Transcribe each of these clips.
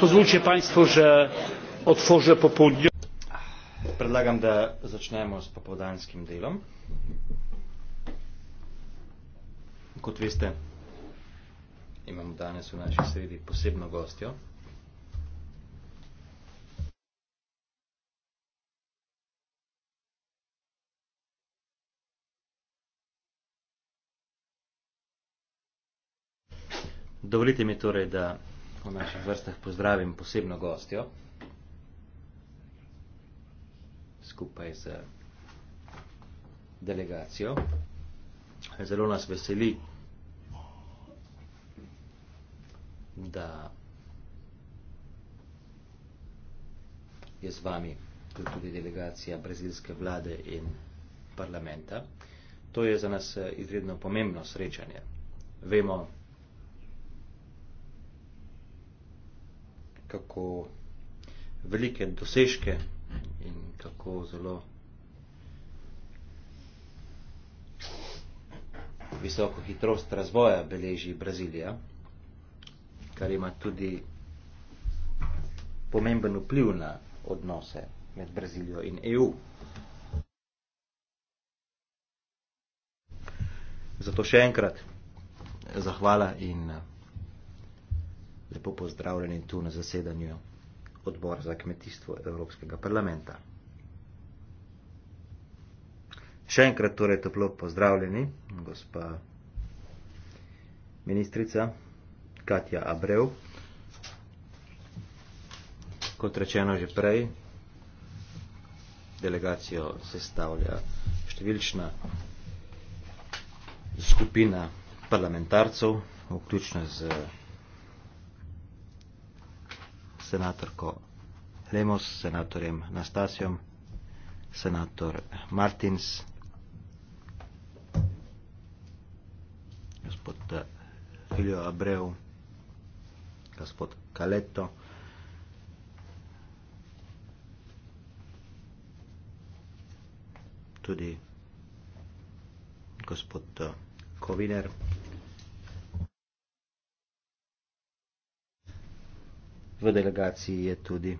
pozwólcie Państwo, że otworzę popołudniowy. Предлагам да зачнемо с попаданским делом. Кот ви сте, имам данес у нашей среди посебно гостио. Доволите ми торе да v naših vrstah pozdravim posebno gostjo, skupaj z delegacijo. Zelo nas veseli, da je z vami tudi delegacija brazilske vlade in parlamenta. To je za nas eh, izredno pomembno srečanje. Vemo, kako velike dosežke in kako zelo visoko hitrost razvoja beleži Brazilija, kar ima tudi pomemben vpliv na odnose med Brazilijo in EU. Zato še enkrat zahvala in Lepo pozdravljeni tu na zasedanju odbora za kmetijstvo Evropskega parlamenta. Še enkrat torej toplo pozdravljeni, gospa ministrica Katja Abreu. Kot rečeno že prej, delegacijo sestavlja številčna skupina parlamentarcev, vključno z senatorko Lemos, senatorjem Nastasjom, senator Martins, gospod Filio eh, Abreu, gospod Kaleto, tudi gospod eh, Koviner. v delegaciji je tudi.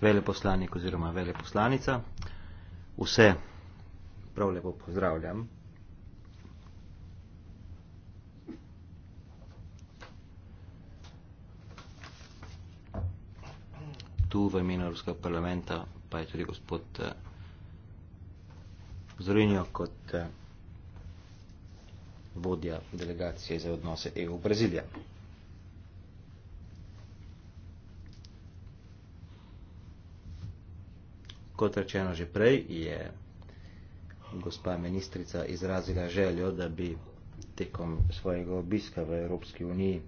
Veleposlanik oziroma veleposlanica, vse prav lepo pozdravljam. Tu v imenu Evropskega parlamenta pa je tudi gospod eh, Zorinjo kot eh, vodja delegacije za odnose EU-Brazilija. Kot rečeno že prej, je gospa ministrica izrazila željo, da bi tekom svojega obiska v Evropski uniji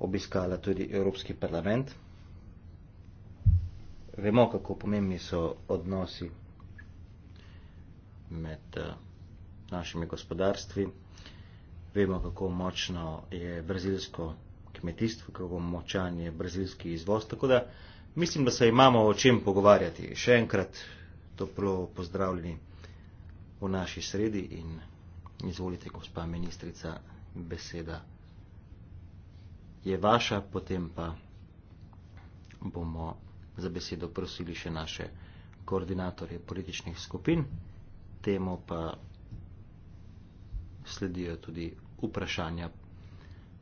obiskala tudi Evropski parlament. Vemo, kako pomembni so odnosi med uh, našimi gospodarstvi. Vemo, kako močno je brazilsko kmetijstvo, kako močan je brazilski izvoz. Tako da mislim, da se imamo o čem pogovarjati. Še enkrat toplo pozdravljeni v naši sredi in izvolite, gospa ministrica, beseda je vaša, potem pa bomo za besedo prosili še naše koordinatorje političnih skupin, temu pa sledijo tudi vprašanja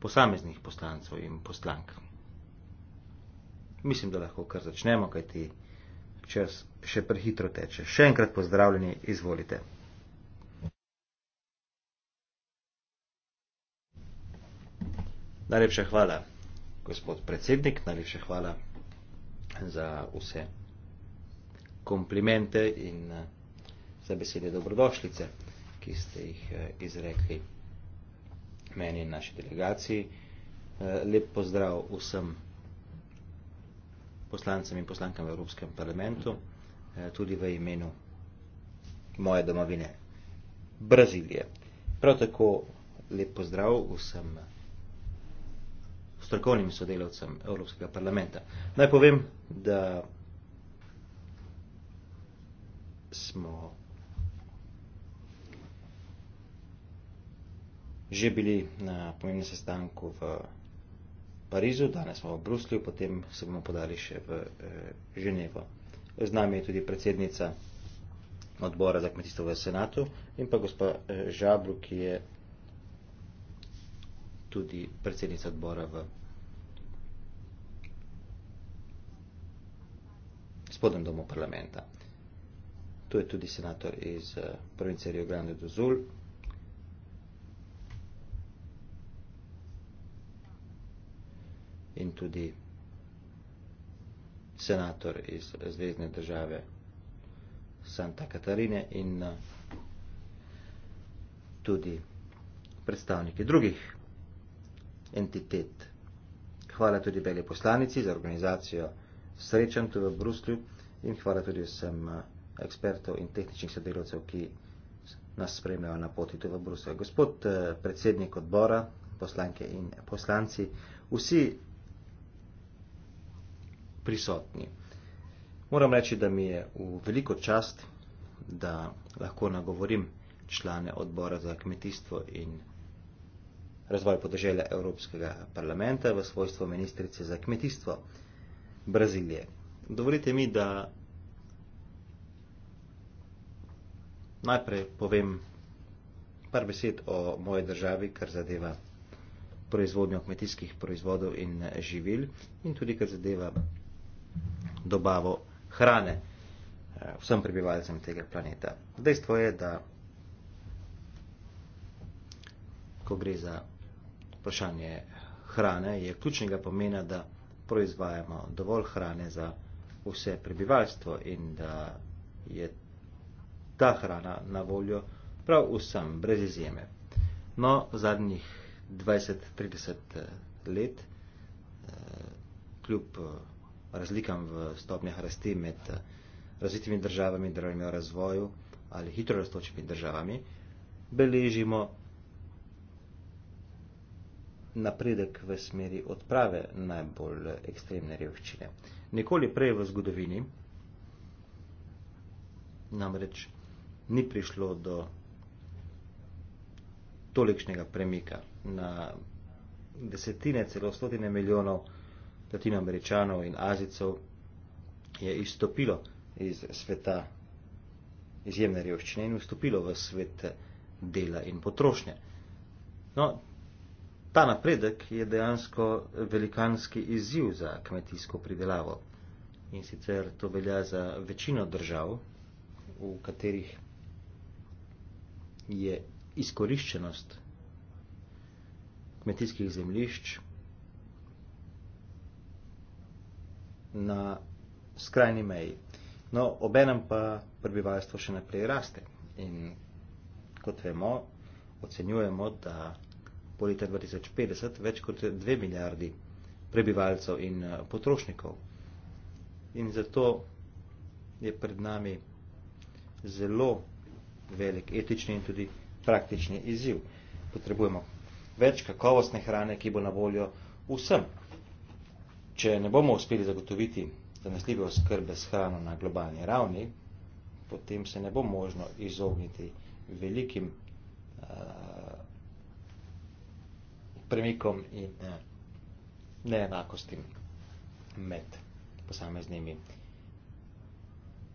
posameznih poslancev in poslank. Mislim, da lahko kar začnemo, kajti čas še prehitro teče. Še enkrat pozdravljeni, izvolite. Najlepša hvala, gospod predsednik, najlepša hvala za vse komplimente in eh, za besede dobrodošlice ki ste jih eh, izrekli meni in naši delegaciji. Eh, lep pozdrav vsem poslancem in poslankam v Evropskem parlamentu, eh, tudi v imenu moje domovine Brazilije. Prav tako lep pozdrav vsem strokovnim sodelavcem Evropskega parlamenta. Naj povem, da smo že bili na pomembnem sestanku v Parizu, danes smo v Bruslju, potem se bomo podali še v eh, Ženevo. Z nami je tudi predsednica odbora za kmetijstvo v senatu in pa gospa eh, Žabru, ki je tudi predsednica odbora v spodnjem domu parlamenta. Tu je tudi senator iz eh, province Rio Grande do Zul. in tudi senator iz zvezdne države Santa Katarine in eh, tudi predstavniki drugih entitet. Hvala tudi beli poslanici za organizacijo srečanj tu v Bruslju in hvala tudi vsem eh, ekspertov in tehničnih sodelovcev, ki nas spremljajo na poti tu v Bruslju. Gospod eh, predsednik odbora, poslanke in poslanci, vsi prisotni. Moram reči, da mi je v veliko čast, da lahko nagovorim člane odbora za kmetijstvo in razvoj podeželja Evropskega parlamenta v svojstvu ministrice za kmetijstvo Brazilije. Dovolite mi, da najprej povem par besed o moje državi, kar zadeva proizvodnjo kmetijskih proizvodov in živil in tudi kar zadeva dobavo hrane eh, vsem prebivalcem tega planeta. Dejstvo je, da ko gre za vprašanje hrane, je ključnega pomena, da proizvajamo dovolj hrane za vse prebivalstvo in da je ta hrana na voljo prav vsem, brez izjeme. No, zadnjih 20-30 eh, let, eh, kljub razlikam v stopnjah rasti med eh, razvitimi državami, državami v razvoju ali hitro raztočimi državami, beležimo napredek v smeri odprave najbolj ekstremne revščine. Nikoli prej v zgodovini namreč ni prišlo do tolikšnega premika na desetine, celo stotine milijonov tretjina američanov in azicov je izstopilo iz sveta izjemne revščine in vstopilo v svet dela in potrošnje. No, ta napredek je dejansko velikanski izziv za kmetijsko pridelavo. In sicer to velja za večino držav, v katerih je izkoriščenost kmetijskih zemljišč na skrajni meji. No, obenem pa prebivalstvo še naprej raste in kot vemo, ocenjujemo, da po leta 2050 več kot 2 milijardi prebivalcev in eh, potrošnikov. In zato je pred nami zelo velik etični in tudi praktični izziv. Potrebujemo več kakovostne hrane, ki bo na voljo vsem Če ne bomo uspeli zagotoviti zanesljive oskrbe s hrano na globalni ravni, potem se ne bo možno izogniti velikim uh, premikom in uh, neenakostim med posameznimi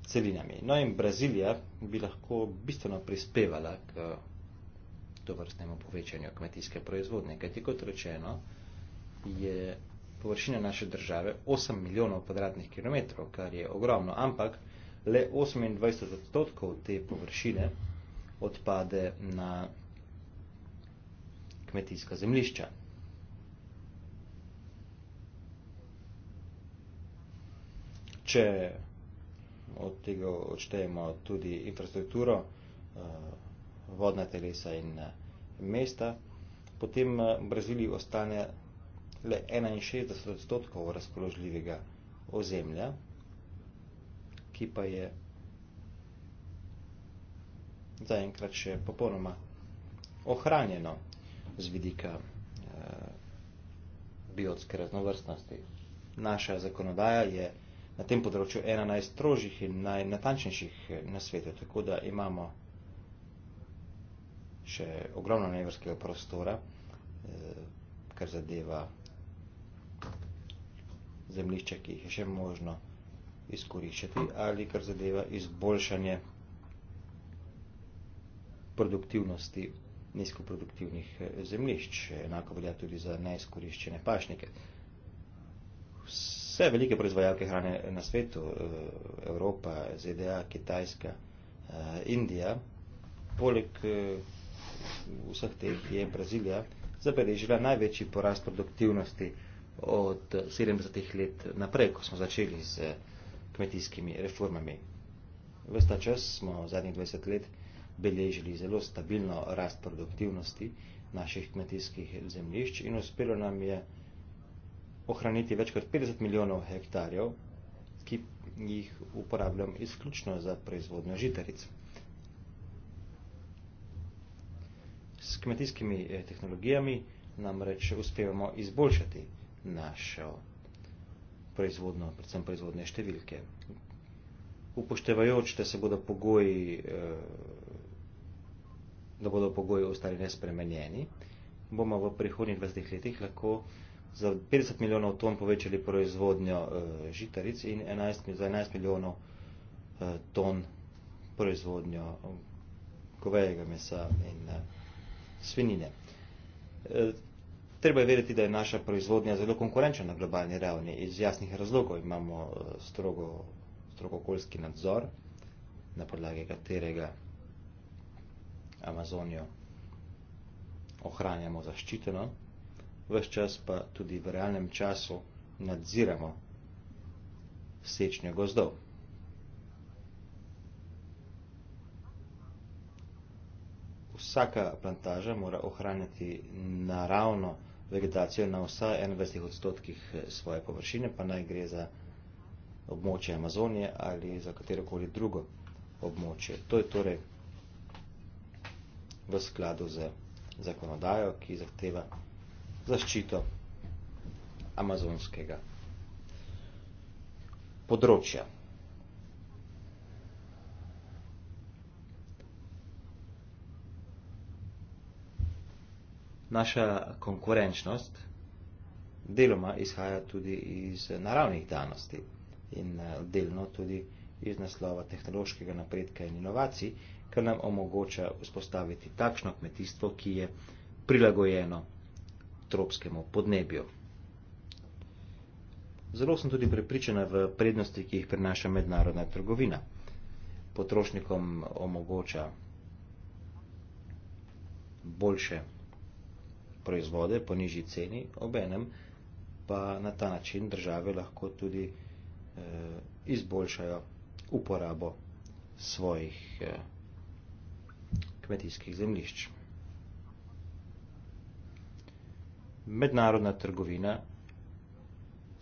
celinami. No in Brazilija bi lahko bistveno prispevala k tovrstnemu povečanju kmetijske proizvodnje, kajti kot rečeno je površine naše države 8 milijonov kvadratnih kilometrov, kar je ogromno, ampak le 28 odstotkov te površine odpade na kmetijska zemlišča. Če od tega odštejemo tudi infrastrukturo, eh, vodna telesa in eh, mesta, potem v eh, Braziliji ostane le 61 odstotkov razpoložljivega ozemlja, ki pa je zaenkrat še popolnoma ohranjeno z vidika eh, biotske raznovrstnosti. Naša zakonodaja je na tem področju ena najstrožjih in najnatančnejših eh, na svetu, tako da imamo še ogromno nevrskega prostora, eh, kar zadeva zemljišča, ki jih je še možno izkoriščati ali kar zadeva izboljšanje produktivnosti nizkoproduktivnih eh, zemljišč. Enako velja tudi za neizkoriščene pašnike. Vse velike proizvajalke hrane na svetu, eh, Evropa, ZDA, Kitajska, eh, Indija, poleg vseh teh je Brazilija zabeležila največji porast produktivnosti od 70. let naprej, ko smo začeli z kmetijskimi reformami. Ves ta čas smo zadnjih 20 let beležili zelo stabilno rast produktivnosti naših kmetijskih zemljišč in uspelo nam je ohraniti več kot 50 milijonov hektarjev, ki jih uporabljam izključno za proizvodnjo žitaric. S kmetijskimi eh, tehnologijami namreč uspevamo izboljšati našo proizvodno, predvsem proizvodne številke. Upoštevajoč, da se bodo pogoji, eh, da bodo pogoji ostali nespremenjeni, bomo v prihodnjih 20 letih lahko za 50 milijonov ton povečali proizvodnjo eh, žitaric in 11, za 11 milijonov eh, ton proizvodnjo govejega mesa in svinine. Treba je vedeti, da je naša proizvodnja zelo konkurenčna na globalni ravni. Iz jasnih razlogov imamo eh, strogo, strogo okoljski nadzor, na podlagi katerega Amazonijo ohranjamo zaščiteno, vse čas pa tudi v realnem času nadziramo sečnjo gozdov. Vsaka plantaža mora ohranjati naravno vegetacijo na vsaj 21 odstotkih eh, svoje površine, pa naj gre za območje Amazonije ali za katerokoli drugo območje. To je torej v skladu z zakonodajo, ki zahteva zaščito amazonskega področja. naša konkurenčnost deloma izhaja tudi iz naravnih danosti in eh, delno tudi iz naslova tehnološkega napredka in inovacij, kar nam omogoča vzpostaviti takšno kmetijstvo, ki je prilagojeno tropskemu podnebju. Zelo sem tudi prepričana v prednosti, ki jih prinaša mednarodna trgovina. Potrošnikom omogoča boljše proizvode po nižji ceni, obenem pa na ta način države lahko tudi eh, izboljšajo uporabo svojih eh, kmetijskih zemljišč. Mednarodna trgovina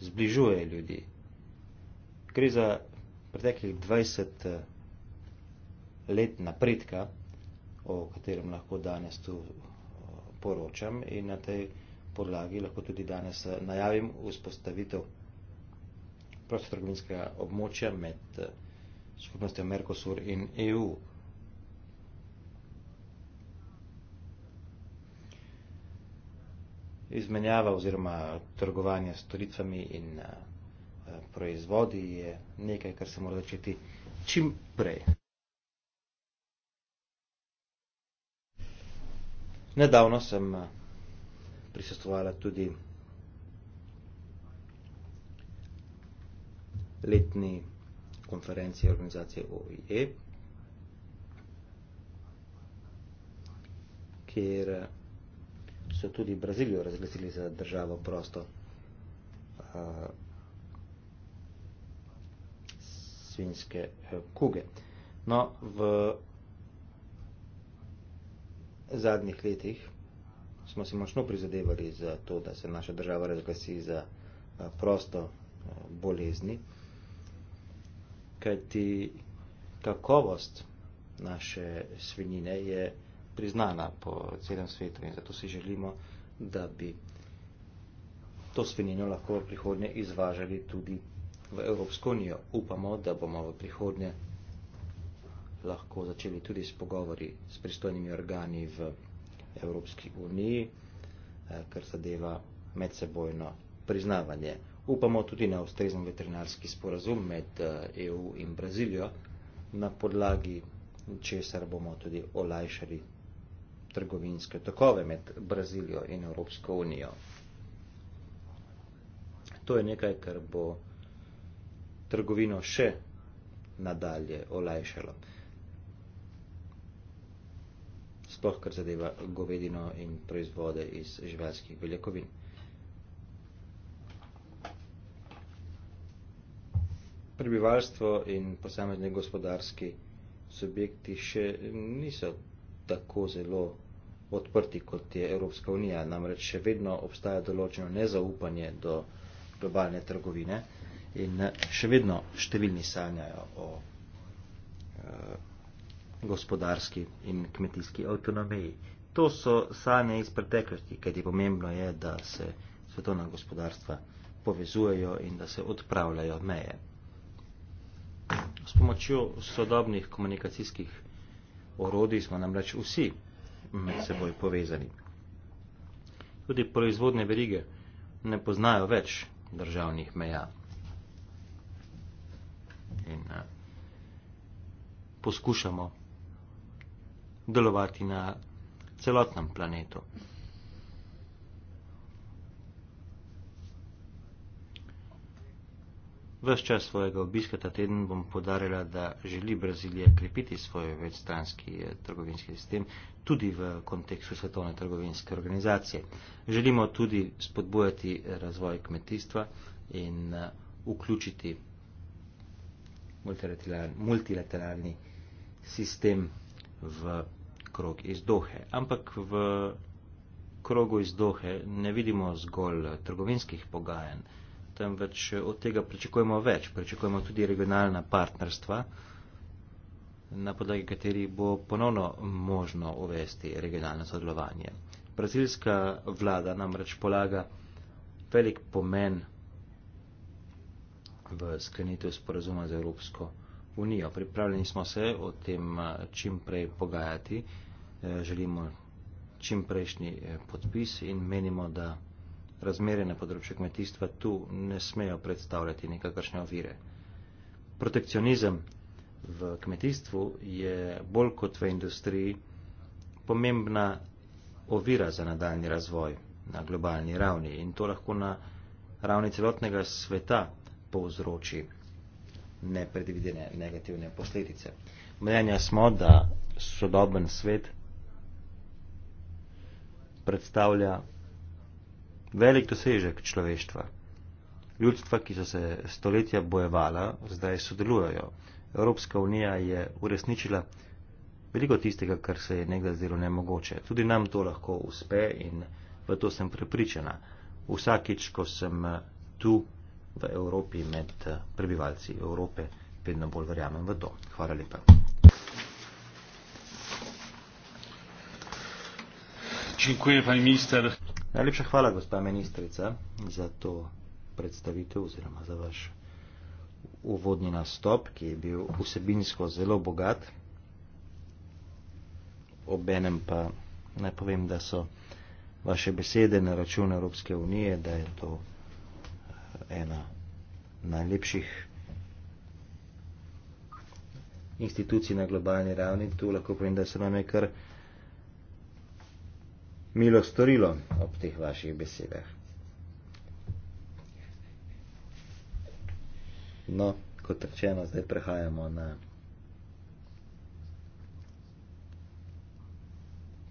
zbližuje ljudi. Gre za preteklih 20 eh, let napredka, o katerem lahko danes tu poročam in na tej podlagi lahko tudi danes eh, najavim vzpostavitev prostotrgovinskega območja med eh, skupnostjo Mercosur in EU. Izmenjava oziroma trgovanje s storitvami in eh, proizvodi je nekaj, kar se mora začeti čim prej. Nedavno sem eh, prisestovala tudi letni konferenciji organizacije OIE, kjer eh, so tudi Brazilijo razglasili za državo prosto uh, eh, svinske kuge. No, v zadnjih letih smo si močno prizadevali za to, da se naša država razglasi za eh, prosto eh, bolezni, kajti kakovost naše svinjine je priznana po celem svetu in zato si želimo, da bi to svinjino lahko v prihodnje izvažali tudi v Evropsko unijo. Upamo, da bomo v prihodnje lahko začeli tudi s pogovori s pristojnimi organi v Evropski uniji, eh, kar zadeva medsebojno priznavanje. Upamo tudi na ustrezen veterinarski sporazum med EU eh, e in Brazilijo, na podlagi česar bomo tudi olajšali trgovinske tokove med Brazilijo in Evropsko unijo. To je nekaj, kar bo trgovino še nadalje olajšalo sploh kar zadeva govedino in proizvode iz živalskih beljakovin. Prebivalstvo in posamezni gospodarski subjekti še niso tako zelo odprti, kot je Evropska unija, namreč še vedno obstaja določeno nezaupanje do globalne trgovine in še vedno številni sanjajo o uh, gospodarski in kmetijski avtonomiji. To so sanje iz preteklosti, kajti pomembno je, da se svetovna gospodarstva povezujejo in da se odpravljajo meje. S pomočjo sodobnih komunikacijskih orodij smo namreč vsi med seboj povezani. Tudi proizvodne verige ne poznajo več državnih meja. In, eh, poskušamo delovati na celotnem planetu. Ves čas svojega obiska ta teden bom podarila, da želi Brazilija krepiti svoj večstranski eh, trgovinski sistem tudi v kontekstu svetovne trgovinske organizacije. Želimo tudi spodbujati razvoj kmetijstva in eh, vključiti multilateralni sistem v krog iz Dohe. Ampak v krogu iz Dohe ne vidimo zgolj trgovinskih pogajanj, temveč od tega pričakujemo več. Pričakujemo tudi regionalna partnerstva, na podlagi kateri bo ponovno možno uvesti regionalno sodelovanje. Brazilska vlada namreč polaga velik pomen v sklenitev sporazuma z Evropsko unijo unijo. Pripravljeni smo se o tem eh, čim prej pogajati, eh, želimo čim prejšnji eh, podpis in menimo, da razmere na področju kmetijstva tu ne smejo predstavljati nekakršne ovire. Protekcionizem v kmetijstvu je bolj kot v industriji pomembna ovira za nadaljni razvoj na globalni ravni in to lahko na ravni celotnega sveta povzroči nepredvidene negativne posledice. Mnenja smo, da sodoben svet predstavlja velik dosežek človeštva. Ljudstva, ki so se stoletja bojevala, zdaj sodelujejo. Evropska unija je uresničila veliko tistega, kar se je nekdaj zdelo nemogoče. Tudi nam to lahko uspe in v to sem prepričana. Vsakič, ko sem tu v Evropi med eh, prebivalci Evrope vedno bolj verjamem v to. Hvala lepa. Čekuje, minister. Najlepša hvala, gospa ministrica, za to predstavitev oziroma za vaš uvodni nastop, ki je bil vsebinsko zelo bogat. Obenem pa naj povem, da so vaše besede na račun Evropske unije, da je to ena najlepših institucij na globalni ravni. Tu lahko povem, da se nam je kar milo storilo ob teh vaših besedah. No, kot rečeno, zdaj prehajamo na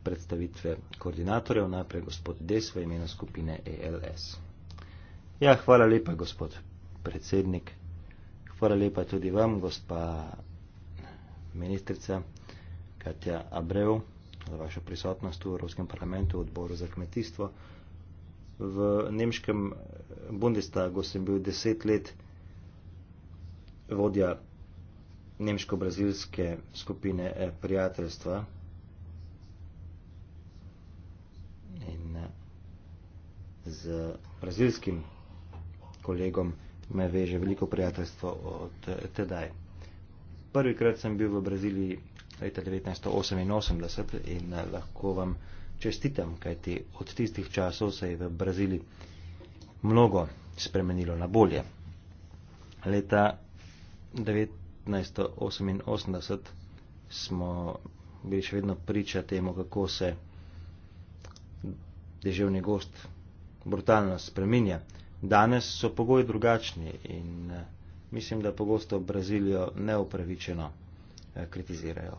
predstavitve koordinatorjev, najprej gospod Des v imenu skupine ALS. Ja, hvala lepa, gospod predsednik. Hvala lepa tudi vam, gospa ministrica Katja Abreu, za vašo prisotnost v Evropskem parlamentu, v odboru za kmetijstvo. V nemškem Bundestagu sem bil deset let vodja nemško-brazilske skupine eh, prijateljstva. In eh, z brazilskim kolegom me veže veliko prijateljstvo od eh, tedaj. Prvi krat sem bil v Braziliji leta 1988 in eh, lahko vam čestitam, kajti od tistih časov se je v Braziliji mnogo spremenilo na bolje. Leta 1988 smo bili še vedno priča temu, kako se deževni gost brutalno spreminja. Danes so pogoji drugačni in eh, mislim, da pogosto Brazilijo neopravičeno eh, kritizirajo.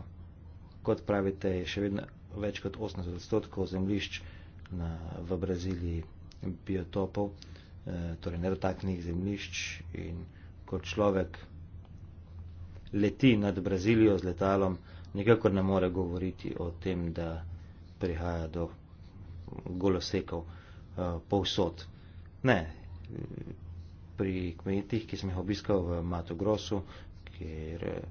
Kot pravite, je še vedno več kot 80 odstotkov zemljišč na, v Braziliji biotopov, eh, torej nedotaknih zemljišč in kot človek leti nad Brazilijo z letalom, nikakor ne more govoriti o tem, da prihaja do golosekov povsod. Ne, pri kmetih, ki sem jih obiskal v Mato Grosu, kjer eh,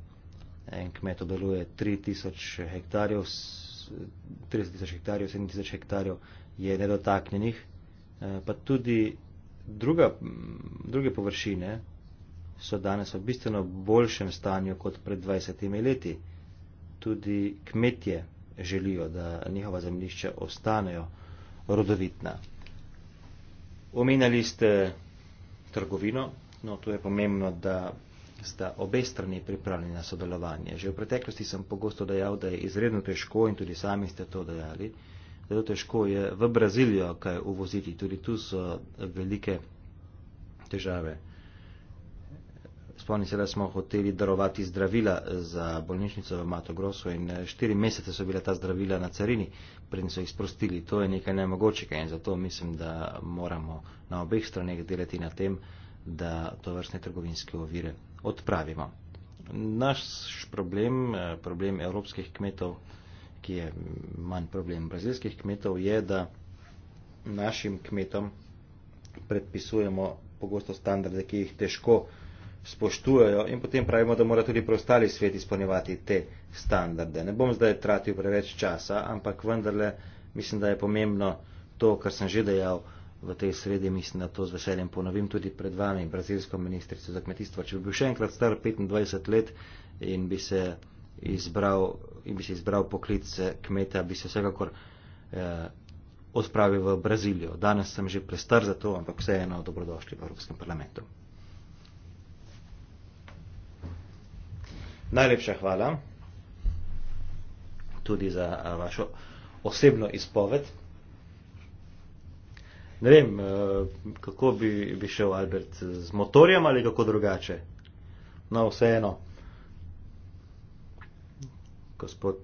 en kmet obdeluje 3000 hektarjev, 30 tisoč hektarjev, 7 tisoč hektarjev je nedotaknjenih, eh, pa tudi druga, druge površine so danes v bistveno boljšem stanju kot pred 20 leti. Tudi kmetje želijo, da njihova zemljišča ostanejo rodovitna. Omenjali ste eh, trgovino, no to je pomembno, da sta obe strani pripravljeni na sodelovanje. Že v preteklosti sem pogosto dejal, da je izredno težko in tudi sami ste to dejali, da je težko je v Brazilijo kaj uvoziti, tudi tu so velike težave. Spomnim se, da smo hoteli darovati zdravila za bolnišnico v Mato Grosso in eh, štiri mesece so bila ta zdravila na carini predtem so jih sprostili. To je nekaj nemogočega in zato mislim, da moramo na obeh straneh delati na tem, da to vrstne trgovinske ovire odpravimo. Naš problem, eh, problem evropskih kmetov, ki je manj problem brazilskih kmetov, je, da našim kmetom predpisujemo pogosto standarde, ki jih težko spoštujejo in potem pravimo, da mora tudi preostali svet izpolnjevati te standarde standarde. Ne bom zdaj tratil preveč časa, ampak vendarle mislim, da je pomembno to, kar sem že dejal v tej sredi, mislim, da to z veseljem ponovim tudi pred vami, brazilsko ministrico za kmetijstvo. Če bi bil še enkrat star 25 let in bi se izbral, in bi se izbral poklic eh, kmeta, bi se vsekakor eh, odpravil v Brazilijo. Danes sem že prestar za to, ampak vseeno dobrodošli v Evropskem parlamentu. Najlepša hvala tudi za vašo osebno izpoved. Ne vem, kako bi, bi šel Albert, z motorjem ali kako drugače? No, vseeno. Gospod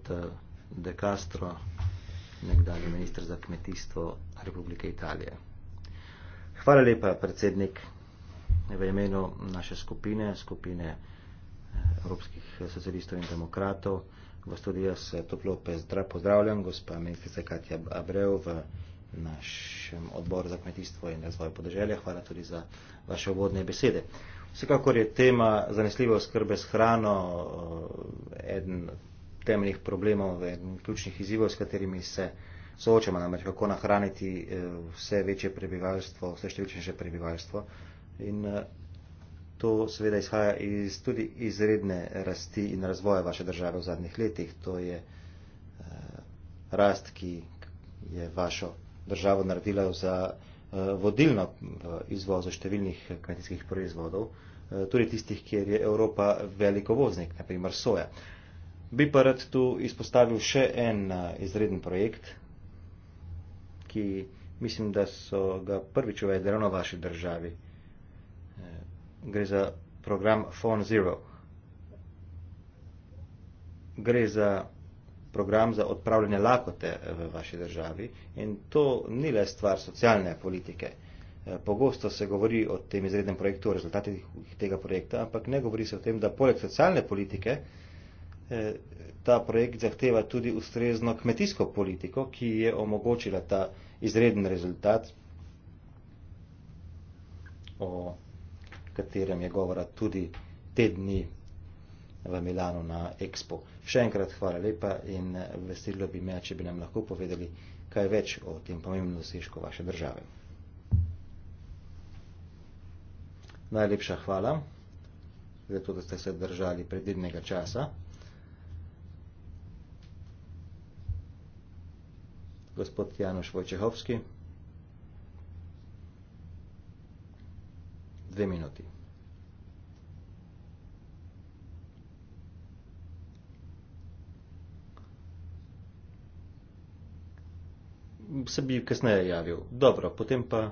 De Castro, nekdani ministr za kmetijstvo Republike Italije. Hvala lepa, predsednik, v imenu naše skupine, skupine Evropskih socialistov in demokratov v studiju se toplo pozdravljam, gospa ministrica Katja Abreu v našem odboru za kmetijstvo in razvoj podeželja. Hvala tudi za vaše uvodne besede. Vsekakor je tema zanesljive oskrbe s hrano eh, eden temeljnih problemov, eden ključnih izzivov, s katerimi se soočamo, namreč kako nahraniti eh, vse večje prebivalstvo, vse številčnejše prebivalstvo. In eh, To seveda izhaja iz tudi izredne rasti in razvoja vaše države v zadnjih letih. To je eh, rast, ki je vašo državo naredila za eh, vodilno izvozo številnih kmetijskih proizvodov, eh, tudi tistih, kjer je Evropa velikovoznik, naprimer soja. Bi pa rad tu izpostavil še en izreden projekt, ki mislim, da so ga prvič uvedli ravno v vaši državi gre za program Phone Zero. Gre za program za odpravljanje lakote v vaši državi in to ni le stvar socialne politike. Eh, pogosto se govori o tem izrednem projektu, o rezultatih tega projekta, ampak ne govori se o tem, da poleg socialne politike eh, ta projekt zahteva tudi ustrezno kmetijsko politiko, ki je omogočila ta izreden rezultat o katerem je govora tudi te dni v Milano na Expo. Še enkrat hvala lepa in eh, veselilo bi me, če bi nam lahko povedali kaj več o tem pomembnem dosežku vaše države. Najlepša hvala, zato da ste se držali predvidnega časa. Gospod Janoš Vojčehovski. dve minuti. Se bi kasneje javil. Dobro, potem pa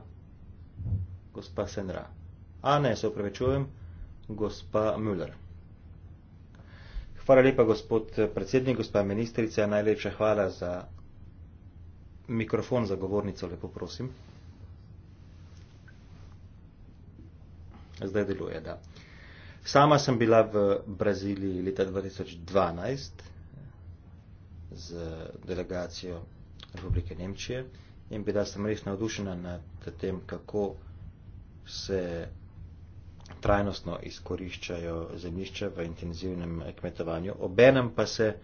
gospa Senra. A ne, se upravičujem, gospa Müller. Hvala lepa, gospod predsednik, gospa ministrica, najlepša hvala za mikrofon za govornico, lepo prosim. zdaj deluje. Da. Sama sem bila v Braziliji leta 2012 z delegacijo Republike Nemčije in bila sem res navdušena nad tem, kako se trajnostno izkoriščajo zemljišča v intenzivnem kmetovanju. Obenem pa se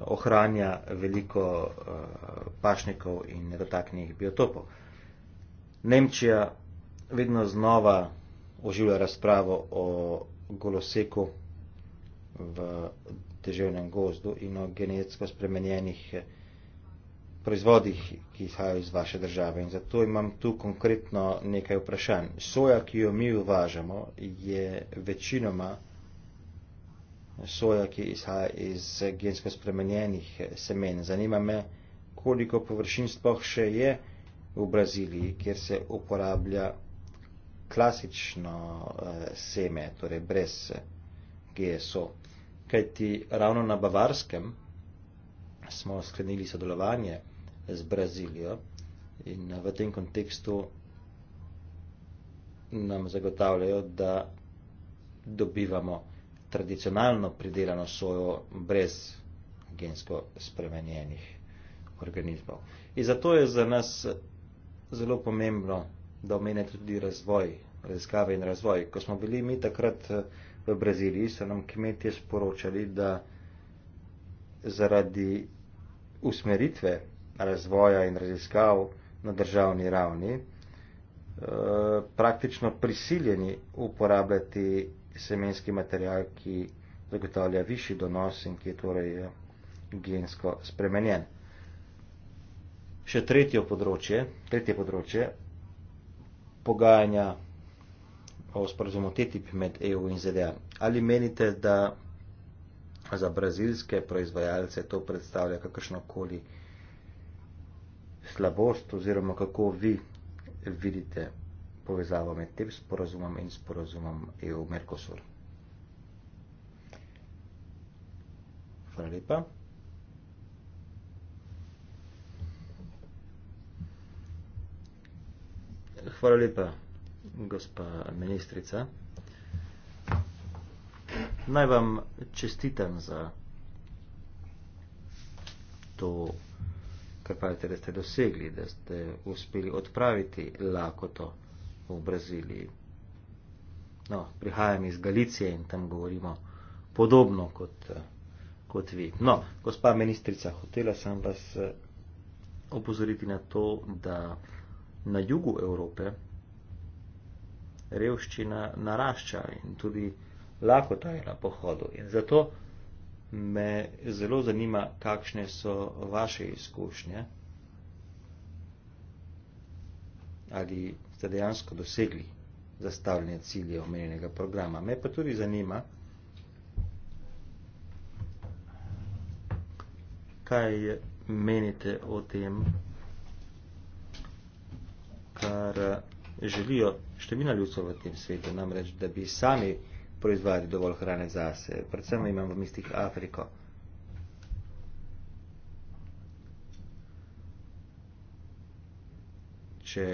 ohranja veliko eh, pašnikov in nedotaknih biotopov. Nemčija vedno znova oživlja razpravo o goloseku v deževnem gozdu in o genetsko spremenjenih eh, proizvodih, ki izhajajo iz vaše države. In zato imam tu konkretno nekaj vprašanj. Soja, ki jo mi uvažamo, je večinoma soja, ki izhaja iz gensko spremenjenih eh, semen. Zanima me, koliko površin sploh še je v Braziliji, kjer se uporablja klasično eh, seme, torej brez eh, GSO. Kajti ravno na Bavarskem smo sklenili sodelovanje z Brazilijo in eh, v tem kontekstu nam zagotavljajo, da dobivamo tradicionalno pridelano sojo brez gensko spremenjenih organizmov. In zato je za nas zelo pomembno, da omenjate tudi razvoj, raziskave in razvoj. Ko smo bili mi takrat eh, v Braziliji, so nam kmetje sporočali, da zaradi usmeritve razvoja in raziskav na državni ravni eh, praktično prisiljeni uporabljati semenski material, ki zagotavlja višji donos in ki je torej eh, gensko spremenjen. Še tretje področje, tretje področje pogajanja o sporazumu TTIP med EU in ZDA. Ali menite, da za brazilske proizvajalce to predstavlja kakršnokoli slabost oziroma kako vi vidite povezavo med tem sporazumom in sporazumom EU-Mercosur? Hvala lepa. Hvala lepa, gospa ministrica. Naj vam čestitam za to, kar pravite, da ste dosegli, da ste uspeli odpraviti lakoto v Braziliji. No, prihajam iz Galicije in tam govorimo podobno kot, kot vi. No, gospa ministrica, hotela sem vas eh, opozoriti na to, da na jugu Evrope revščina narašča in tudi lakota je na pohodu. In zato me zelo zanima, kakšne so vaše izkušnje. Ali ste dejansko dosegli zastavljene cilje omenjenega programa. Me pa tudi zanima, kaj menite o tem, kar eh, želijo številna ljudstva v tem svetu, namreč, da bi sami proizvajali dovolj hrane zase. Predvsem imam v mislih Afriko. Če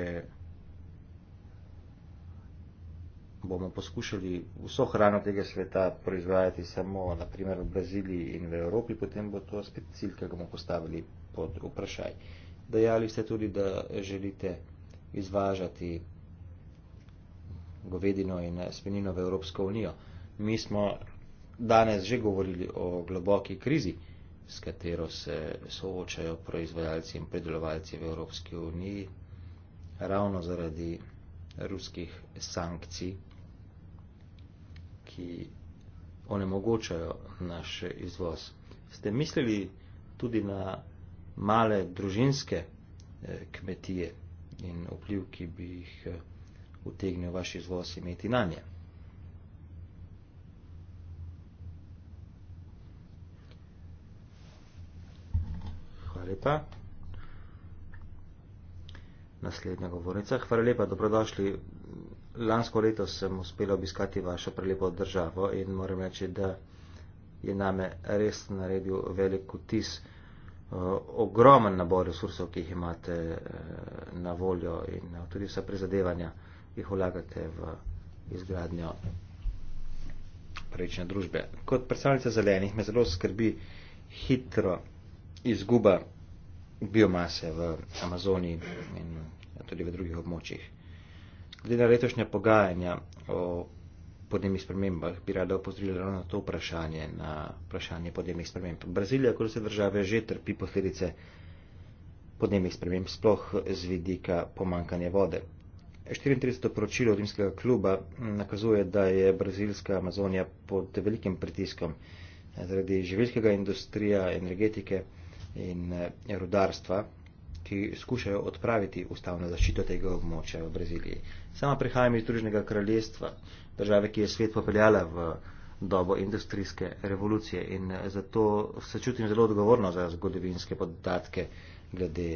bomo poskušali vso hrano tega sveta proizvajati samo, naprimer, v Braziliji in v Evropi, potem bo to spet cilj, ki ga bomo postavili pod vprašaj. Dajali ste tudi, da želite izvažati govedino in svinino v Evropsko unijo. Mi smo danes že govorili o globoki krizi, s katero se soočajo proizvajalci in predelovalci v Evropski uniji, ravno zaradi ruskih sankcij, ki onemogočajo naš izvoz. Ste mislili tudi na male družinske eh, kmetije? in vpliv, ki bi jih eh, utegnil vaš izvoz imeti na nje. Hvala lepa. Naslednja govornica. Hvala lepa, dobrodošli. Lansko leto sem uspela obiskati vašo prelepo državo in moram reči, da je name res naredil velik vtis. Eh, ogromen nabor resursov, ki jih imate eh, na voljo in eh, tudi vsa prizadevanja jih vlagate v izgradnjo prejčne družbe. Kot predstavnica zelenih me zelo skrbi hitro izguba biomase v Amazoniji in tudi v drugih območjih. Glede na letošnja pogajanja o podnebnih spremembah, bi rada opozorila ravno na to vprašanje, na vprašanje podnebnih sprememb. Brazilija, kot vse države, že trpi posledice podnebnih sprememb, sploh z vidika pomankanja vode. 34. poročilo rimskega kluba nakazuje, da je brazilska Amazonija pod velikim pritiskom zaradi življenskega industrija, energetike in rudarstva, ki skušajo odpraviti ustavno zaščito tega območja v Braziliji. Sama prihajam iz družnega kraljestva, države, ki je svet popeljala v dobo industrijske revolucije in zato se čutim zelo odgovorno za zgodovinske podatke glede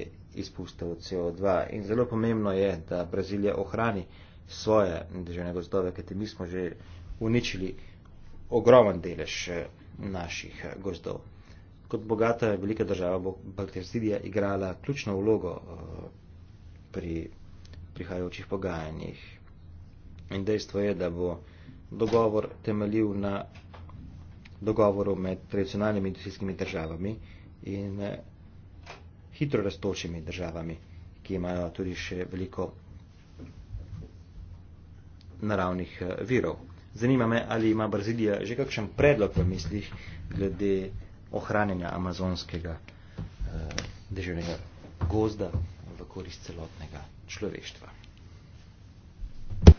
izpustov CO2. In zelo pomembno je, da Brazilija ohrani svoje državne gozdove, kajte mi smo že uničili ogromen delež naših gozdov kot bogata velika država bo Baltersidija igrala ključno vlogo eh, pri prihajajočih pogajanjih. In dejstvo je, da bo dogovor temeljil na dogovoru med tradicionalnimi industrijskimi državami in eh, hitro raztočimi državami, ki imajo tudi še veliko naravnih eh, virov. Zanima me, ali ima Brazilija že kakšen predlog v mislih glede ohranjanja amazonskega eh, državnega gozda v korist celotnega človeštva.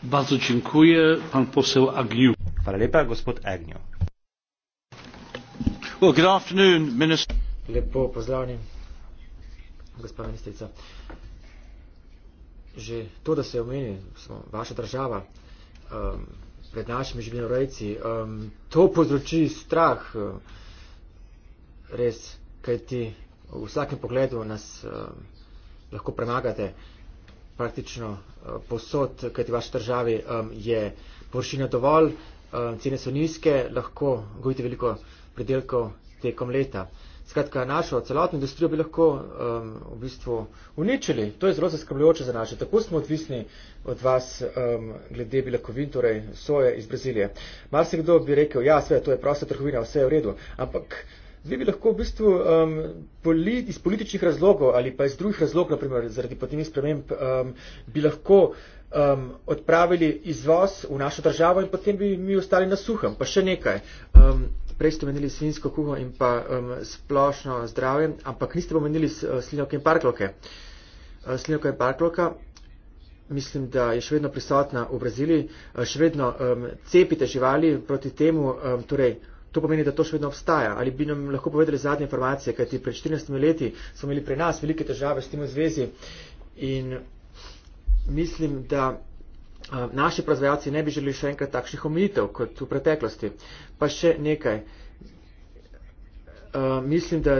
Bardzo dziękuję, pan poseł Agniu. Hvala lepa, gospod Agniu. Well, good afternoon, minister. Lepo pozdravljeni, gospa ministrica. Že to, da se omeni smo, vaša država um, pred našimi življenjorejci, um, to povzroči strah um, res, kajti v vsakem pogledu nas uh, lahko premagate praktično uh, eh, posod, kajti vaš državi um, je površina dovolj, uh, cene so nizke, lahko gojite veliko predelkov tekom leta. Skratka, našo celotno industrijo bi lahko um, v bistvu uničili. To je zelo zaskrbljujoče za naše. Tako smo odvisni od vas um, glede bilakovin, torej soje iz Brazilije. Mar se kdo bi rekel, ja, sve, to je prosta trgovina, vse je v redu. Ampak Zdaj bi lahko v bistvu um, polit, iz političnih razlogov ali pa iz drugih razlogov, naprimer zaradi podnebnih sprememb, um, bi lahko um, odpravili izvoz v našo državo in potem bi mi ostali na suhem. Pa še nekaj. Um, prej ste omenili svinsko kuho in pa um, splošno zdravje, ampak niste omenili uh, slinovke in parkloke. Uh, Slinovka in parkloka. Mislim, da je še vedno prisotna v Braziliji, uh, še vedno um, cepite živali proti temu, um, torej To pomeni, da to še vedno obstaja. Ali bi nam lahko povedali zadnje informacije, kajti pred 14 leti smo imeli pri nas velike težave s tem v zvezi in mislim, da naši proizvajalci ne bi želeli še enkrat takšnih omejitev kot v preteklosti. Pa še nekaj. Mislim, da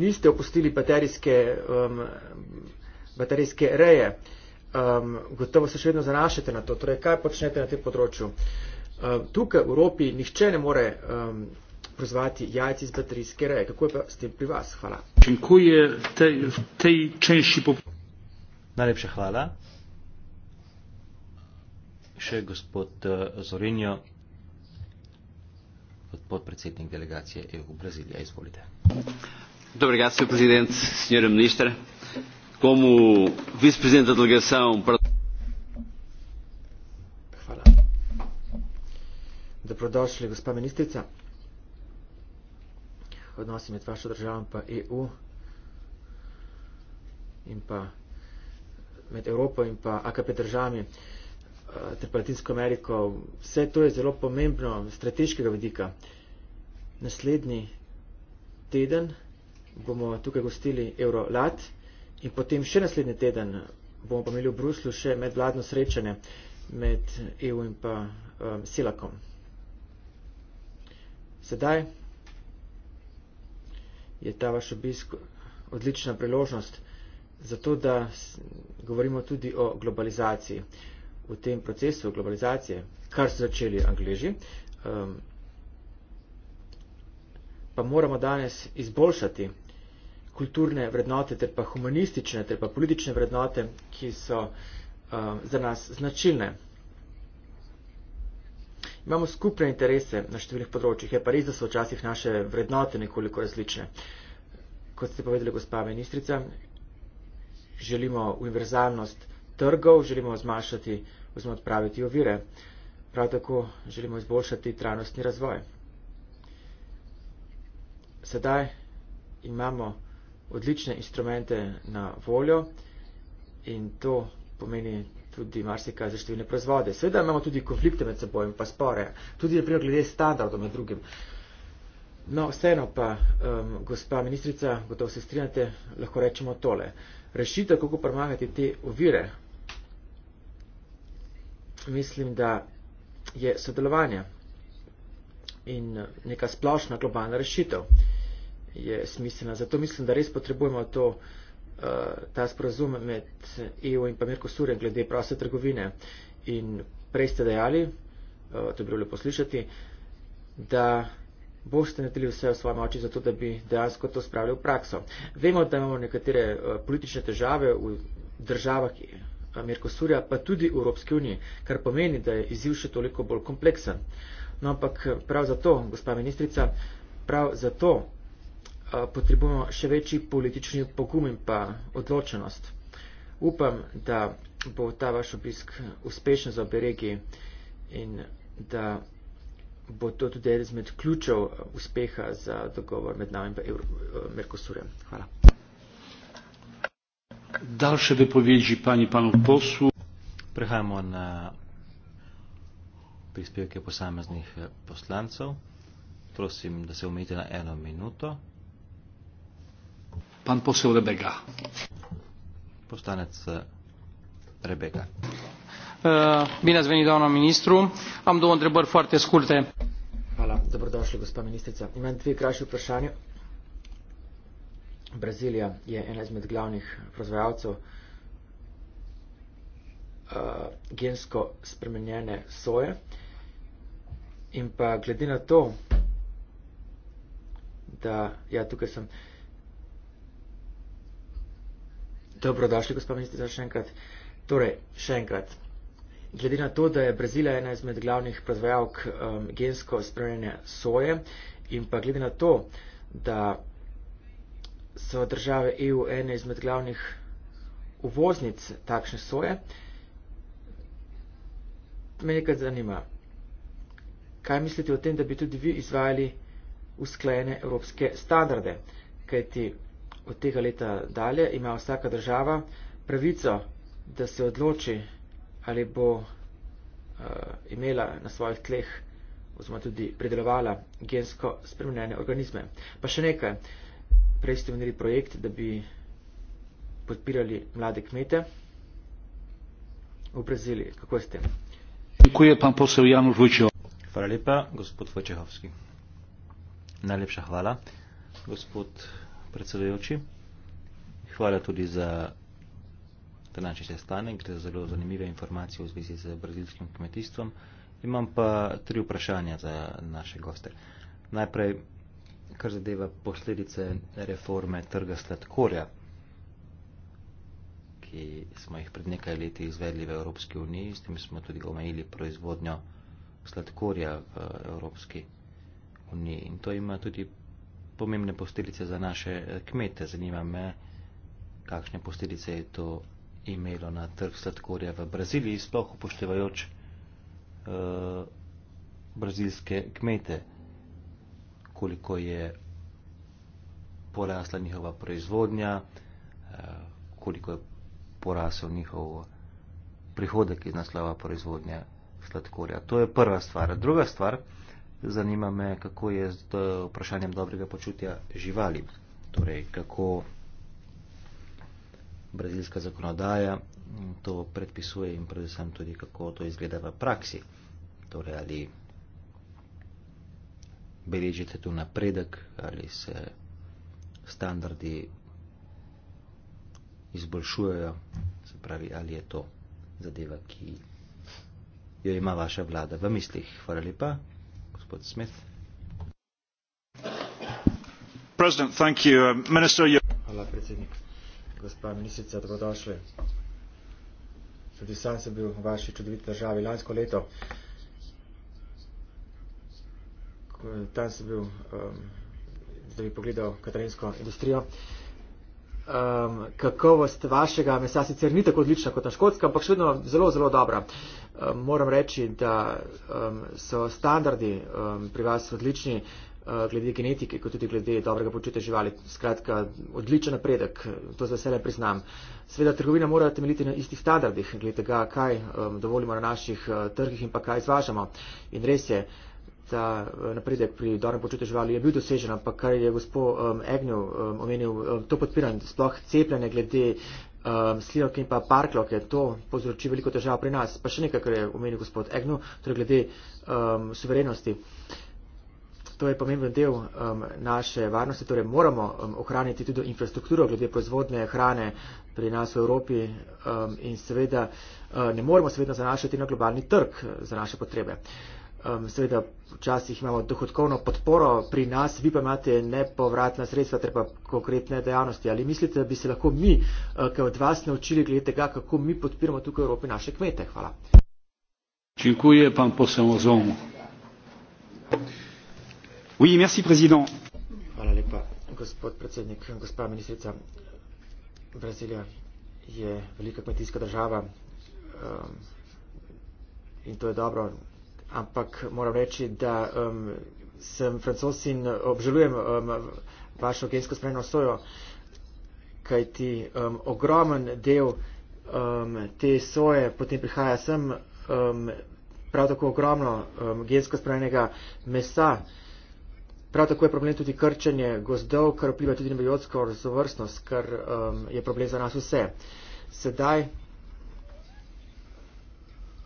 niste opustili baterijske, um, baterijske reje. Um, gotovo se še vedno zanašate na to. Torej, kaj počnete na tem področju? Ehm, tukaj v Evropi nihče ne more um, ehm, proizvati jajc iz baterijske reje. Kako je pa s tem pri vas? Hvala. Čenkuje tej, tej čenjši popoldne. Najlepša hvala. Še gospod eh, Zorinjo, podpredsednik delegacije EU Brazilija, izvolite. Dobro, gospod predsednik, gospod minister, komu viceprezident za delegacijo. Dobrodošli, gospa ministrica. Odnosi med vašo državo in pa EU in pa med Evropo in pa AKP državami eh, ter pa Latinsko Ameriko. Vse to je zelo pomembno z strateškega vidika. Naslednji teden bomo tukaj gostili Eurolat in potem še naslednji teden bomo pa imeli v Bruslu še medvladno srečanje med EU in pa um, eh, Silakom. Sedaj je ta vaš obisk odlična priložnost za to, da govorimo tudi o globalizaciji. V tem procesu globalizacije, kar so začeli angliži, um, pa moramo danes izboljšati kulturne vrednote, ter pa humanistične, ter pa politične vrednote, ki so um, za nas značilne imamo skupne interese na številnih področjih. Je pa res, da so včasih naše vrednote nekoliko različne. Kot ste povedali, gospa ministrica, želimo univerzalnost trgov, želimo zmanjšati oziroma odpraviti ovire. Prav tako želimo izboljšati trajnostni razvoj. Sedaj imamo odlične instrumente na voljo in to pomeni tudi marsikaj za številne proizvode. Seveda imamo tudi konflikte med seboj in pa spore, tudi naprimer glede standardov med drugim. No, vseeno pa, um, gospa ministrica, gotovo se strinjate, lahko rečemo tole. Rešitev, kako premagati te ovire, mislim, da je sodelovanje in neka splošna globalna rešitev je smiselna. Zato mislim, da res potrebujemo to ta sprazum med EU in pa Merkosurjem glede proste trgovine. In prej ste dejali, eh, to je bilo lepo slišati, da boste naredili vse v svoji moči, zato da bi dejansko to spravili v prakso. Vemo, da imamo nekatere eh, politične težave v državah eh, Merkosurja, pa tudi v Evropski uniji, kar pomeni, da je izziv še toliko bolj kompleksen. No, ampak prav zato, gospa ministrica, prav zato potrebujemo še večji politični pogum in pa odločenost. Upam, da bo ta vaš obisk uspešen za obe regiji in da bo to tudi eden izmed ključev uspeha za dogovor med nami in Merkosurjem. Hvala. Daljše bi povedži pani panu poslu. Prehajamo na prispevke posameznih poslancev. Prosim, da se umete na eno minuto pan posel Rebega. Poslanec e, Rebega. E, bine ați venit, doamna ministru. Am două întrebări foarte scurte. Hvala, dobrodošli, gospa ministrica. Imam dve krajši vprašanje. Brazilija je ena izmed glavnih proizvajalcev uh, gensko spremenjene soje. In pa glede na to, da ja, tukaj sem uh, Dobrodošli, gospod ministrica, še enkrat. Torej, še enkrat. Glede na to, da je Brazilija ena izmed glavnih proizvajalk um, gensko spremenjene soje in pa glede na to, da so države EU ena izmed glavnih uvoznic takšne soje, me nekaj zanima. Kaj mislite o tem, da bi tudi vi izvajali usklajene evropske standarde? Kajti od tega leta dalje ima vsaka država pravico, da se odloči, ali bo uh, imela na svojih tleh oziroma tudi predelovala gensko spremenjene organizme. Pa še nekaj, prej ste menili projekt, da bi podpirali mlade kmete v Braziliji. Kako ste? Hvala lepa, gospod Vojčehovski. Najlepša hvala, gospod predsedujoči. Hvala tudi za današnji sestanek, gre za zelo zanimive informacije v zvezi z brazilskim kmetijstvom. Imam pa tri vprašanja za naše goste. Najprej, kar zadeva posledice reforme trga sladkorja, ki smo jih pred nekaj leti izvedli v Evropski uniji, s tem smo tudi omejili proizvodnjo sladkorja v Evropski uniji. In to ima tudi pomembne posledice za naše eh, kmete. Zanima me, kakšne posledice je to imelo na trg sladkorja v Braziliji, sploh upoštevajoč uh, brazilske kmete, koliko je porasla njihova proizvodnja, uh, koliko je porasel njihov prihodek iz naslova proizvodnja sladkorja. To je prva stvar. Druga stvar, zanima me, kako je z eh, vprašanjem dobrega počutja živali. Torej, kako brazilska zakonodaja mm, to predpisuje in predvsem tudi, kako to izgleda v praksi. Torej, ali beležite tu napredek, ali se standardi izboljšujejo, se pravi, ali je to zadeva, ki jo ima vaša vlada v mislih. Hvala lepa gospod Smith. President, thank you. Um, Minister, you... Hvala, predsednik. Gospa ministrica, dobrodošli. Tudi sam sem bil v vaši čudoviti državi lansko leto. Tam sem bil, um, da bi pogledal katarinsko industrijo. Um, kakovost vašega mesa sicer ni tako odlična kot na škotska, ampak še vedno zelo, zelo dobra. Uh, moram reči, da um, so standardi um, pri vas odlični uh, glede genetike, kot tudi glede dobrega počutja živali. Skratka, odličen napredek, to z veseljem priznam. Sveda, trgovina mora temeljiti na istih standardih, glede tega, kaj um, dovolimo na naših uh, trgih in pa kaj izvažamo. In res je, da eh, napredek pri dobrem počutju živali je bil dosežen, ampak kar je gospod um, Egnjo um, omenil, um, to podpiram, sploh cepljenje glede um, Slivak in pa Parklo, ker to povzroči veliko težav pri nas. Pa še nekaj, kar je omenil gospod Egnu, torej glede um, suverenosti. To je pomemben del um, naše varnosti, torej moramo um, ohraniti tudi infrastrukturo glede proizvodne hrane pri nas v Evropi um, in seveda uh, ne moremo seveda zanašati na globalni trg uh, za naše potrebe. Uh, um, seveda včasih imamo dohodkovno podporo pri nas, vi pa imate nepovratna sredstva, treba konkretne dejavnosti. Ali mislite, da bi se lahko mi, eh, ki od vas naučili, glede tega, kako mi podpiramo tukaj v Evropi naše kmete? Hvala. Činkuje, pa po samozomu. Oui, merci, prezident. Hvala lepa, gospod predsednik, gospa ministrica. Brazilija je velika kmetijska država um, in to je dobro, ampak moram reči, da um, sem francos in uh, obžalujem um, vašo gensko spremljeno sojo, kajti um, ogromen del um, te soje potem prihaja sem, um, prav tako ogromno um, gensko spremljenega mesa. Prav tako je problem tudi krčenje gozdov, kar vpliva tudi na biotsko razvrstnost, kar um, je problem za nas vse. Sedaj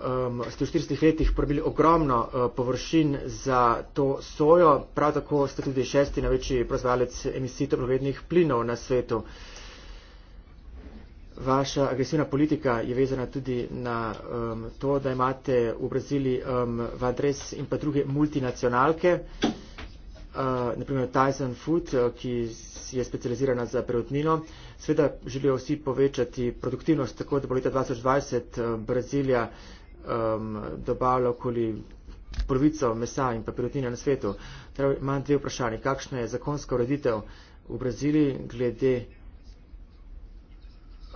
um, ste v 40 letih porabili ogromno uh, površin za to sojo, prav tako ste tudi šesti največji proizvajalec emisij toplogrednih plinov na svetu. Vaša agresivna politika je vezana tudi na um, to, da imate v Braziliji um, v adres in pa druge multinacionalke, uh, naprimer Tyson Food, uh, ki je specializirana za preotnino. Sveda želijo vsi povečati produktivnost, tako da bo leta 2020 uh, Brazilija. Uh, um, dobavlja okoli polovico mesa in papirotine na svetu. Treba imam dve vprašanje. Kakšna je zakonska ureditev v Braziliji glede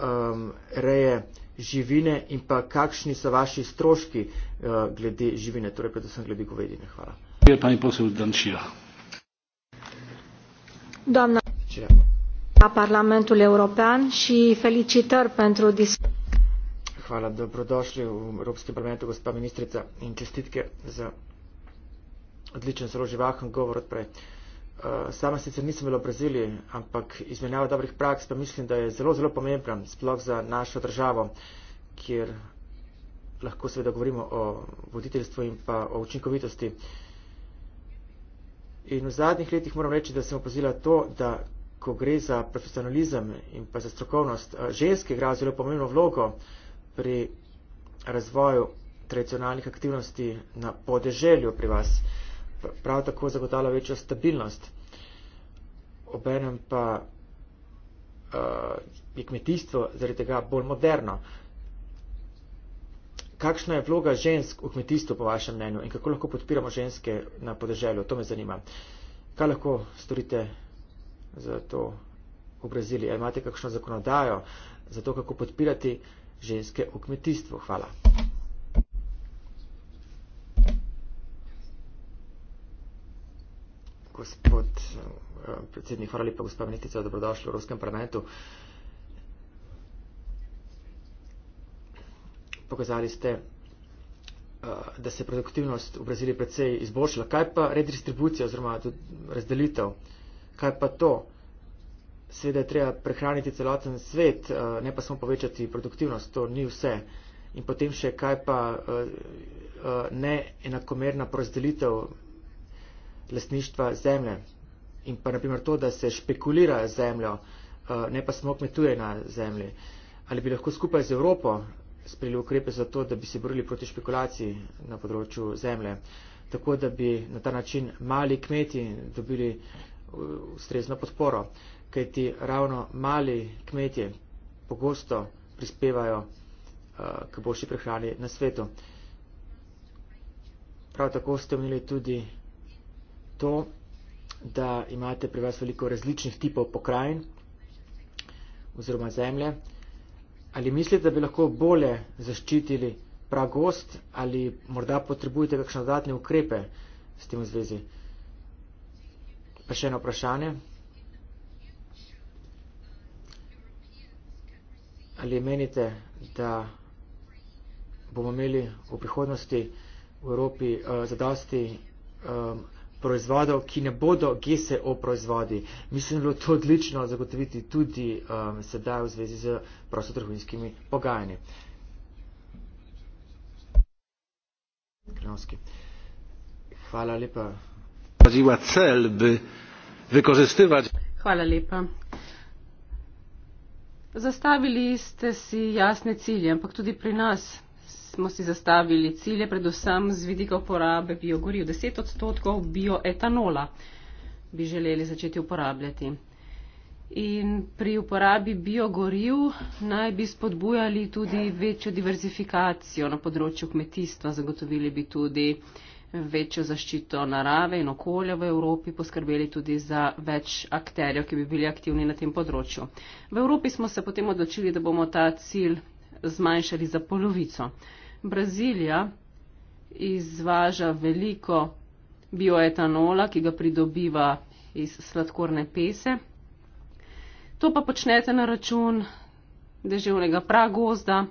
um, reje živine in pa kakšni so vaši stroški uh, glede živine, torej predvsem glede govedine? Hvala. Doamna parlamentul european și felicitări pentru discuție hvala. Dobrodošli v Evropskem parlamentu, gospa ministrica, in čestitke za odličen, zelo živahen govor odprej. Eh, sama sicer nisem bila v Braziliji, ampak izmenjava dobrih praks pa mislim, da je zelo, zelo pomembna, sploh za našo državo, kjer lahko seveda govorimo o voditeljstvu in pa o učinkovitosti. In v zadnjih letih moram reči, da sem opazila to, da ko gre za profesionalizem in pa za strokovnost, eh, ženske igrajo zelo pomembno vlogo pri razvoju tradicionalnih aktivnosti na podeželju pri vas. Prav tako zagotavlja večjo stabilnost. Obenem pa uh, je kmetijstvo zaradi tega bolj moderno. Kakšna je vloga žensk v kmetijstvu, po vašem mnenju, in kako lahko podpiramo ženske na podeželju? To me zanima. Kaj lahko storite za to v Braziliji? Imate kakšno zakonodajo za to, kako podpirati ženske v kmetijstvu. Hvala. Gospod eh, predsednik, hvala lepa, gospod ministrica, dobrodošli v Ruskem parlamentu. Pokazali ste, eh, da se produktivnost v Braziliji precej izboljšala. Kaj pa redistribucija oziroma razdelitev? Kaj pa to? seveda je treba prehraniti celoten svet, eh, ne pa samo povečati produktivnost, to ni vse. In potem še kaj pa eh, eh, neenakomerna porazdelitev lasništva zemlje. In pa naprimer to, da se špekulira zemljo, ne pa samo kmetuje na zemlji. Ali bi lahko skupaj z Evropo sprejeli ukrepe za to, da bi se borili proti špekulaciji na področju zemlje, tako da bi na ta način mali kmeti dobili ustrezno podporo kajti ravno mali kmetje pogosto prispevajo eh, k boljši prehrani na svetu. Prav tako ste omenili tudi to, da imate pri vas veliko različnih tipov pokrajin oziroma zemlje. Ali mislite, da bi lahko bolje zaščitili pragost ali morda potrebujete kakšne dodatne ukrepe s tem v zvezi? Pa še eno vprašanje. ali menite, da bomo imeli v prihodnosti v Evropi uh, zadosti um, proizvodov, ki ne bodo gese o proizvodi. Mislim, da je to odlično zagotoviti tudi um, sedaj v zvezi z prostotrhunskimi pogajanji. Hvala lepa. Hvala lepa. Zastavili ste si jasne cilje, ampak tudi pri nas smo si zastavili cilje, predvsem z vidika uporabe biogoriv. 10 odstotkov bioetanola bi želeli začeti uporabljati. In pri uporabi biogoriv naj bi spodbujali tudi večjo diverzifikacijo na področju kmetijstva, zagotovili bi tudi večjo zaščito narave in okolja v Evropi, poskrbeli tudi za več akterjev, ki bi bili aktivni na tem področju. V Evropi smo se potem odločili, da bomo ta cilj zmanjšali za polovico. Brazilija izvaža veliko bioetanola, ki ga pridobiva iz sladkorne pese. To pa počnete na račun deževnega pragozda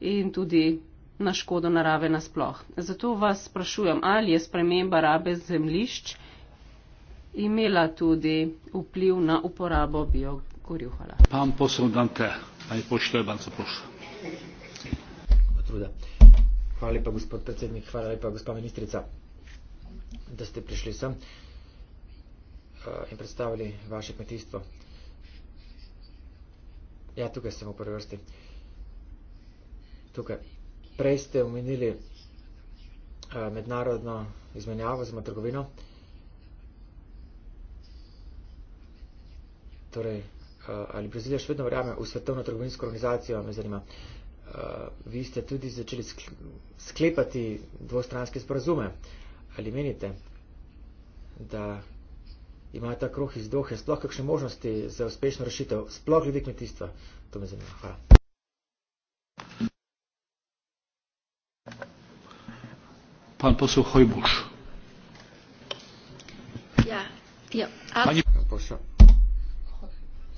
in tudi na škodo narave nasploh. Zato vas sprašujem, ali je sprememba rabe zemlišč imela tudi vpliv na uporabo biogoriv. Hvala. Hvala lepa, gospod predsednik, hvala lepa, gospa ministrica, da ste prišli sem eh, in predstavili vaše kmetijstvo. Ja, tukaj sem v prvi vrsti. Tukaj Prej ste omenili eh, mednarodno izmenjavo oziroma trgovino. Torej, eh, ali Brazilija še vedno verjame v svetovno trgovinsko organizacijo, me zanima. Eh, vi ste tudi začeli sklepati dvostranske sporazume. Ali menite, da ima ta kruh iz dohe sploh kakšne možnosti za uspešno rešitev, sploh glede kmetijstva? To me zanima. Hvala. Ja, ja. pani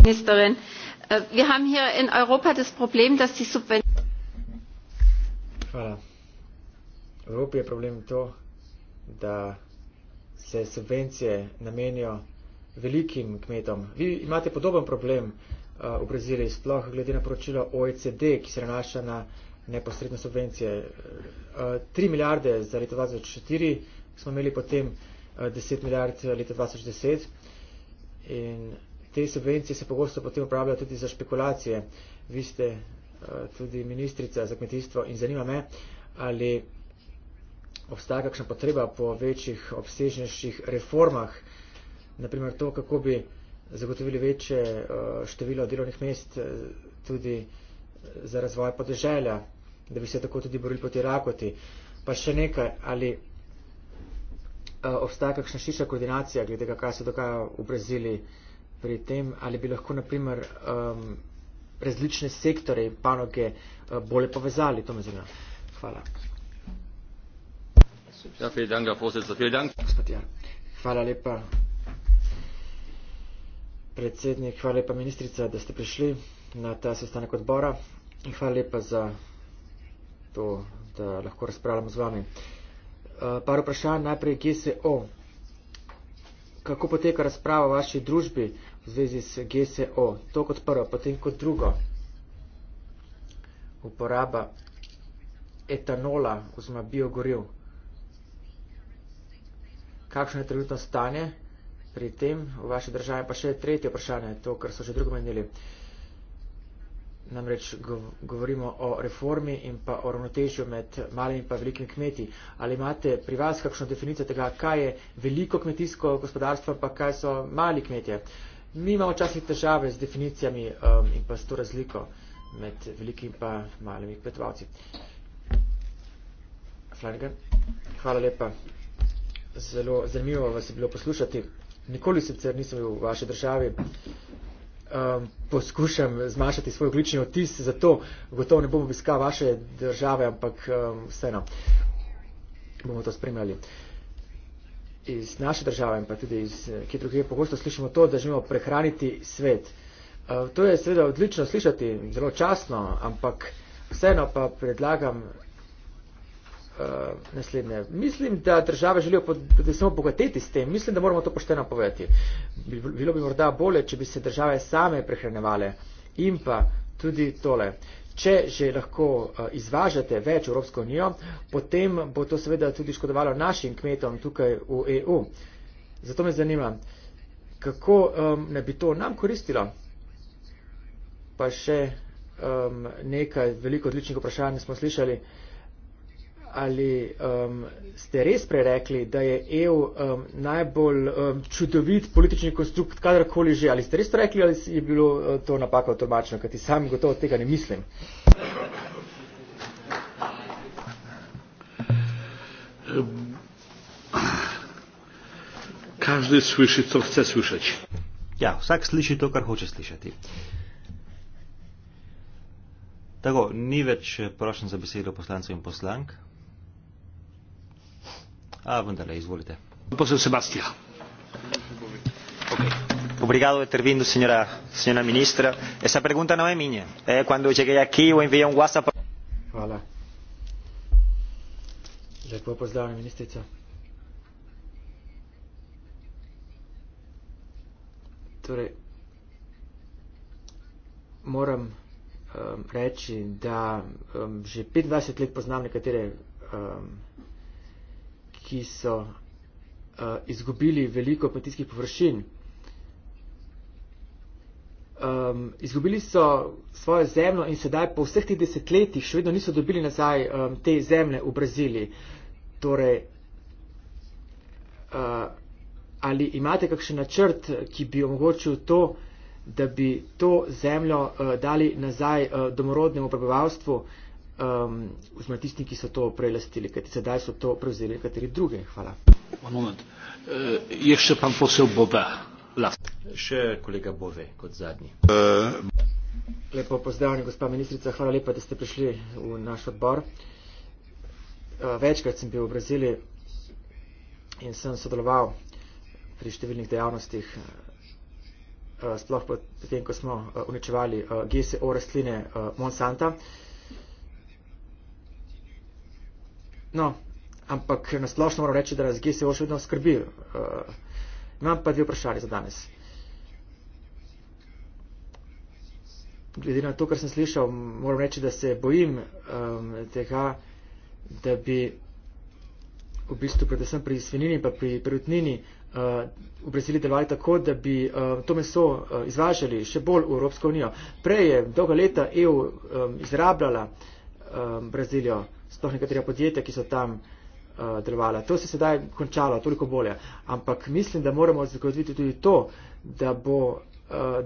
ministerin! E, wir haben hier in europa das problem dass die se subvencije namenijo velikim kmetom. Vi imate podoben problem uh, v Braziliji, sploh glede na poročilo OECD, ki se nanaša na neposredne subvencije. 3 eh, milijarde za leto 2004 smo imeli potem 10 eh, milijard leto 2010 in te subvencije se pogosto potem upravljajo tudi za špekulacije. Vi ste eh, tudi ministrica za kmetijstvo in zanima me, ali obstaja kakšna potreba po večjih obsežnejših reformah, naprimer to, kako bi zagotovili večje število delovnih mest tudi za razvoj podeželja da bi se tako tudi borili proti rakoti. Pa še nekaj, ali uh, obstaja kakšna širša koordinacija glede tega, kaj se dogaja v Braziliji pri tem, ali bi lahko naprimer um, različne sektore in panoge uh, bolje povezali, to me zanima. Hvala. Ja, danga, hvala lepa. Predsednik, hvala lepa ministrica, da ste prišli na ta sestanek odbora in hvala lepa za to, da lahko razpravljam z vami. Eh, par vprašanj najprej, GSO. Kako poteka razprava v vaši družbi v zvezi s GSO? To kot prvo, potem kot drugo. Uporaba etanola oziroma biogoriv. Kakšno je trenutno stanje pri tem v vaši državi? Pa še tretje vprašanje, to, kar so že drugo menili. Uh, namreč govorimo o reformi in pa o ravnotežju med malimi in velikimi kmeti. Ali imate pri vas kakšno definicijo tega, kaj je veliko kmetijsko gospodarstvo, pa kaj so mali kmetje? Mi imamo včasih težave z definicijami um, in pa s to razliko med velikimi in pa malimi kmetovalci. Flanagan, hvala lepa. Zelo zanimivo vas je bilo poslušati. Nikoli sicer nisem bil v vaši državi um, poskušam zmanjšati svoj oglični otis, zato gotovo ne bom obiskal vaše države, ampak um, vseeno bomo to spremljali. Iz naše države in pa tudi iz eh, kje druge pogosto slišimo to, da želimo prehraniti svet. Uh, to je seveda odlično slišati, zelo časno, ampak vseeno pa predlagam uh, naslednje. Mislim, da države želijo pod, samo bogateti s tem. Mislim, da moramo to pošteno povedati. Bilo bi morda bolje, če bi se države same prehranevale in pa tudi tole. Če že lahko eh, izvažate več v Evropsko unijo, potem bo to seveda tudi škodovalo našim kmetom tukaj v EU. Zato me zanima, kako um, ne bi to nam koristilo. Pa še um, nekaj veliko odličnih vprašanj smo slišali. Uh, ali um, ste res prerekli, da je EU um, najbolj um, čudovit politični konstrukt, kadarkoli že. Ali ste res prerekli, ali je bilo uh, to napako tolmačno, kaj ti sam gotovo tega ne mislim? Um, Každe sliši, co chce slišati. Ja, vsak sliši to, kar hoče slišati. Tako, ni več eh, prošen za besedo poslancev in poslank. A, vendarle, izvolite. Posel Sebastija. Obrigado de ter vindo, señora, señora ministra. Esa pregunta no es mía. Eh, cuando llegué aquí o envié un WhatsApp. Hola. Lepo pozdravljen, ministrica. Torej, moram um, reči, da um, že 25 let poznam nekatere um, ki so uh, izgubili veliko kmetijskih površin. Um, izgubili so svojo zemljo in sedaj po vseh teh desetletjih še vedno niso dobili nazaj um, te zemlje v Braziliji. Torej, uh, ali imate kakšen načrt, ki bi omogočil to, da bi to zemljo uh, dali nazaj uh, domorodnemu prebivalstvu, uh, um, ehm, oziroma tisti, ki so to prej lastili, kajti sedaj so to prevzeli nekateri drugi. Hvala. One moment. Uh, je še pan posel Bove. Še kolega Bove kot zadnji. Uh. Lepo pozdravljeni, gospa ministrica. Hvala lepa, da ste prišli v naš odbor. Uh, večkrat sem bil v Braziliji in sem sodeloval pri številnih dejavnostih. E, sploh potem, ko smo uničevali GSO rastline Monsanta, No, ampak nasplošno moram reči, da nas GSE še vedno skrbi. Uh, imam pa dve vprašanje za danes. Glede na to, kar sem slišal, moram reči, da se bojim um, tega, da bi v bistvu predvsem pri svinini pa pri prirutnini uh, eh, v Braziliji delovali tako, da bi uh, to meso uh, izvažali še bolj v Evropsko unijo. Prej je dolga leta EU um, izrabljala um, Brazilijo sploh nekatera podjetja, ki so tam uh, delovala. To se je sedaj končalo, toliko bolje. Ampak mislim, da moramo zagotoviti tudi to, da bo uh,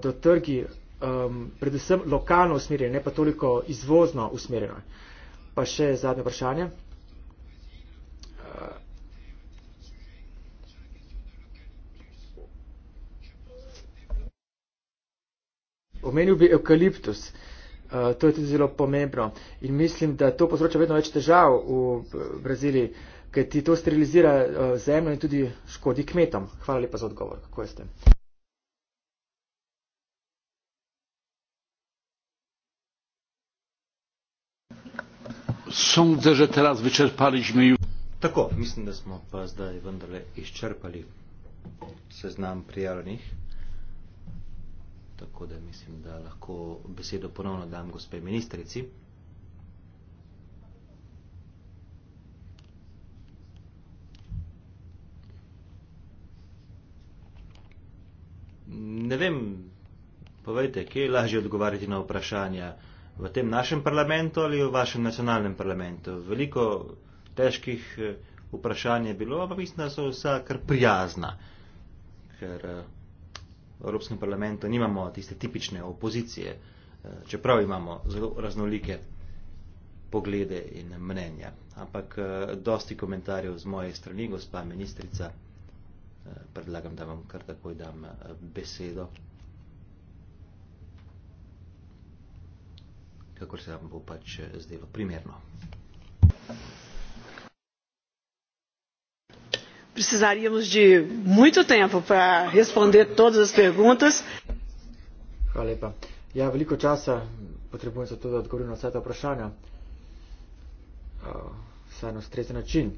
do trgi um, predvsem lokalno usmerjeno, ne pa toliko izvozno usmerjeno. Pa še zadnje vprašanje. Uh, omenil bi eukaliptus. Uh, Eh, to je tudi zelo pomembno. In mislim, da to povzroča vedno več težav v Braziliji, ker ti to sterilizira eh, zemljo in tudi škodi kmetom. Hvala lepa za odgovor. Kako ste? Sądzę, że teraz wyczerpaliśmy już. Tako, myślę, że zdaj wędrę izczerpali seznam prijalnych. Tako da mislim, da lahko besedo ponovno dam gospe ministrici. Ne vem, povejte, kje je lažje odgovarjati na vprašanja, v tem našem parlamentu ali v vašem nacionalnem parlamentu. Veliko težkih eh, vprašanj je bilo, ampak mislim, da so vsa kar prijazna. Ker, eh, v Evropskem parlamentu nimamo tiste tipične opozicije, eh, čeprav imamo zelo raznolike poglede in mnenja. Ampak eh, dosti komentarjev z moje strani, gospa ministrica, eh, predlagam, da vam kar takoj dam besedo. Kako se vam bo pač zdelo primerno. Thank you. precisaríamos de muito tempo para responder todas as perguntas. Hvala lepa. Ja, veliko časa potrebujem za to, da odgovorim na vse ta vprašanja. Vse na ustrezen način.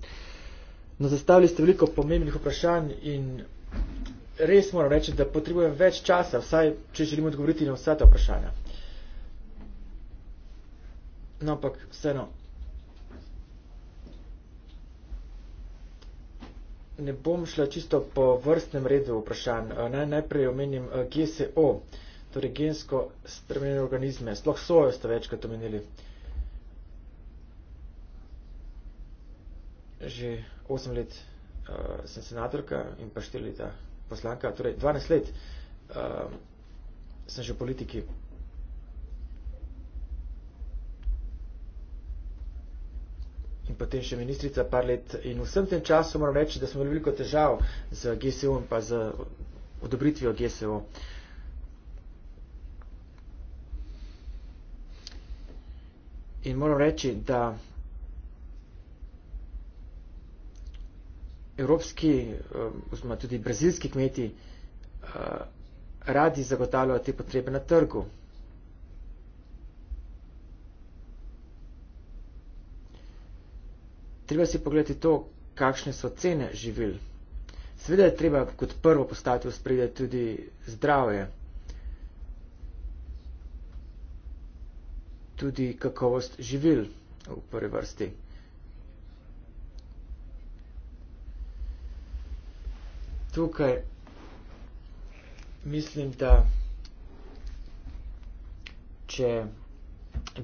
No, zastavili ste veliko pomembnih vprašanj in res moram reči, da potrebujem več časa, vsaj če želim odgovoriti na vsa ta vprašanja. No, ampak vseeno, Ne bom šla čisto po vrstnem redu vprašanj. Eh, naj najprej omenim eh, GSO, torej gensko spremenjene organizme. Sploh sojo ste večkrat omenili. Že 8 let uh, sem senatorka in pa 4 leta poslanka, torej 12 let uh, sem že v politiki. in potem še ministrica par let. In vsem tem času moram reči, da smo imeli veliko težav z GSO in pa z odobritvijo GSO. In moram reči, da evropski, eh, oziroma tudi brazilski kmeti, eh, radi zagotavljajo te potrebe na trgu. treba si pogledati to, kakšne so cene živil. Seveda je treba kot prvo postati v spredje tudi zdravje, tudi kakovost živil v prvi vrsti. Tukaj mislim, da če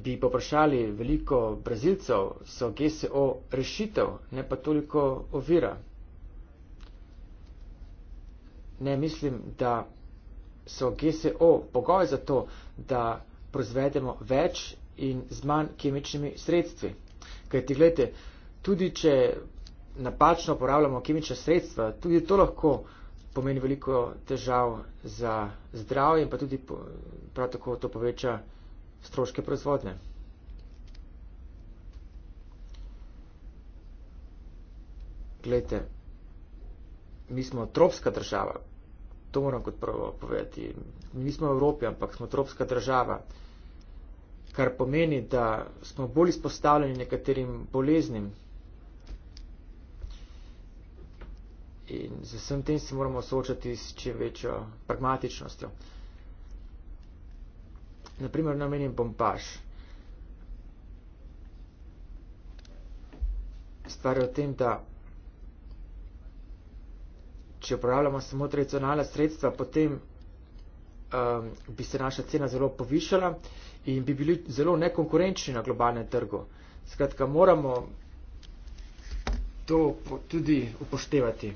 bi poprašali veliko brazilcev, so GSO rešitev, ne pa toliko ovira. Ne mislim, da so GSO pogoj za to, da proizvedemo več in z manj kemičnimi sredstvi. Kaj ti gledajte, tudi če napačno uporabljamo kemična sredstva, tudi to lahko pomeni veliko težav za zdravje in pa tudi prav tako to poveča stroške proizvodnje. Glejte, mi smo tropska država, to moram kot prvo povedati. Mi nismo v Evropi, ampak smo tropska država, kar pomeni, da smo bolj izpostavljeni nekaterim boleznim. In z vsem tem se moramo soočati s čim večjo pragmatičnostjo na primer namenim pompaž. Stvar je v tem, da če uporabljamo samo tradicionalna sredstva, potem um, bi se naša cena zelo povišala in bi bili zelo nekonkurenčni na globalnem trgu. Skratka, moramo to tudi upoštevati.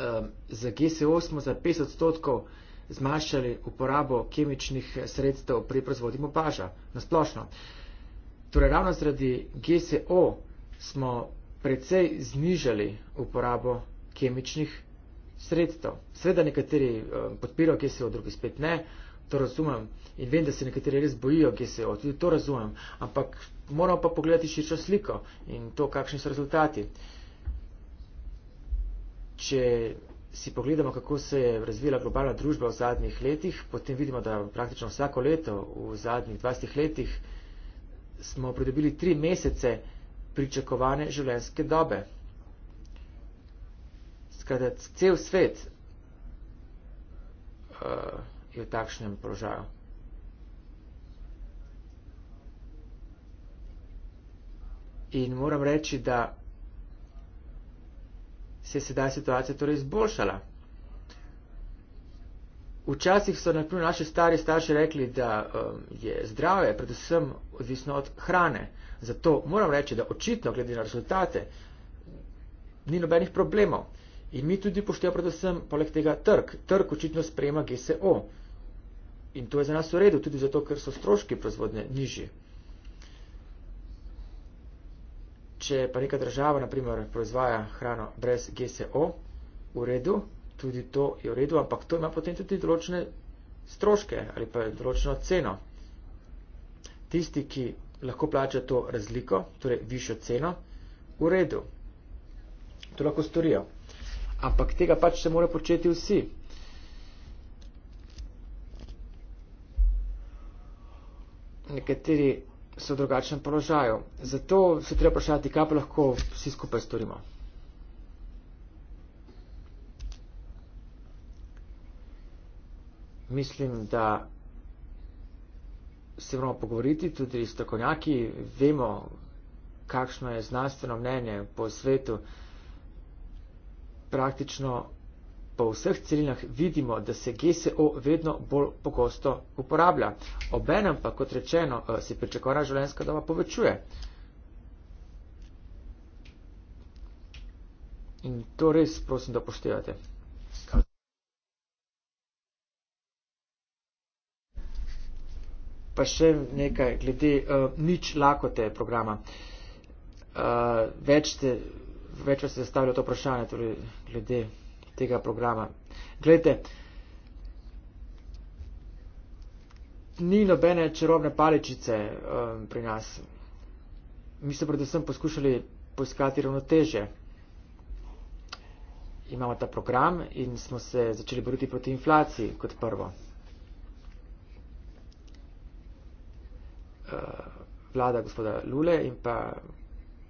Um, za GSO smo za 50 odstotkov zmanjšali uporabo kemičnih sredstev pri proizvodimo paža na splošno. Torej, ravno zaradi GSO smo precej znižali uporabo kemičnih sredstev. Sveda nekateri eh, podpirajo GSO, drugi spet ne, to razumem in vem, da se nekateri res bojijo GSO, tudi to razumem, ampak moramo pa pogledati širšo sliko in to, kakšni so rezultati. Če si pogledamo, kako se je razvijala globalna družba v zadnjih letih, potem vidimo, da praktično vsako leto v zadnjih 20 letih smo pridobili tri mesece pričakovane življenjske dobe. Skratka, cel svet uh, je v takšnem položaju. In moram reči, da se je sedaj situacija torej izboljšala. Včasih so naprimer naši stari starši rekli, da um, je zdravje predvsem odvisno od hrane. Zato moram reči, da očitno glede na rezultate ni nobenih problemov. In mi tudi poštevamo predvsem poleg tega trg. Trg očitno sprejema GSO. In to je za nas v redu, tudi zato, ker so stroški proizvodne nižji. če pa neka država, naprimer, proizvaja hrano brez GSO, v redu, tudi to je v redu, ampak to ima potem tudi določene stroške ali pa določeno ceno. Tisti, ki lahko plača to razliko, torej višjo ceno, v redu. To lahko storijo. Ampak tega pač se mora početi vsi. Nekateri so v drugačnem položaju. Zato se treba vprašati, kaj pa lahko vsi skupaj storimo. Mislim, da se moramo pogovoriti tudi s takonjaki. Vemo, kakšno je znanstveno mnenje po svetu. Praktično po vseh celinah vidimo, da se GSO vedno bolj pogosto uporablja. Obenem pa, kot rečeno, eh, se pričakovana življenjska doba povečuje. In to res prosim, da poštevate. Pa še nekaj glede uh, nič lakote programa. Uh, več, te, več vas je stavljalo to vprašanje, torej glede tega programa. Glejte, ni nobene čarobne paličice um, pri nas. Mi smo predvsem poskušali poiskati ravnoteže. Imamo ta program in smo se začeli boriti proti inflaciji kot prvo. Uh, vlada gospoda Lule in pa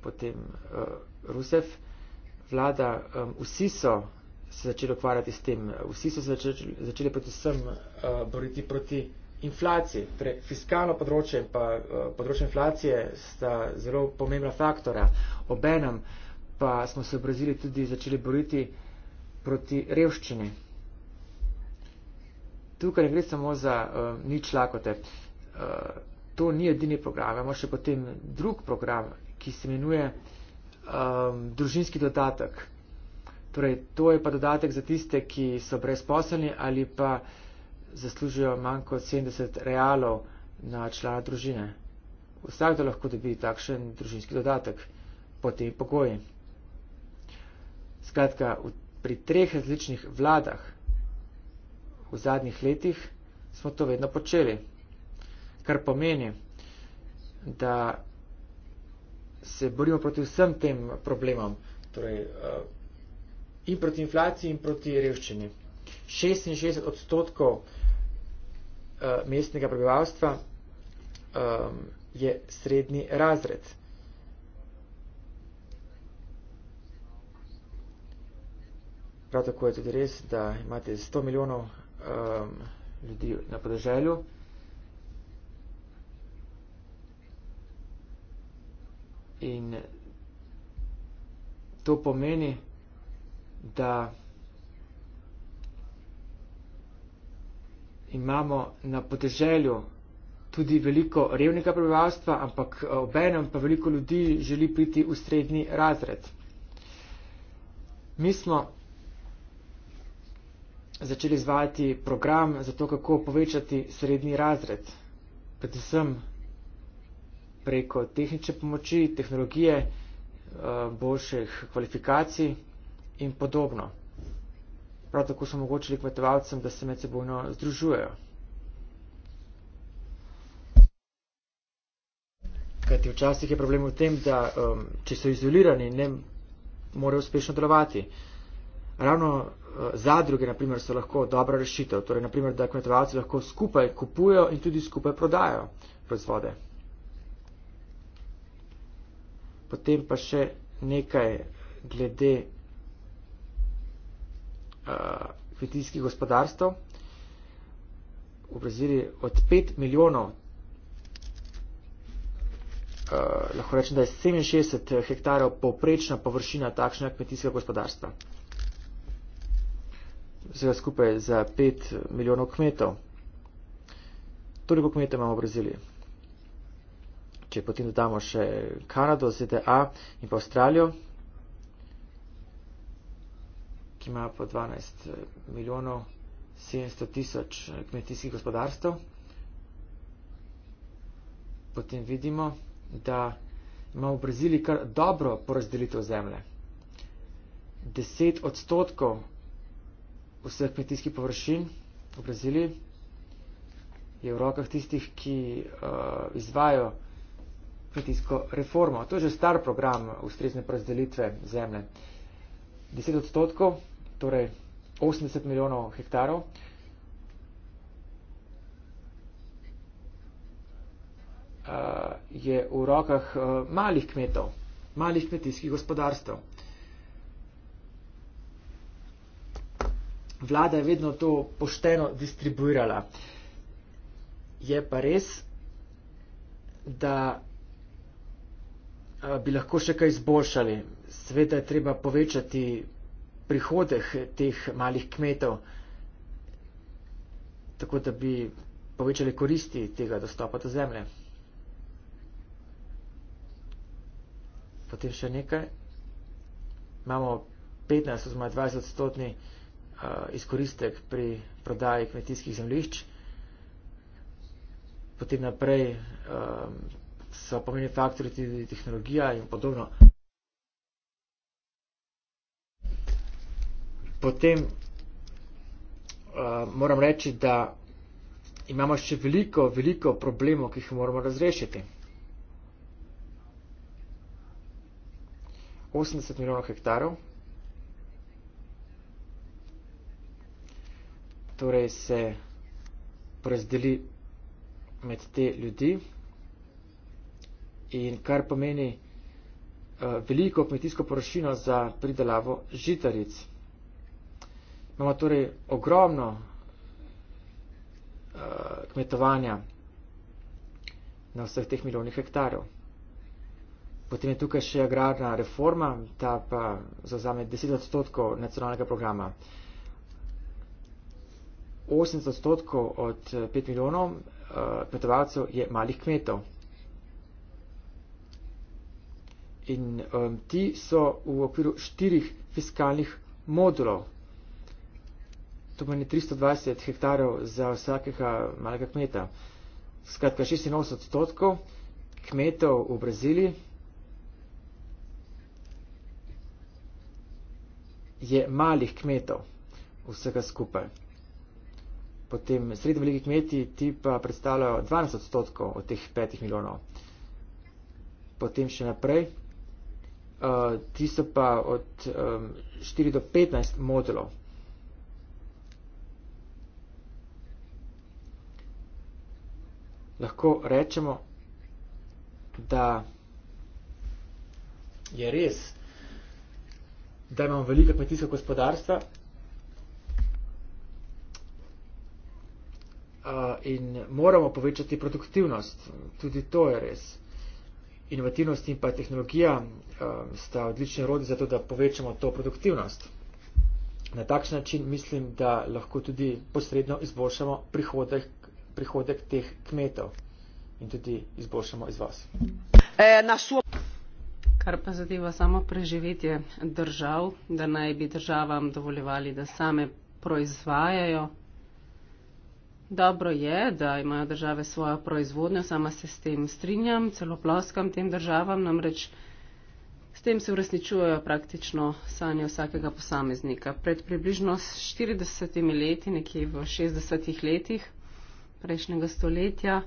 potem uh, Rusev, vlada, um, vsi so se začeli ukvarjati s tem. Vsi so se začeli, začeli predvsem uh, boriti proti inflaciji. Torej, fiskalno področje in pa uh, področje inflacije sta zelo pomembna faktora. Obenem pa smo se v Braziliji tudi začeli boriti proti revščini. Tukaj ne gre samo za uh, nič lakote. Uh, to ni edini program. Imamo še potem drug program, ki se imenuje um, družinski dodatek. Torej, to je pa dodatek za tiste, ki so brezposelni ali pa zaslužijo manj kot 70 realov na člana družine. Vsak da lahko dobi takšen družinski dodatek po tem pogoji. Skratka, v, pri treh različnih vladah v zadnjih letih smo to vedno počeli, kar pomeni, da se borimo proti vsem tem problemom. Torej, uh, in proti inflaciji in proti revščini. 66 odstotkov uh, mestnega prebivalstva um, je srednji razred. Prav tako je tudi res, da imate 100 milijonov um, ljudi na podeželju. In to pomeni, da imamo na podeželju tudi veliko revnega prebivalstva, ampak eh, obenem pa veliko ljudi želi priti v srednji razred. Mi smo začeli izvajati program za to, kako povečati srednji razred, predvsem preko tehnične pomoči, tehnologije, eh, boljših kvalifikacij in podobno. Prav tako so omogočili kmetovalcem, da se med sebojno združujejo. Kajti včasih je problem v tem, da um, če so izolirani, ne morejo uspešno delovati. Ravno uh, zadruge, na primer, so lahko dobra rešitev. Torej, na primer, da kmetovalci lahko skupaj kupujo in tudi skupaj prodajo proizvode. Potem pa še nekaj glede uh, kmetijskih gospodarstv. V Braziliji od 5 milijonov, uh, lahko rečem, da je 67 hektarjev povprečna površina takšnega kmetijskega gospodarstva. Vsega skupaj za 5 milijonov kmetov. Toliko kmetov imamo v Braziliji. Če potem dodamo še Kanado, ZDA in pa Avstralijo, ki ima po 12 eh, milijonov 700 tisoč eh, kmetijskih gospodarstv. Potem vidimo, da imamo v Braziliji kar dobro porazdelitev zemlje. 10 odstotkov vseh kmetijskih površin v Braziliji je v rokah tistih, ki uh, eh, izvajo kmetijsko reformo. To je že star program ustrezne porazdelitve zemlje. 10 odstotkov torej 80 milijonov hektarov. je v rokah malih kmetov, malih kmetijskih gospodarstv. Vlada je vedno to pošteno distribuirala. Je pa res, da bi lahko še kaj izboljšali. Sveda je treba povečati prihodeh teh malih kmetov, tako da bi povečali koristi tega dostopa do zemlje. Potem še nekaj. Imamo 15 oziroma 20 odstotni izkoristek pri prodaji kmetijskih zemljišč. Potem naprej so pomeni faktori tudi tehnologija in podobno. potem uh, moram reči, da imamo še veliko, veliko problemov, ki jih moramo razrešiti. 80 milijonov hektarov. Torej se porazdeli med te ljudi in kar pomeni uh, veliko kmetijsko porošino za pridelavo žitaric. Imamo torej ogromno uh, kmetovanja na vseh teh milijonih hektarjev. Potem je tukaj še agrarna reforma, ta pa zazame 10 odstotkov nacionalnega programa. 80 odstotkov od 5 eh, milijonov uh, kmetovalcev je malih kmetov. In um, ti so v okviru štirih fiskalnih modulov to meni 320 hektarov za vsakega malega kmeta. Skratka, 86 odstotkov kmetov v Braziliji je malih kmetov vsega skupaj. Potem srednji veliki kmeti ti pa predstavljajo 12 odstotkov od teh 5 milijonov. Potem še naprej. Uh, ti so pa od um, eh, 4 do 15 modelov. lahko rečemo, da je res, da imamo velika kmetijska gospodarstva in moramo povečati produktivnost. Tudi to je res. Inovativnost in pa tehnologija sta odlični rodi za to, da povečamo to produktivnost. Na takšen način mislim, da lahko tudi posredno izboljšamo prihodek prihodek teh kmetov in tudi izboljšamo izvoz. E, našo... Kar pa zadeva samo preživetje držav, da naj bi državam dovoljevali, da same proizvajajo. Dobro je, da imajo države svojo proizvodnjo, sama se s tem strinjam, celo ploskam tem državam, namreč s tem se uresničujejo praktično sanje vsakega posameznika. Pred približno 40 leti, nekje v 60 letih, prejšnjega stoletja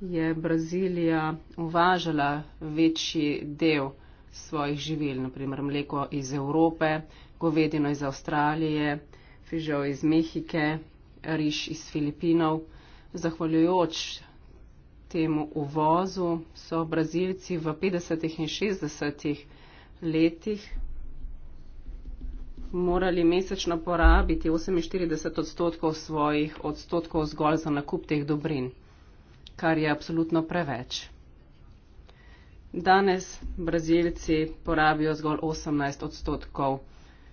je Brazilija uvažala večji del svojih živil, naprimer mleko iz Evrope, govedino iz Avstralije, fižo iz Mehike, riž iz Filipinov. Zahvaljujoč temu uvozu so Brazilci v 50. in 60. letih morali mesečno porabiti 48 odstotkov svojih odstotkov zgolj za nakup teh dobrin, kar je absolutno preveč. Danes Brazilci porabijo zgolj 18 odstotkov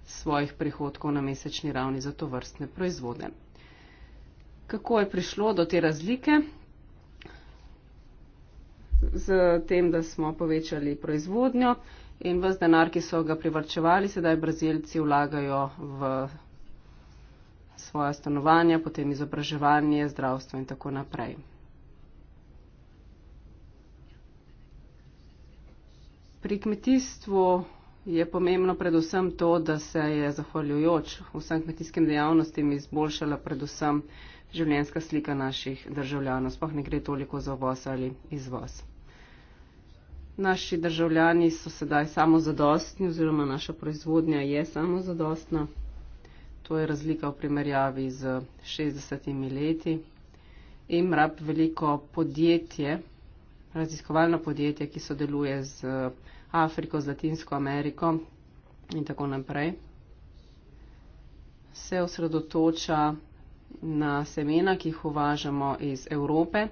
svojih prihodkov na mesečni ravni za to vrstne proizvode. Kako je prišlo do te razlike? Z tem, da smo povečali proizvodnjo in vse denar, ki so ga privrčevali, sedaj brazilci vlagajo v svoje stanovanje, potem izobraževanje, zdravstvo in tako naprej. Pri kmetijstvu je pomembno predvsem to, da se je zahvaljujoč vsem kmetijskim dejavnostim izboljšala predvsem življenska slika naših državljanov. Spoh ne gre toliko za uvoz ali izvoz. Naši državljani so sedaj samozadostni oziroma naša proizvodnja je samozadostna. To je razlika v primerjavi z 60 leti. Imrap veliko podjetje, raziskovalno podjetje, ki sodeluje z Afriko, z Latinsko Ameriko in tako naprej, se osredotoča na semena, ki jih uvažamo iz Evrope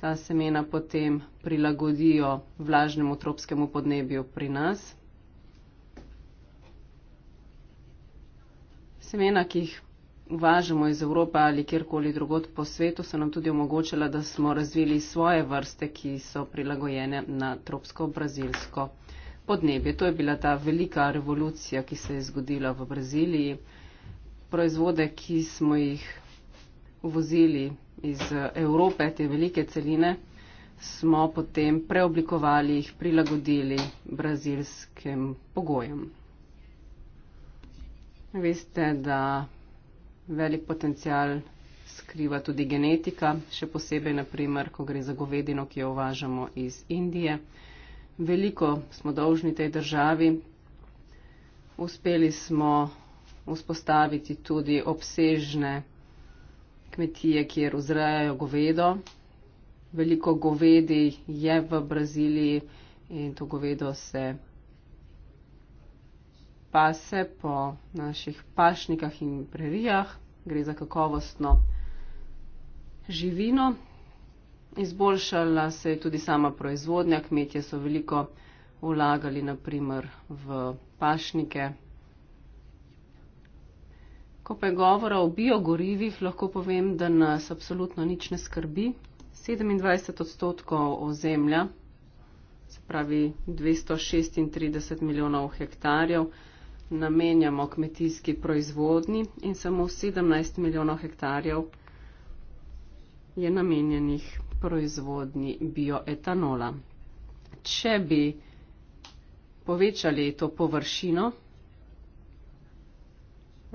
ta semena potem prilagodijo vlažnemu tropskemu podnebju pri nas. Semena, ki jih uvažamo iz Evrope ali kjerkoli drugot po svetu, so nam tudi omogočila, da smo razvili svoje vrste, ki so prilagojene na tropsko-brazilsko podnebje. To je bila ta velika revolucija, ki se je zgodila v Braziliji. Proizvode, ki smo jih vozili iz eh, Evrope, te velike celine, smo potem preoblikovali jih, prilagodili brazilskim pogojem. Veste, da velik potencial skriva tudi genetika, še posebej, naprimer, ko gre za govedino, ki jo uvažamo iz Indije. Veliko smo dolžni tej državi. Uspeli smo vzpostaviti tudi obsežne kmetije, kjer vzrejajo govedo. Veliko govedi je v Braziliji in to govedo se pase po naših pašnikah in prerijah. Gre za kakovostno živino. Izboljšala se je tudi sama proizvodnja. Kmetje so veliko vlagali naprimer v pašnike, Ko pa je govora o biogorivih, lahko povem, da nas absolutno nič ne skrbi. 27 odstotkov ozemlja, se pravi 236 milijonov hektarjev, namenjamo kmetijski proizvodni in samo 17 milijonov hektarjev je namenjenih proizvodni bioetanola. Če bi povečali to površino,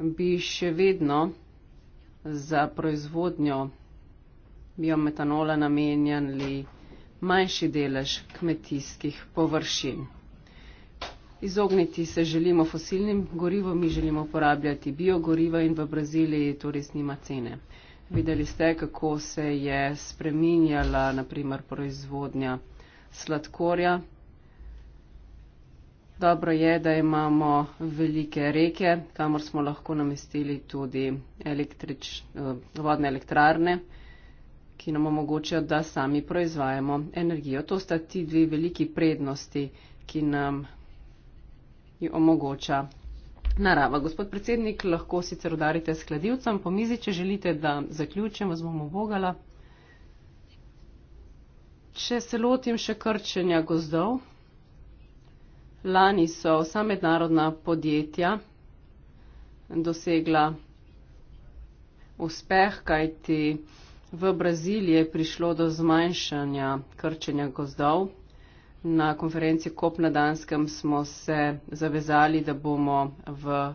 bi še vedno za proizvodnjo biometanola namenjali manjši delež kmetijskih površin. Izogniti se želimo fosilnim gorivom, mi želimo uporabljati biogoriva in v Braziliji to res nima cene. Videli ste, kako se je spreminjala naprimer proizvodnja sladkorja. Dobro je, da imamo velike reke, kamor smo lahko namestili tudi električ, eh, vodne elektrarne, ki nam omogočajo, da sami proizvajamo energijo. To sta ti dve veliki prednosti, ki nam jih omogoča narava. Gospod predsednik, lahko sicer udarite s kladivcem po mizi, če želite, da zaključim, vas bom obogala. Če se lotim še krčenja gozdov. Lani so vsa mednarodna podjetja dosegla uspeh, kajti v Braziliji je prišlo do zmanjšanja krčenja gozdov. Na konferenci COP na Danskem smo se zavezali, da bomo v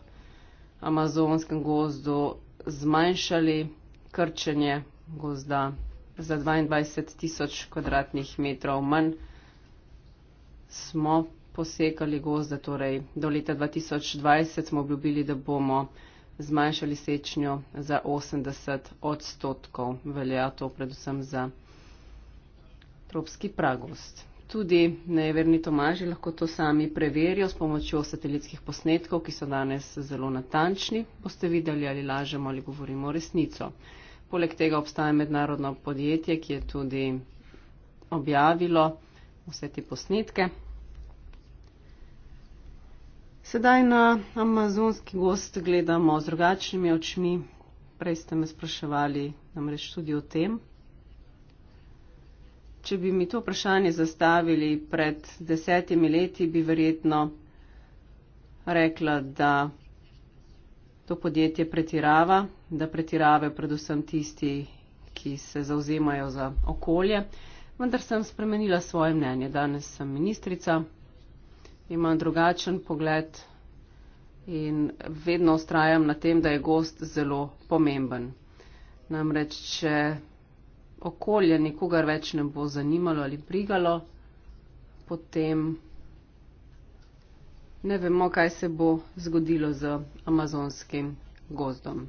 amazonskem gozdu zmanjšali krčenje gozda za 22 tisoč kvadratnih metrov. Manj smo posekali gozde. Torej, do leta 2020 smo obljubili, da bomo zmanjšali sečnjo za 80 odstotkov. Velja to predvsem za tropski pragost. Tudi nejeverni Tomaži lahko to sami preverijo s pomočjo satelitskih posnetkov, ki so danes zelo natančni. Boste videli, ali lažemo ali govorimo resnico. Poleg tega obstaja mednarodno podjetje, ki je tudi objavilo vse te posnetke. Sedaj na amazonski gost gledamo z drugačnimi očmi. Prej ste me spraševali namreč tudi o tem. Če bi mi to vprašanje zastavili pred desetimi leti, bi verjetno rekla, da to podjetje pretirava, da pretirave predvsem tisti, ki se zauzemajo za okolje. Vendar sem spremenila svoje mnenje. Danes sem ministrica, imam drugačen pogled in vedno ustrajam na tem, da je gost zelo pomemben. Namreč, če okolje nikogar več ne bo zanimalo ali brigalo, potem ne vemo, kaj se bo zgodilo z amazonskim gozdom.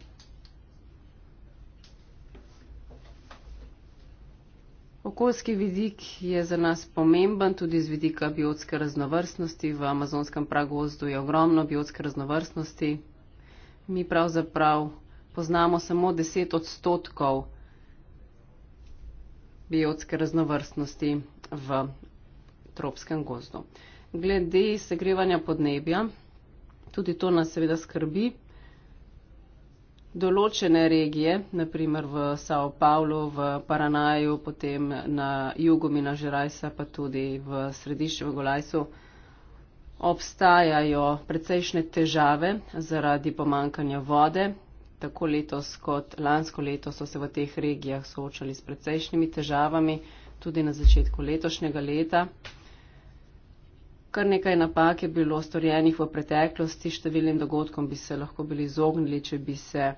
Okoljski vidik je za nas pomemben, tudi z vidika biotske raznovrstnosti. V amazonskem pragozdu je ogromno biotske raznovrstnosti. Mi pravzaprav poznamo samo 10 odstotkov biotske raznovrstnosti v tropskem gozdu. Glede segrevanja podnebja, tudi to nas seveda skrbi določene regije, naprimer v Sao Paulo, v Paranaju, potem na jugu Minažerajsa, pa tudi v središču v Golajsu, obstajajo precejšne težave zaradi pomankanja vode. Tako letos kot lansko leto so se v teh regijah soočali s precejšnjimi težavami, tudi na začetku letošnjega leta. Kar nekaj napak je bilo storjenih v preteklosti, številnim dogodkom bi se lahko bili izognili, če bi se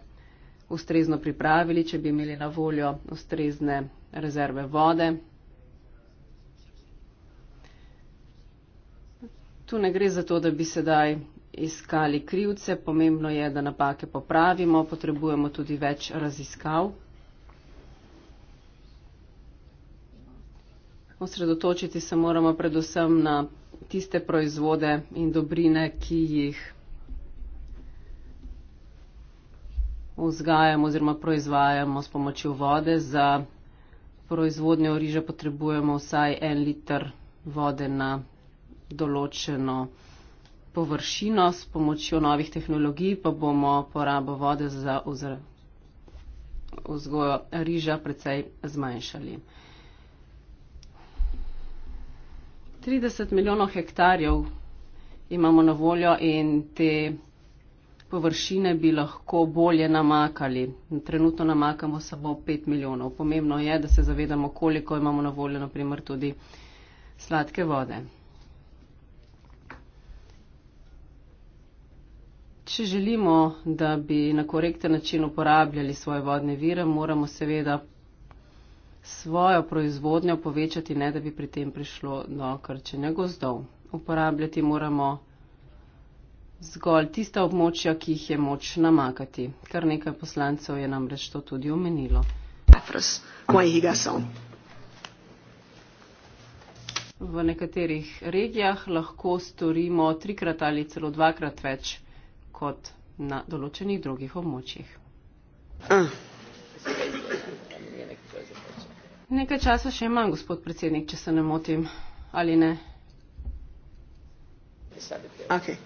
ustrezno pripravili, če bi imeli na voljo ustrezne rezerve vode. Tu ne gre za to, da bi sedaj iskali krivce, pomembno je, da napake popravimo, potrebujemo tudi več raziskav. Osredotočiti se moramo predvsem na tiste proizvode in dobrine, ki jih vzgajamo oziroma proizvajamo s pomočjo vode. Za proizvodnjo riža potrebujemo vsaj en liter vode na določeno površino. S pomočjo novih tehnologij pa bomo porabo vode za vzgojo riža precej zmanjšali. 30 milijonov hektarjev imamo na voljo in te površine bi lahko bolje namakali. Trenutno namakamo samo 5 milijonov. Pomembno je, da se zavedamo, koliko imamo na voljo naprimer tudi sladke vode. Če želimo, da bi na korekten način uporabljali svoje vodne vire, moramo seveda svojo proizvodnjo povečati, ne da bi pri tem prišlo do krčenja gozdov. Uporabljati moramo zgolj tista območja, ki jih je moč namakati. Kar nekaj poslancev je namreč to tudi omenilo. V nekaterih regijah lahko storimo trikrat ali celo dvakrat več kot na določenih drugih območjih. Mm. Nekaj časa še imam, gospod predsednik, če se ne motim ali ne. Okay.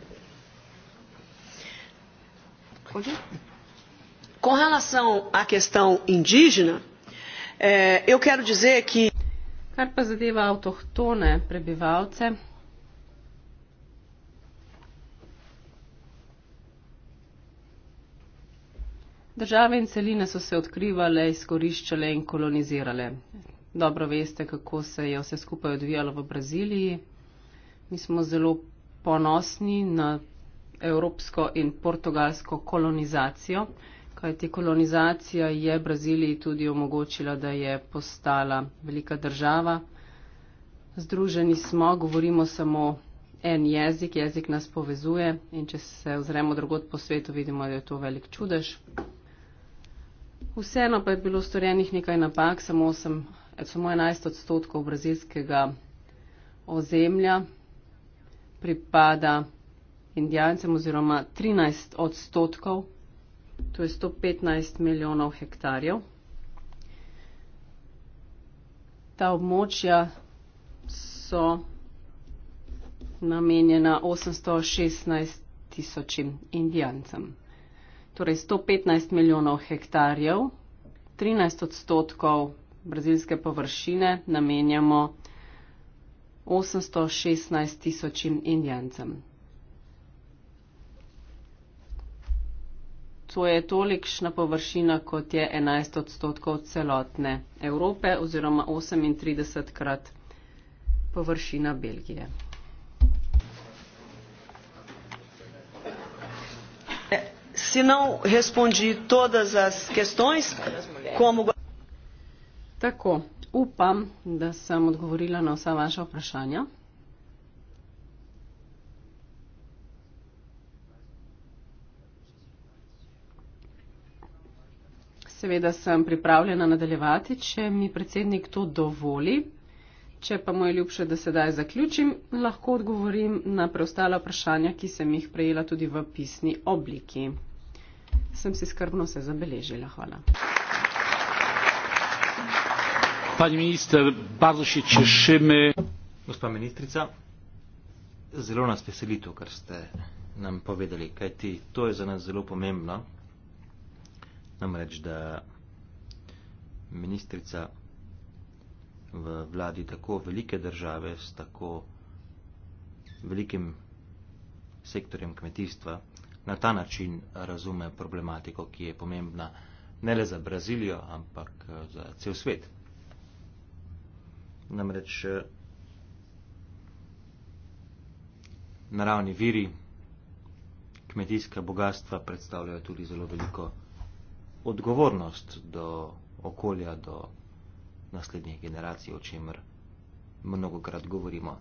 Com relação à questão indígena, é, eu quero dizer que. Kar pa zadeva avtohtone prebivalce, države in celine so se odkrivale, izkoriščale in kolonizirale. Dobro veste, kako se je vse skupaj odvijalo v Braziliji. Mi smo zelo ponosni na evropsko in portugalsko kolonizacijo, kajti kolonizacija je Braziliji tudi omogočila, da je postala velika država. Združeni smo, govorimo samo en jezik, jezik nas povezuje in če se ozremo drugot po svetu, vidimo, da je to velik čudež. Vseeno pa je bilo storjenih nekaj napak, samo, 8, samo 11 odstotkov brazilskega ozemlja pripada indijancem oziroma 13 odstotkov, to je 115 milijonov hektarjev. Ta območja so namenjena 816 tisočim indijancem. Torej 115 milijonov hektarjev, 13 odstotkov brazilske površine namenjamo 816 tisočim indijancem. to je tolikšna površina, kot je 11 odstotkov celotne Evrope oziroma 38 krat površina Belgije. Se nam respondi todas as questões, como... Tako, upam, da sem odgovorila na vsa vaša vprašanja. Seveda sem pripravljena nadaljevati, če mi predsednik to dovoli. Če pa mu je ljubše, da sedaj zaključim, lahko odgovorim na preostala vprašanja, ki sem jih prejela tudi v pisni obliki. Sem si skrbno se zabeležila. Hvala. Pani minister, bardzo się cieszymy. Gospa ministrica, zelo nas veseli to, kar ste nam povedali, kajti to je za nas zelo pomembno. Namreč, da ministrica v vladi tako velike države s tako velikim sektorjem kmetijstva na ta način razume problematiko, ki je pomembna ne le za Brazilijo, ampak za cel svet. Namreč naravni viri kmetijska bogatstva predstavljajo tudi zelo veliko odgovornost do okolja, do naslednjih generacij, o čemer mnogo krat govorimo.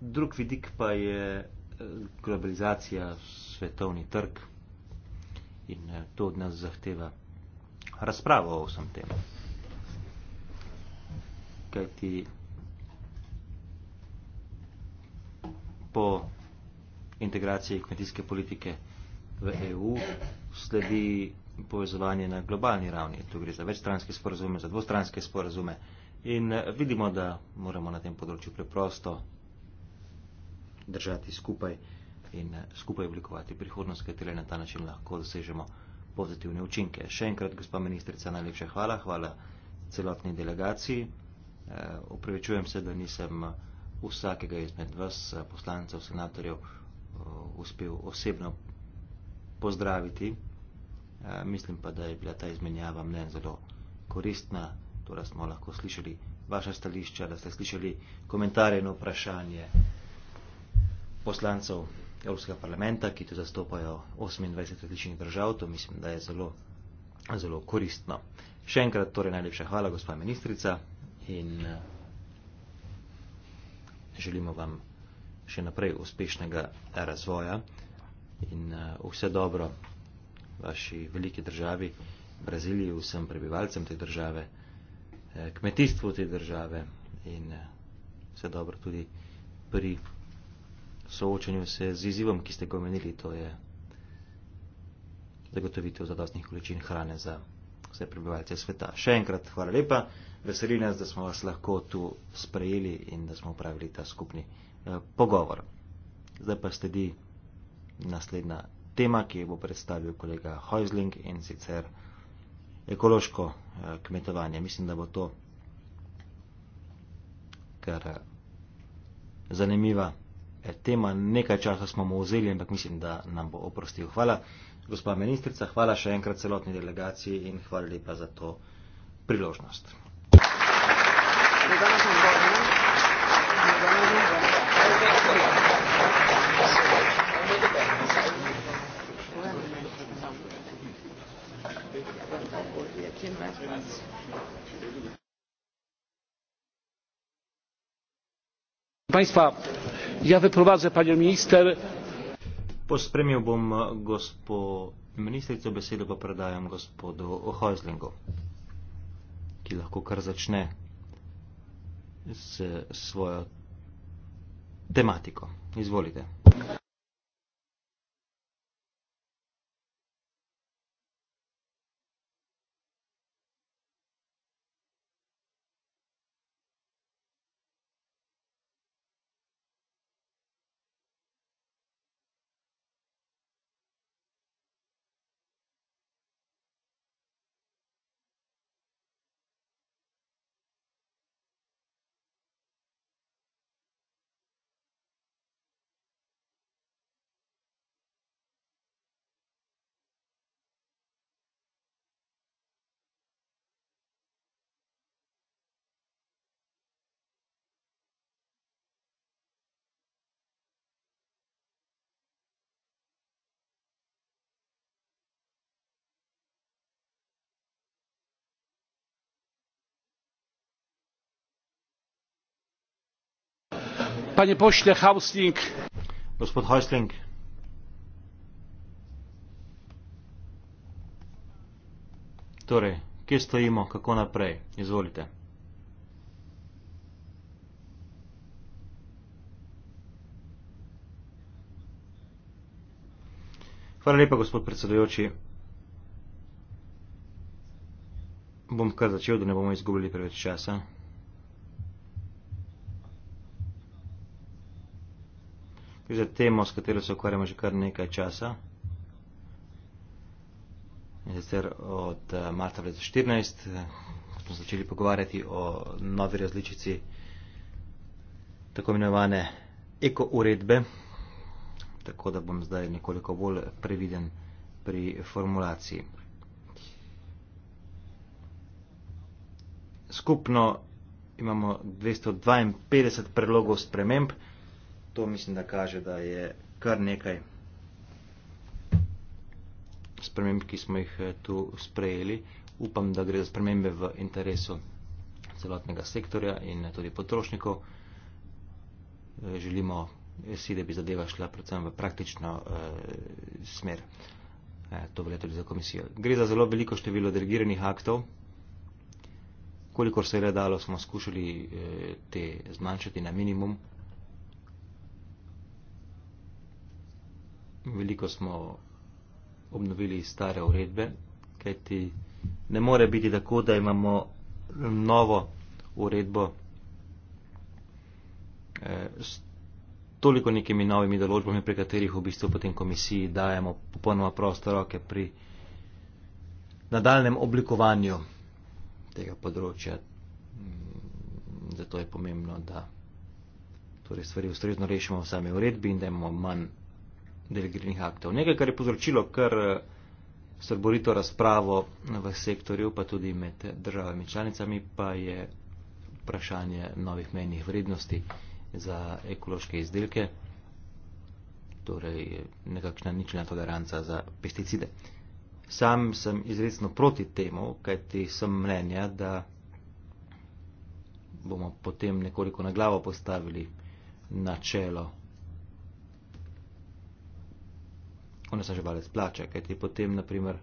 Drug vidik pa je eh, globalizacija, svetovni trg in eh, to od nas zahteva razpravo o vsem tem. Kaj ti po integraciji kmetijske politike v EU sledi povezovanje na globalni ravni. Tu gre za večstranske sporazume, za dvostranske sporazume in eh, vidimo, da moramo na tem področju preprosto držati skupaj in eh, skupaj oblikovati prihodnost, katere na ta način lahko dosežemo pozitivne učinke. Še enkrat, gospa ministrica, najlepša hvala. Hvala celotni delegaciji. Upravičujem eh, se, da nisem vsakega izmed vas, poslancev, senatorjev, uspel osebno pozdraviti. Eh, mislim pa, da je bila ta izmenjava mnen zelo koristna, torej smo lahko slišali vaše stališča, da ste slišali komentarje na vprašanje poslancev Evropskega parlamenta, ki tu zastopajo 28 različnih držav, to mislim, da je zelo, zelo koristno. Še enkrat torej najlepša hvala, gospa ministrica, in eh, želimo vam še naprej uspešnega razvoja in eh, vse dobro vaši veliki državi, Braziliji, vsem prebivalcem te države, eh, kmetijstvu te države in eh, vse dobro tudi pri soočanju se z izivom, ki ste ga omenili, to je zagotovitev zadostnih količin hrane za vse prebivalce sveta. Še enkrat hvala lepa, veseli nas, da smo vas lahko tu sprejeli in da smo upravili ta skupni eh, pogovor. Zdaj pa sledi naslednja tema, ki jo bo predstavil kolega Hojzling in sicer ekološko eh, kmetovanje. Mislim, da bo to kar eh, zanimiva eh, tema. Nekaj časa smo mu vzeli, ampak mislim, da nam bo oprostil. Hvala, gospa ministrica, hvala še enkrat celotni delegaciji in hvala lepa za to priložnost. Hvala. Hvala. Hvala. Hvala. Hvala. Hvala. Hvala. Hvala. Państwa, ja wyprowadzę panią minister. Pospremił bym gospo ministerce besedę, bo predaję gospodu Hojzlingu, ki lahko kar začne z swoją tematiką. Izvolite. panie pośle Hausling. Gospod Hausling. Torej, kje stojimo, kako naprej? Izvolite. Hvala lepa, gospod predsedujoči. Bom kar začel, da ne bomo izgubili preveč časa. Gre za temo, s katero se ukvarjamo že kar nekaj časa. In sicer od eh, marca 2014 eh, smo začeli pogovarjati o novi različici tako imenovane ekouredbe, tako da bom zdaj nekoliko bolj previden pri formulaciji. Skupno imamo 252 predlogov sprememb, to mislim, da kaže, da je kar nekaj sprememb, ki smo jih eh, tu sprejeli. Upam, da gre za spremembe v interesu celotnega sektorja in eh, tudi potrošnikov. Eh, želimo si, da bi zadeva šla predvsem v praktično eh, smer. Eh, to velja tudi za komisijo. Gre za zelo veliko število delegiranih aktov. Kolikor se je redalo, smo skušali eh, te zmanjšati na minimum. veliko smo obnovili stare uredbe, kajti ne more biti tako, da imamo novo uredbo eh, s toliko nekimi novimi določbami, pri katerih v bistvu potem komisiji dajemo popolnoma proste roke pri nadaljem oblikovanju tega področja. Mm, zato je pomembno, da torej stvari ustrezno rešimo v sami uredbi in da imamo manj delegiranih aktov. Nekaj, kar je povzročilo kar eh, srborito razpravo v sektorju, pa tudi med državami članicami, pa je vprašanje novih menjih vrednosti za ekološke izdelke, torej nekakšna ničena toleranca za pesticide. Sam sem izredno proti temu, kajti sem mnenja, da bomo potem nekoliko na glavo postavili načelo onesnaževalec plača, kajti potem, naprimer,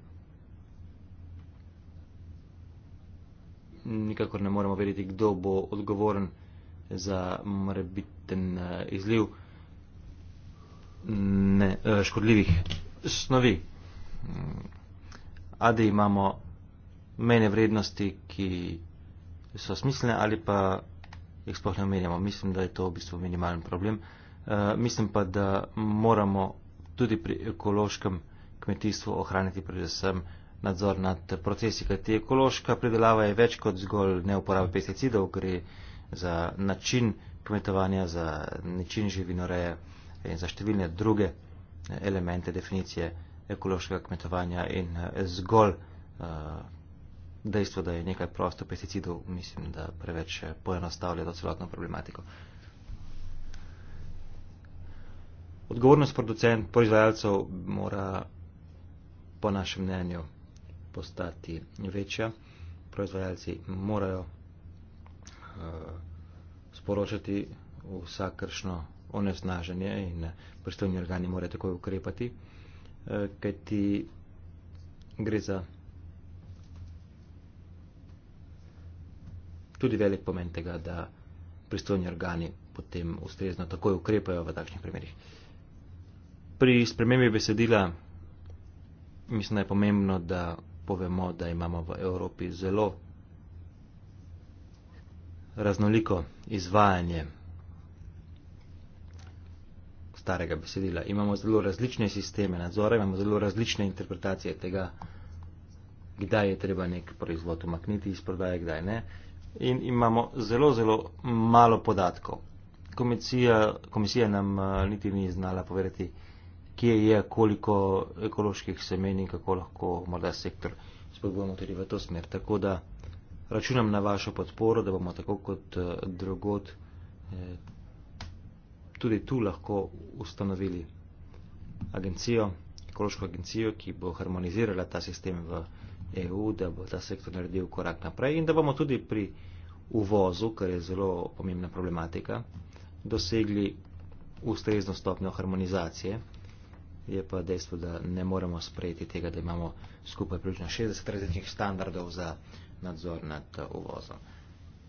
nikakor ne moremo veriti, kdo bo odgovoren za morebiten eh, izliv ne, eh, škodljivih snovi. Mm. Adi imamo mene vrednosti, ki so smiselne ali pa jih sploh ne omenjamo. Mislim, da je to v bistvu minimalen problem. Uh, mislim pa, da moramo tudi pri ekološkem kmetijstvu ohraniti predvsem nadzor nad procesi, kajti ekološka pridelava je več kot zgolj neuporaba pesticidov, gre za način kmetovanja, za način živinoreje in za številne druge eh, elemente definicije ekološkega kmetovanja in eh, zgolj eh, dejstvo, da je nekaj prosto pesticidov, mislim, da preveč poenostavlja to celotno problematiko. Odgovornost producent, proizvajalcev mora po našem mnenju postati večja. Proizvajalci morajo uh, sporočati vsakršno onesnaženje in pristojni organi morajo takoj ukrepati, uh, kajti gre za tudi velik pomen tega, da pristojni organi potem ustrezno takoj ukrepajo v takšnih primerih pri spremembi besedila mislim, da je pomembno, da povemo, da imamo v Evropi zelo raznoliko izvajanje starega besedila. Imamo zelo različne sisteme nadzora, imamo zelo različne interpretacije tega, kdaj je treba nek proizvod umakniti iz prodaje, kdaj ne. In imamo zelo, zelo malo podatkov. Komisija, komisija nam eh, niti ni znala povedati, kje je, koliko ekoloških semen in kako lahko morda sektor spodbujamo tudi v to smer. Tako da računam na vašo podporo, da bomo tako kot eh, drugot eh, tudi tu lahko ustanovili agencijo, ekološko agencijo, ki bo harmonizirala ta sistem v EU, da bo ta sektor naredil korak naprej in da bomo tudi pri uvozu, kar je zelo pomembna problematika, dosegli ustrezno stopnjo harmonizacije je pa dejstvo, da ne moremo sprejeti tega, da imamo skupaj približno 60 različnih standardov za nadzor nad eh, uvozom.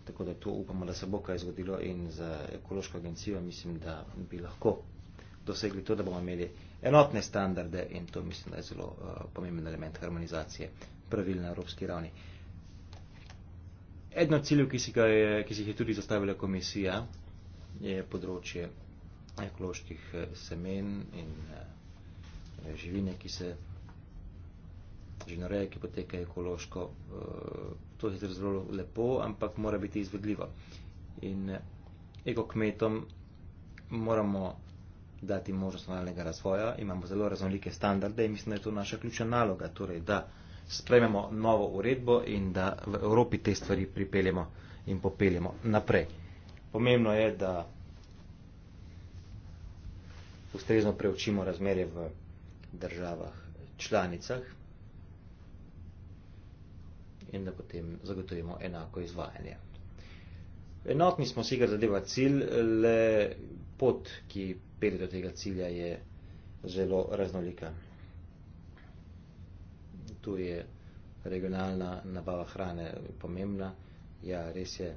Tako da tu upamo, da se bo kaj zgodilo in za ekološko agencijo mislim, da bi lahko dosegli to, da bomo imeli enotne standarde in to mislim, da je zelo uh, pomemben element harmonizacije pravil na evropski ravni. Edno cilj, ki si, je, ki si jih je tudi zastavila komisija, je področje ekoloških eh, semen in uh, Eh, živine, ki se živinoreje, ki potekajo ekološko. Eh, to je zelo lepo, ampak mora biti izvedljivo. In eh, eko kmetom moramo dati možnost normalnega razvoja, imamo zelo raznolike standarde in mislim, da je to naša ključna naloga, torej da sprememo novo uredbo in da v Evropi te stvari pripeljemo in popeljemo naprej. Pomembno je, da ustrezno preučimo razmerje v državah članicah in da potem zagotovimo enako izvajanje. Enotni smo si ga zadeva cilj, le pot, ki pelje do tega cilja, je zelo raznolika. Tu je regionalna nabava hrane pomembna. Ja, res je,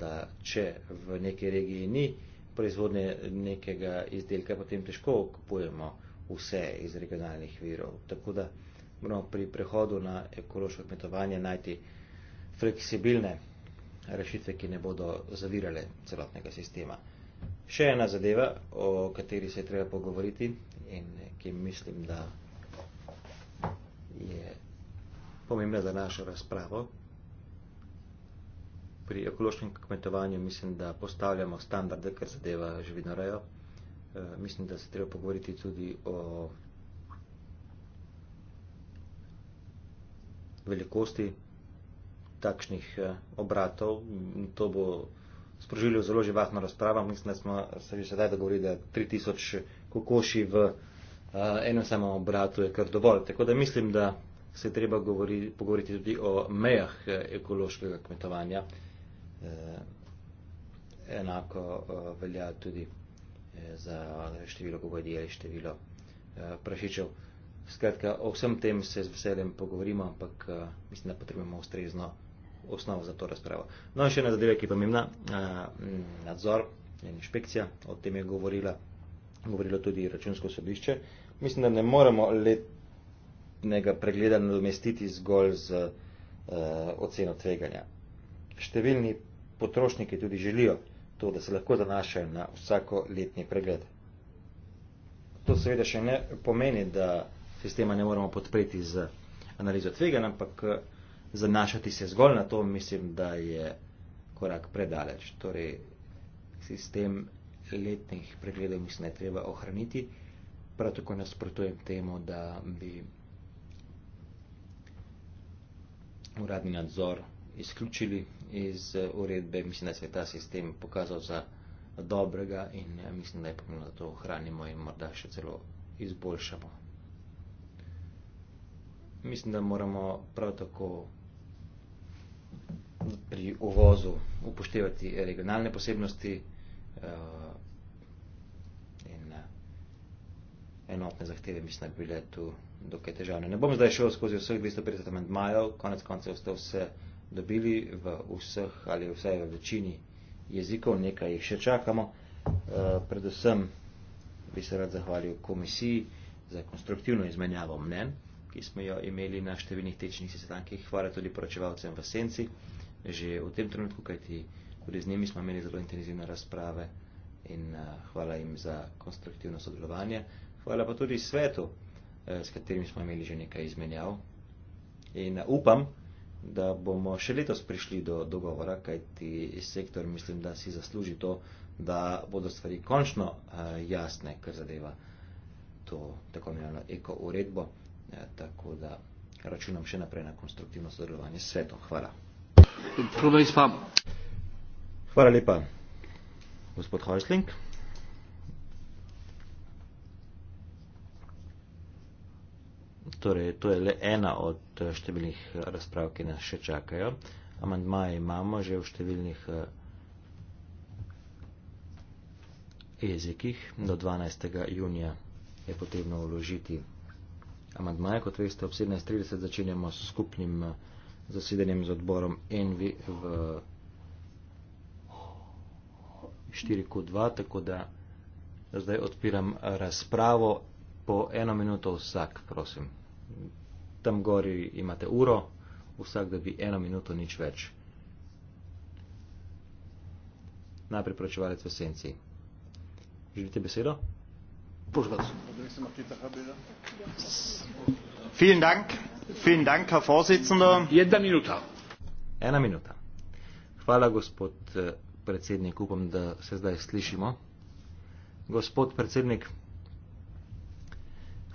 da če v neki regiji ni proizvodnje nekega izdelka, potem težko kupujemo vse iz regionalnih virov. Tako da moramo pri prehodu na ekološko kmetovanje najti fleksibilne rešitve, ki ne bodo zavirale celotnega sistema. Še ena zadeva, o kateri se je treba pogovoriti in ki mislim, da je pomembna za našo razpravo. Pri ekološkem kmetovanju mislim, da postavljamo standarde, ker zadeva živinorejo. rejo. Eh, mislim, da se treba pogovoriti tudi o velikosti takšnih eh, obratov. To bo sprožilo zelo živahno razpravo. Mislim, da smo se že sedaj dogovorili, da 3000 kokoši v eh, enem samem obratu je kar dovolj. Tako da mislim, da se treba govori, pogovoriti tudi o mejah ekološkega kmetovanja. Enako velja tudi Eh, za število govedel, število eh, prašičev. Skratka, o vsem tem se z veseljem pogovorimo, ampak eh, mislim, da potrebujemo ustrezno osnovo za to razpravo. No in še ena zadeva, ki je pomembna, nadzor in inšpekcija, o tem je govorila, govorilo tudi računsko sodišče. Mislim, da ne moremo letnega pregleda nadomestiti zgolj z oceno tveganja. Številni potrošniki tudi želijo to, da se lahko zanašajo na vsako letni pregled. To seveda še ne pomeni, da sistema ne moramo podpreti z analizo tvega, ampak eh, zanašati se zgolj na to, mislim, da je korak predaleč. Torej, sistem letnih pregledov mislim, da je treba ohraniti, prav tako nasprotujem temu, da bi uradni nadzor izključili iz eh, uredbe. Mislim, da se je ta sistem pokazal za dobrega in eh, mislim, da je pomembno, da to ohranimo in morda še celo izboljšamo. Mislim, da moramo prav tako pri uvozu upoštevati regionalne posebnosti eh, in enotne zahteve, mislim, da bi bile tu dokaj težavne. Ne bom zdaj šel skozi vseh 250 amendmajev, konec konca ste vse vse dobili v vseh ali vsaj v večini jezikov, nekaj jih še čakamo. Eh, predvsem bi se rad zahvalil komisiji za konstruktivno izmenjavo mnen, ki smo jo imeli na številnih tečnih sestankih. Hvala tudi poročevalcem v Senci, že v tem trenutku, kajti tudi z njimi smo imeli zelo intenzivne razprave in eh, hvala jim za konstruktivno sodelovanje. Hvala pa tudi svetu, eh, s katerim smo imeli že nekaj izmenjav. In upam, da bomo še letos prišli do dogovora, kajti sektor mislim, da si zasluži to, da bodo stvari končno eh, jasne, kar zadeva to tako imenovano eko uredbo. Eh, tako da računam še naprej na konstruktivno sodelovanje s svetom. Hvala. Hvala lepa, gospod Hojsling. Torej, to je le ena od eh, številnih eh, razprav, ki nas še čakajo. Amandmaje imamo že v številnih eh, jezikih. Do 12. junija je potrebno vložiti amandmaje. Kot veste, ob 17.30 začenjamo s skupnim zasedanjem z odborom Envi v 4Q2, tako da zdaj odpiram razpravo po eno minuto vsak, prosim tam gori imate uro, vsak da bi eno minuto nič več. Najprej pročevalec v senci. Želite besedo? Pozdrav. Vielen Dank, vielen Dank, Herr Vorsitzender. Jedna minuta. Ena minuta. Hvala, gospod eh, predsednik, upam, da se zdaj slišimo. Gospod predsednik,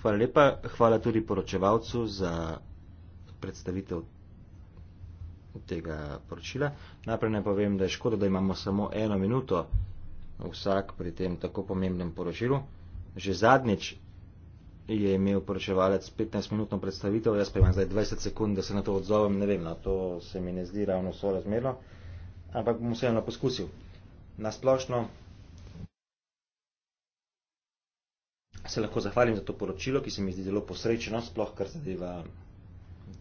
Hvala lepa, hvala tudi poročevalcu za predstavitev tega poročila. Najprej ne povem, da je škoda, da imamo samo eno minuto vsak pri tem tako pomembnem poročilu. Že zadnjič je imel poročevalec 15-minutno predstavitev, jaz pa imam zdaj 20 sekund, da se na to odzovem, ne vem, na no, to se mi ne zdi ravno sorazmerno, ampak bom vseeno poskusil. Na splošno. se lahko zahvalim za to poročilo, ki se mi zdi zelo posrečeno, sploh kar zadeva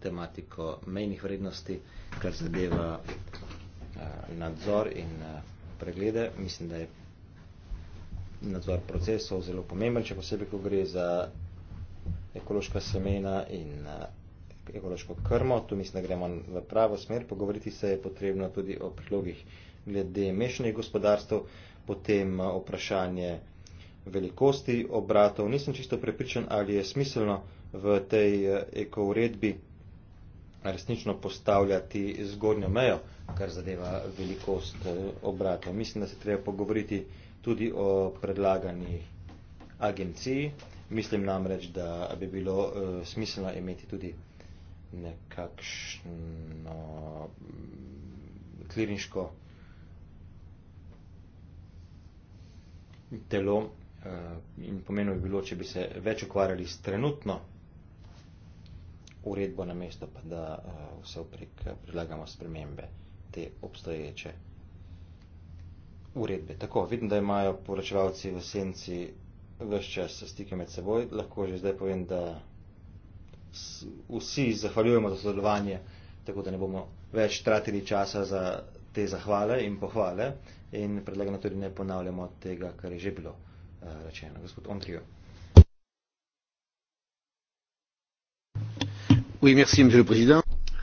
tematiko mejnih vrednosti, kar zadeva uh, nadzor in uh, preglede. Mislim, da je nadzor procesov zelo pomemben, če posebej, ko gre za ekološka semena in uh, ekološko krmo. Tu mislim, da gremo v pravo smer. Pogovoriti se je potrebno tudi o prilogih glede mešanih gospodarstv, potem uh, vprašanje velikosti obratov. Nisem čisto prepričan, ali je smiselno v tej eh, eko uredbi resnično postavljati zgornjo mejo, kar zadeva velikost eh, obratov. Mislim, da se treba pogovoriti tudi o predlagani agenciji. Mislim namreč, da bi bilo uh, smiselno imeti tudi nekakšno mm, kliniško telo, Eh, in pomenu bi bilo, če bi se več ukvarjali s trenutno uredbo na mesto, pa da eh, vse uprek eh, predlagamo spremembe te obstoječe uredbe. Tako, vidim, da imajo poročevalci v senci vse čas se stike med seboj. Lahko že zdaj povem, da vsi zahvaljujemo za sodelovanje, tako da ne bomo več tratili časa za te zahvale in pohvale in predlagam tudi ne ponavljamo tega, kar je že bilo. Eh, rečeno. Gospod Ondrijo.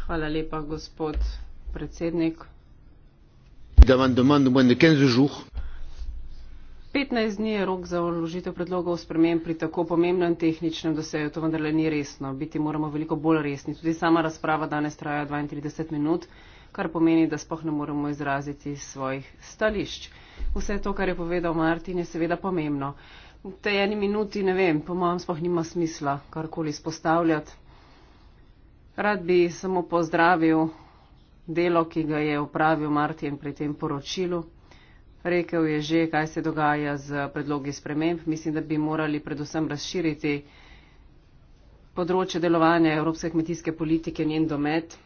Hvala lepa, gospod predsednik. 15 dni je rok za vložitev predlogov sprememb pri tako pomembnem tehničnem dosegu, to vendarle ni resno. Biti moramo veliko bolj resni. Tudi sama razprava danes traja 32 minut, kar pomeni, da spoh ne moremo izraziti svojih stališč. Vse to, kar je povedal Martin, je seveda pomembno. V tej eni minuti, ne vem, po mojem spoh nima smisla karkoli izpostavljati. Rad bi samo pozdravil delo, ki ga je upravil Martin pri tem poročilu. Rekel je že, kaj se dogaja z predlogi sprememb. Mislim, da bi morali predvsem razširiti področje delovanja evropske kmetijske politike, njen domet.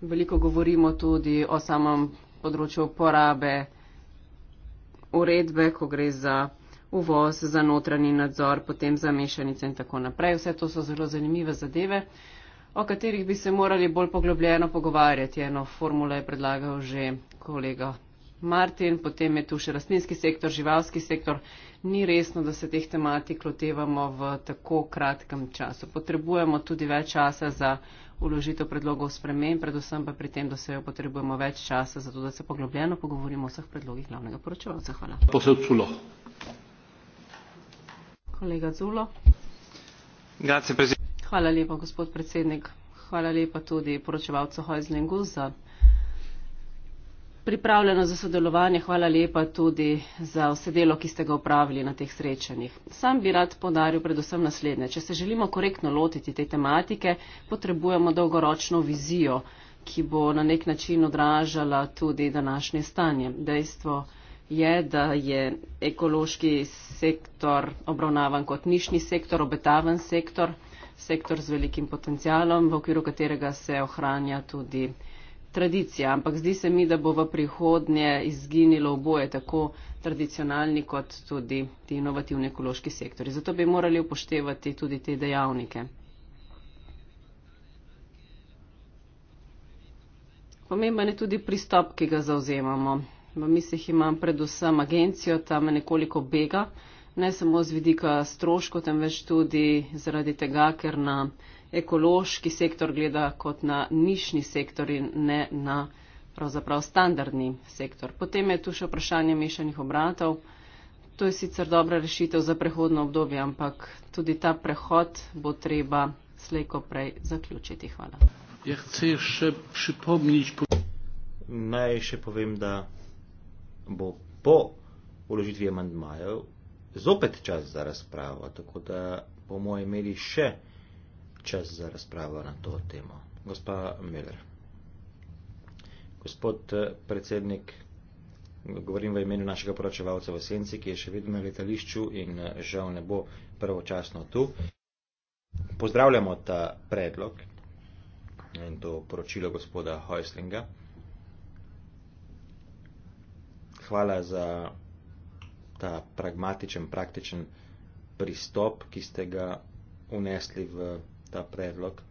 Veliko govorimo tudi o samem področju uporabe uredbe, ko gre za uvoz, za notranji nadzor, potem za mešanice in tako naprej. Vse to so zelo zanimive zadeve, o katerih bi se morali bolj poglobljeno pogovarjati. Eno formulo je predlagal že kolega. Martin, potem je tu še rastlinski sektor, živalski sektor. Ni resno, da se teh tematik lotevamo v tako kratkem času. Potrebujemo tudi več časa za vložitev predlogov spremen, predvsem pa pri tem, da se jo potrebujemo več časa, zato da se poglobljeno pogovorimo o vseh predlogih glavnega poročevalca. Hvala. Posled Culo. Kolega Zulo. Hvala lepa, gospod predsednik. Hvala lepa tudi poročevalcu Hojzlingu za pripravljeno za sodelovanje. Hvala lepa tudi za vse delo, ki ste ga upravili na teh srečanjih. Sam bi rad podaril predvsem naslednje. Če se želimo korektno lotiti te tematike, potrebujemo dolgoročno vizijo, ki bo na nek način odražala tudi današnje stanje. Dejstvo je, da je ekološki sektor obravnavan kot nišni sektor, obetaven sektor, sektor z velikim potencialom, v okviru katerega se ohranja tudi tradicija, ampak zdi se mi, da bo v prihodnje izginilo oboje, tako tradicionalni kot tudi ti inovativni ekološki sektori. Zato bi morali upoštevati tudi te dejavnike. Pomemben je tudi pristop, ki ga zauzemamo. V mislih imam predvsem agencijo, ta me nekoliko bega, ne samo z vidika stroško, temveč tudi zaradi tega, ker na ekološki sektor gleda kot na nišni sektor in ne na pravzaprav standardni sektor. Potem je tu še vprašanje mešanih obratov. To je sicer dobra rešitev za prehodno obdobje, ampak tudi ta prehod bo treba slejko prej zaključiti. Hvala. Ja, še pripomniš, po... Naj še povem, da bo po uložitvi amandmajev zopet čas za razpravo, tako da bomo imeli še čas za razpravo na to temo. Gospa Miller. Gospod eh, predsednik, govorim v imenu našega poročevalca v Senci, ki je še vedno na letališču in eh, žal ne bo pravočasno tu. Pozdravljamo ta predlog in to poročilo gospoda Hojslinga. Hvala za ta pragmatičen, praktičen pristop, ki ste ga unesli v ta predlog.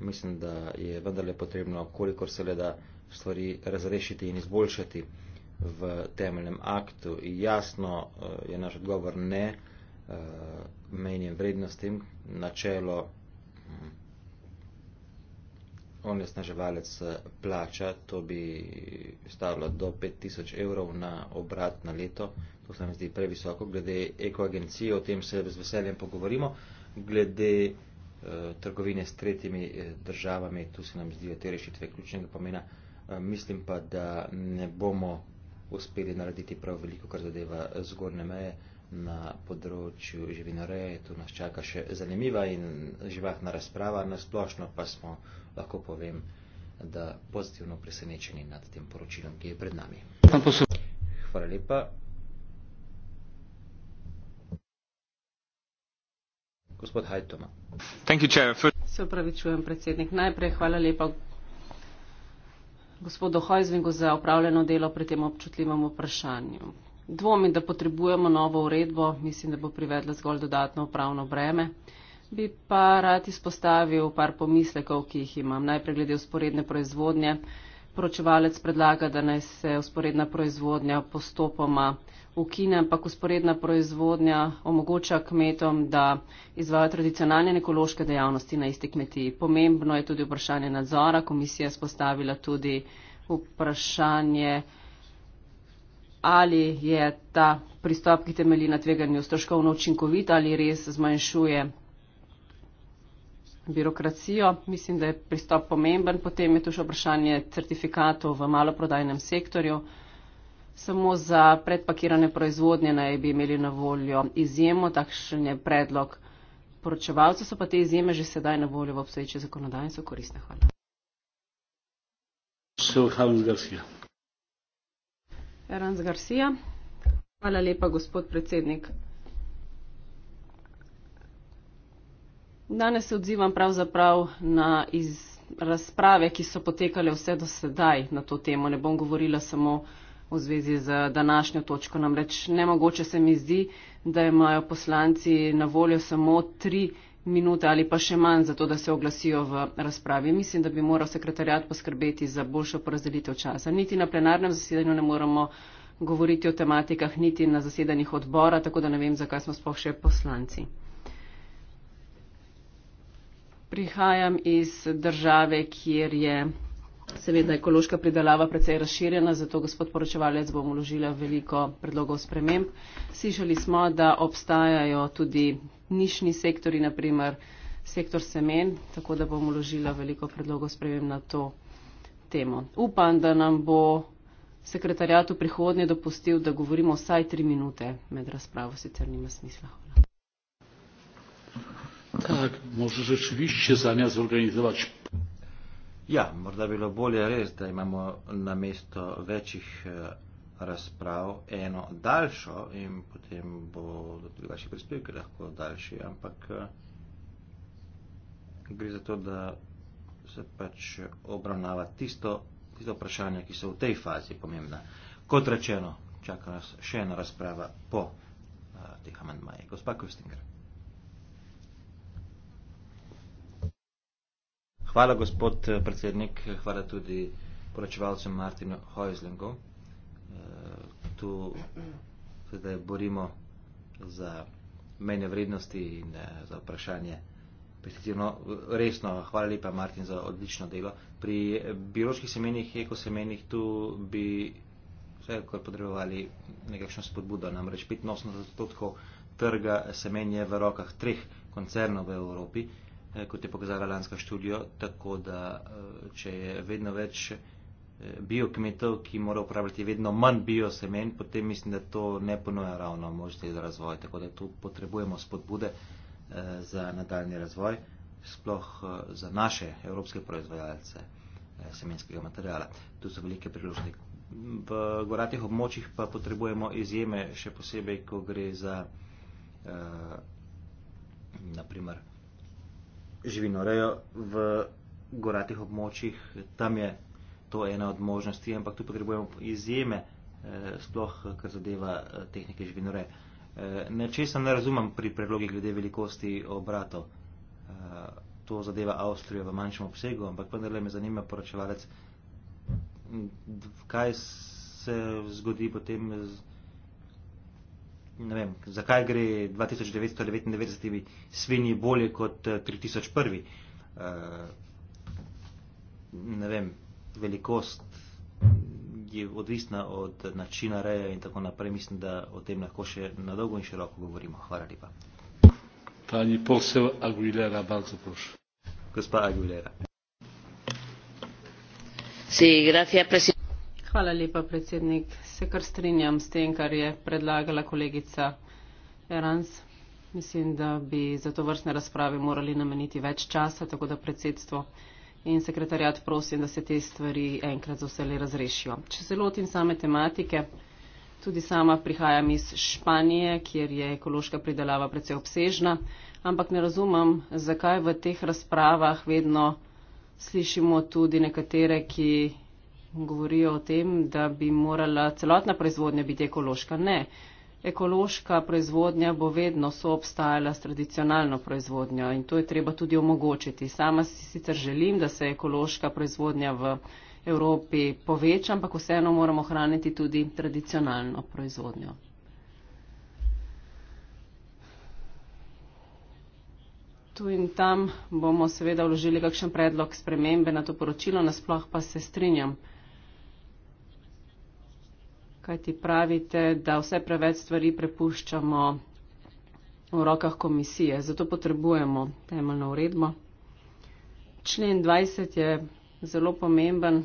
Mislim, da je vendarle potrebno, kolikor se le da stvari razrešiti in izboljšati v temeljnem aktu. Jasno eh, je naš odgovor ne, eh, menjem vrednostim, načelo mm, onesnaževalec eh, plača, to bi stavilo do 5000 evrov na obrat na leto, to se mi zdi previsoko, glede ekoagencije, o tem se z veseljem pogovorimo, glede Eh, trgovine s tretjimi eh, državami, tu se nam zdijo te rešitve ključnega pomena. Eh, mislim pa, da ne bomo uspeli narediti prav veliko, kar zadeva zgornje meje na področju živinoreje. Tu nas čaka še zanimiva in živahna razprava, na splošno pa smo, lahko povem, da pozitivno presenečeni nad tem poročilom, ki je pred nami. Hvala lepa. gospod Hajtoma. Se upravičujem, predsednik. Najprej hvala lepa gospodu Hojzvingu za upravljeno delo pri tem občutljivem vprašanju. Dvomi, da potrebujemo novo uredbo, mislim, da bo privedla zgolj dodatno upravno breme. Bi pa rad izpostavil par pomislekov, ki jih imam. Najprej glede usporedne proizvodnje. Pročevalec predlaga, da naj se usporedna proizvodnja postopoma ukine, ampak usporedna proizvodnja omogoča kmetom, da izvajo tradicionalne ekološke dejavnosti na isti kmetiji. Pomembno je tudi vprašanje nadzora. Komisija je spostavila tudi vprašanje, ali je ta pristop, ki temelji na tveganju, stroškovno učinkovit ali res zmanjšuje birokracijo. Mislim, da je pristop pomemben. Potem je tu še vprašanje certifikatov v maloprodajnem sektorju. Samo za predpakirane proizvodnje naj bi imeli na voljo izjemo, takšen je predlog poročevalcev, so pa te izjeme že sedaj na voljo v obstoječi zakonodaji in so koristne. Hvala. Ernst Garcia. Hvala lepa, gospod predsednik. Danes se odzivam pravzaprav na iz razprave, ki so potekale vse do sedaj na to temo. Ne bom govorila samo o v zvezi z današnjo točko. Namreč nemogoče se mi zdi, da imajo poslanci na voljo samo tri minute ali pa še manj za to, da se oglasijo v razpravi. Mislim, da bi moral sekretarjat poskrbeti za boljšo porazdelitev časa. Niti na plenarnem zasedanju ne moremo govoriti o tematikah, niti na zasedanjih odbora, tako da ne vem, zakaj smo sploh še poslanci. Prihajam iz države, kjer je Seveda je ekološka pridelava precej razširjena, zato gospod poročevalec bomo vložila veliko predlogov sprememb. Slišali smo, da obstajajo tudi nišni sektori, naprimer sektor semen, tako da bomo vložila veliko predlogov sprememb na to temo. Upam, da nam bo sekretarjat v prihodnje dopustil, da govorimo vsaj tri minute med razpravo, sicer nima smisla. Hvala. Tak, možno, že više za nja zorganizovati. Ja, morda bilo bolje res, da imamo na mesto večjih eh, razprav eno daljšo in potem bo tudi vaši prispevki lahko daljši, ampak eh, gre za to, da se pač obravnava tisto, tisto vprašanje, ki so v tej fazi pomembna. Kot rečeno, čaka nas še ena razprava po uh, teh amandmajih. Gospa Kostinger. Hvala, gospod eh, predsednik, hvala tudi poročevalcem Martinu Hojzlingu. Eh, tu se zdaj borimo za menje vrednosti in eh, za vprašanje pesticidno. Resno, hvala lepa, Martin, za odlično delo. Pri bioloških semenih, ekosemenih, tu bi vsekako potrebovali nekakšno spodbudo, namreč 85% trga semen je v rokah treh koncernov v Evropi, Eh, kot je pokazala lanska študija, tako da eh, če je vedno več eh, biokmetov, ki mora uporabljati vedno manj biosemen, potem mislim, da to ne ponuja ravno možnosti za razvoj. Tako da tu potrebujemo spodbude za nadaljni razvoj, sploh za naše evropske proizvajalce semenskega materijala. Tu so velike priložnosti. V goratih območjih pa potrebujemo izjeme, še posebej, ko gre za eh, naprimer živinorejo v goratih območjih, tam je to ena od možnosti, ampak tu potrebujemo izjeme, eh, sploh kar zadeva eh, tehnike živinoreje. Eh, nečesa ne razumem pri predlogi glede velikosti obratov. To zadeva Avstrijo v manjšem obsegu, ampak vendarle me zanima poročevalec, kaj se zgodi potem z ne vem, zakaj gre 2999 svinji bolje kot 3001. Eh, eh, ne vem, velikost je odvisna od načina reje in tako naprej. Mislim, da o tem lahko še na dolgo in široko govorimo. Hvala lepa. Pani posel Aguilera, bardzo prosim. Gospa Aguilera. Sí, gracias, presidente. Hvala lepa, predsednik. Se kar strinjam s tem, kar je predlagala kolegica Erans. Mislim, da bi za to vrstne razprave morali nameniti več časa, tako da predsedstvo in sekretarjat prosim, da se te stvari enkrat za vse le razrešijo. Če se lotim same tematike, tudi sama prihajam iz Španije, kjer je ekološka pridelava precej obsežna, ampak ne razumem, zakaj v teh razpravah vedno slišimo tudi nekatere, ki govorijo o tem, da bi morala celotna proizvodnja biti ekološka. Ne. Ekološka proizvodnja bo vedno soobstajala s tradicionalno proizvodnjo in to je treba tudi omogočiti. Sama si sicer želim, da se ekološka proizvodnja v Evropi poveča, ampak vseeno moramo hraniti tudi tradicionalno proizvodnjo. Tu in tam bomo seveda vložili kakšen predlog spremembe na to poročilo, nasploh pa se strinjam kajti pravite, da vse preveč stvari prepuščamo v rokah komisije. Zato potrebujemo temeljno uredbo. Člen 20 je zelo pomemben.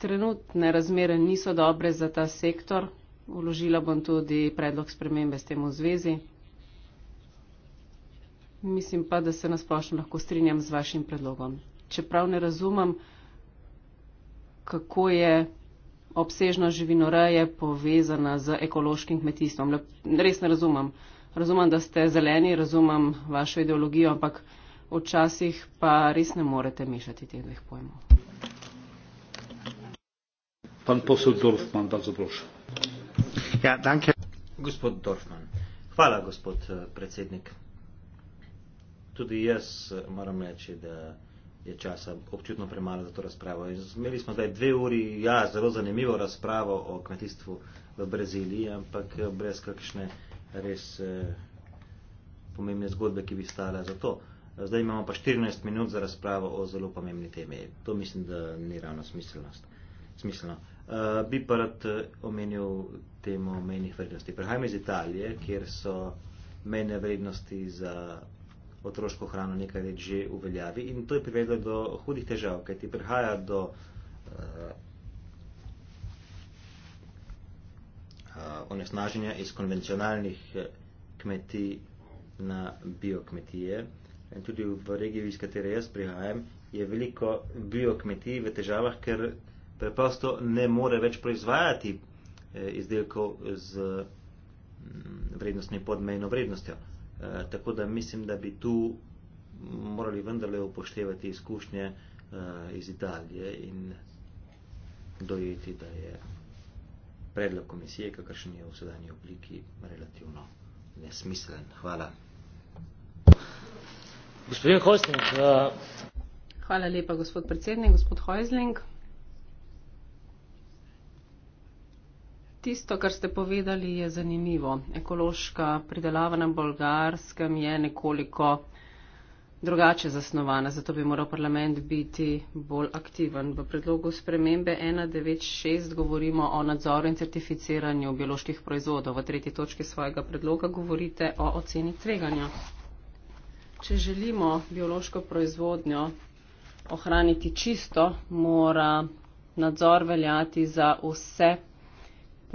Trenutne razmere niso dobre za ta sektor. Uložila bom tudi predlog spremembe s tem v zvezi. Mislim pa, da se nasplošno lahko strinjam z vašim predlogom. Čeprav ne razumem, kako je obsežna živinoreja povezana z ekološkim kmetijstvom. Lep, res ne razumem. Razumem, da ste zeleni, razumem vašo ideologijo, ampak včasih pa res ne morete mešati teh dveh pojmov. Pan posel Dorfman, da zaprošam. Ja, danke. Gospod Dorfman. Hvala, gospod eh, predsednik. Tudi jaz eh, moram reči, da je časa občutno premalo za to razpravo. In imeli smo zdaj dve uri, ja, zelo zanimivo razpravo o kmetijstvu v Braziliji, ampak eh, brez kakšne res eh, pomembne zgodbe, ki bi stala za to. Zdaj imamo pa 14 minut za razpravo o zelo pomembni temi. To mislim, da ni ravno smiselno. Uh, bi pa rad omenil temo mejnih vrednosti. Prehajam iz Italije, kjer so mejne vrednosti za otroško hrano nekaj let že uveljavi in to je privedlo do hudih težav, kaj ti prihaja do uh, uh, onesnaženja iz konvencionalnih eh, kmetij na biokmetije. In tudi v regiji, iz katere jaz prihajam, je veliko biokmetij v težavah, ker preprosto ne more več proizvajati eh, izdelkov z mm, vrednostmi pod mejno vrednostjo. Uh, Eh, tako da mislim, da bi tu morali vendarle upoštevati izkušnje uh, iz Italije in dojeti, da je predlog komisije, kakršen je v sedanji obliki, relativno nesmislen. Hvala. Gospodin Hojzling. Uh... Eh. Hvala lepa, gospod predsednik, gospod Hojzling. Tisto, kar ste povedali, je zanimivo. Ekološka pridelava na bolgarskem je nekoliko drugače zasnovana, zato bi moral parlament biti bolj aktiven. V predlogu spremembe 196 govorimo o nadzoru in certificiranju bioloških proizvodov. V tretji točki svojega predloga govorite o oceni tveganja. Če želimo biološko proizvodnjo ohraniti čisto, mora nadzor veljati za vse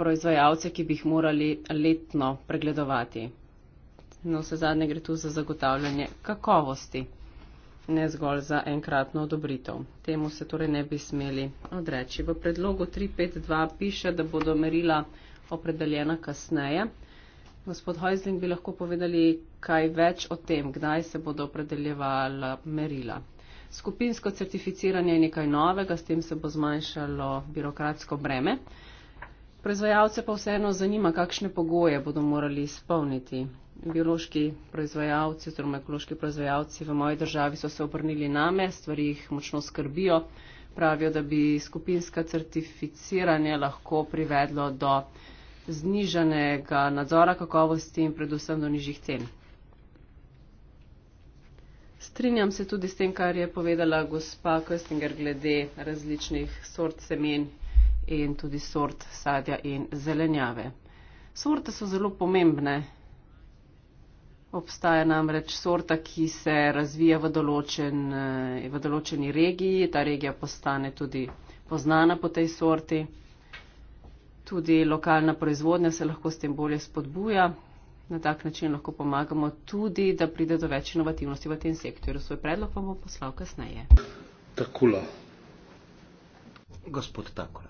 proizvajalce, ki bi jih morali letno pregledovati. Na no, vse zadnje gre tu za zagotavljanje kakovosti, ne zgolj za enkratno odobritev. Temu se torej ne bi smeli odreči. V predlogu 352 piše, da bodo merila opredeljena kasneje. Gospod Hojzling bi lahko povedali kaj več o tem, kdaj se bodo opredeljevala merila. Skupinsko certificiranje je nekaj novega, s tem se bo zmanjšalo birokratsko breme. Proizvajalce pa vseeno zanima, kakšne pogoje bodo morali izpolniti. Biološki proizvajalci oziroma ekološki proizvajalci v moji državi so se obrnili name, stvari jih močno skrbijo. Pravijo, da bi skupinska certificiranje lahko privedlo do znižanega nadzora kakovosti in predvsem do nižjih cen. Strinjam se tudi s tem, kar je povedala gospa Köstinger glede različnih sort semen in tudi sort sadja in zelenjave. Sorte so zelo pomembne. Obstaja namreč sorta, ki se razvija v, določen, eh, v določeni regiji, ta regija postane tudi poznana po tej sorti. Tudi lokalna proizvodnja se lahko s tem bolje spodbuja. Na tak način lahko pomagamo tudi, da pride do več inovativnosti v tem sektorju. Svoj predlog bomo poslal kasneje. Takula. Gospod Takula.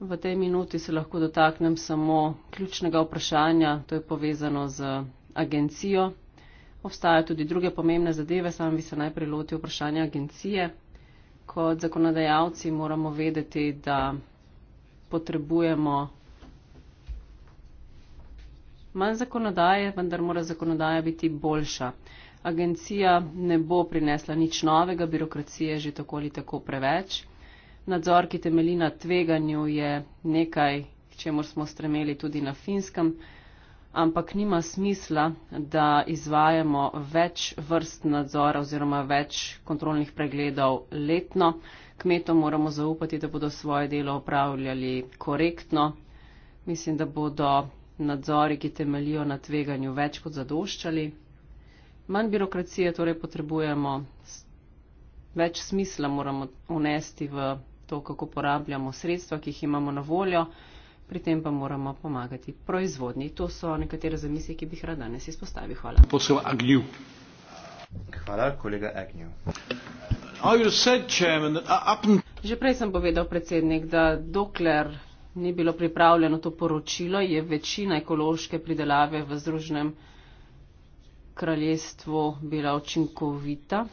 V tej minuti se lahko dotaknem samo ključnega vprašanja, to je povezano z agencijo. Obstajajo tudi druge pomembne zadeve, sam bi se najprej lotil vprašanja agencije. Kot zakonodajalci moramo vedeti, da potrebujemo manj zakonodaje, vendar mora zakonodaja biti boljša. Agencija ne bo prinesla nič novega, birokracije je že tako ali tako preveč. Nadzor, ki temelji na tveganju, je nekaj, k čemu smo stremeli tudi na finskem, ampak nima smisla, da izvajamo več vrst nadzora oziroma več kontrolnih pregledov letno. Kmetom moramo zaupati, da bodo svoje delo opravljali korektno. Mislim, da bodo nadzori, ki temeljijo na tveganju, več kot zadoščali. Manj birokracije torej potrebujemo, več smisla moramo unesti v to, kako porabljamo sredstva, ki jih imamo na voljo, pri tem pa moramo pomagati proizvodnji. To so nekatere zamisli, ki bi jih rada danes izpostavil. Hvala. Hvala, kolega Agnew. Uh, Že prej sem povedal, predsednik, da dokler ni bilo pripravljeno to poročilo, je večina ekološke pridelave v Združenem kraljestvu bila učinkovita.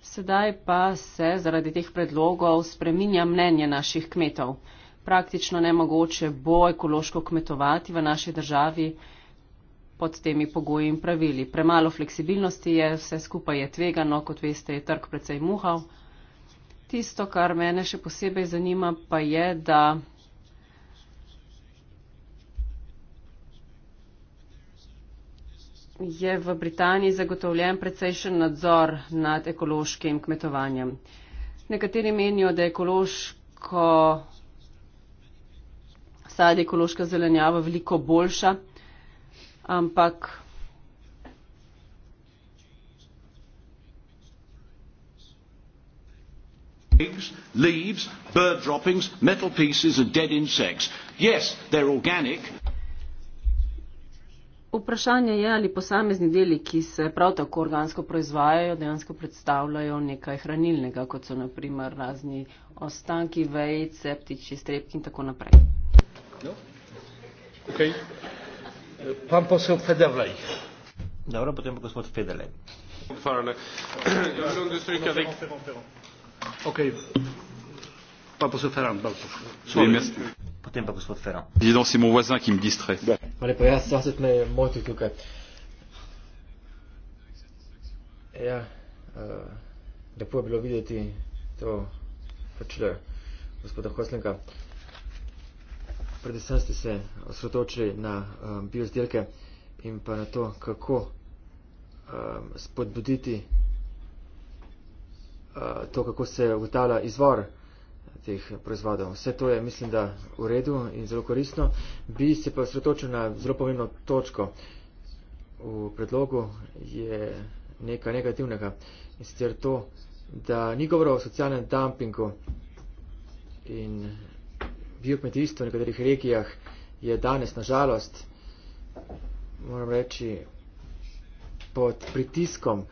Sedaj pa se zaradi teh predlogov spreminja mnenje naših kmetov. Praktično nemogoče bo ekološko kmetovati v naši državi pod temi pogoji in pravili. Premalo fleksibilnosti je, vse skupaj je tvegano, kot veste, je trg precej muhal. Tisto, kar mene še posebej zanima, pa je, da je v Britaniji zagotovljen precejšen nadzor nad ekološkim kmetovanjem. Nekateri menijo, da ekološko sadje, ekološka zelenjava veliko boljša, ampak Eggs, leaves, bird droppings, metal pieces, and dead insects. Yes, they're organic, Vprašanje je, ali posamezni deli, ki se prav tako organsko proizvajajo, dejansko predstavljajo nekaj hranilnega, kot so naprimer razni ostanki vej, septiči, strepki in tako naprej. No. Okay. Pan posel Federlej. Dobro, potem pa gospod Federlej. Ok, pa posel Ferran, bal posel potem pa gospod Ferrand. Evident, c'est mon voisin qui me distrait. Ja. Lepo, jaz sem se tukaj motil tukaj. Ja, uh, lepo je bilo videti to počle gospoda Hoslinka. Predvsem ste se osredotočili na um, biozdelke in pa na to, kako um, spodbuditi uh, to, kako se ugotavlja izvor teh proizvodov. Vse to je, mislim, da v redu in zelo koristno. Bi se pa sretočil na zelo pomembno točko. V predlogu je nekaj negativnega in sicer to, da ni govora o socialnem dumpingu in biokmetijstvo v nekaterih regijah je danes, nažalost, moram reči, pod pritiskom.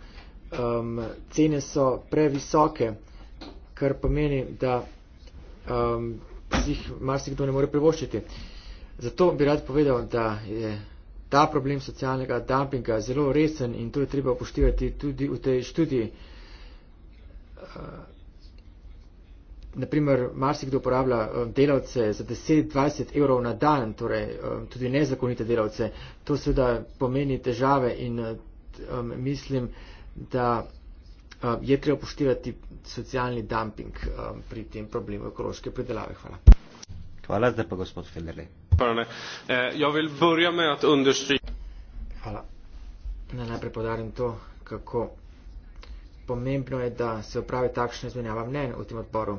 Um, cene so previsoke, kar pomeni, da um, jih marsikdo ne more privoščiti. Zato bi rad povedal, da je ta problem socialnega dumpinga zelo resen in to je treba upoštevati tudi v tej študiji. Uh, ehm, naprimer, marsikdo uporablja um, delavce za 10-20 evrov na dan, torej um, tudi nezakonite delavce. To seveda pomeni težave in um, mislim, da. Eh, je treba upoštevati socialni dumping eh, pri tem problemu ekološke predelave. Hvala. Hvala, zdaj pa gospod Federle. Hvala, ne. Eh, jo ja, vil burja me od industri. Hvala. Na najprej podarim to, kako pomembno je, da se opravi takšna izmenjava mnen v tem odboru.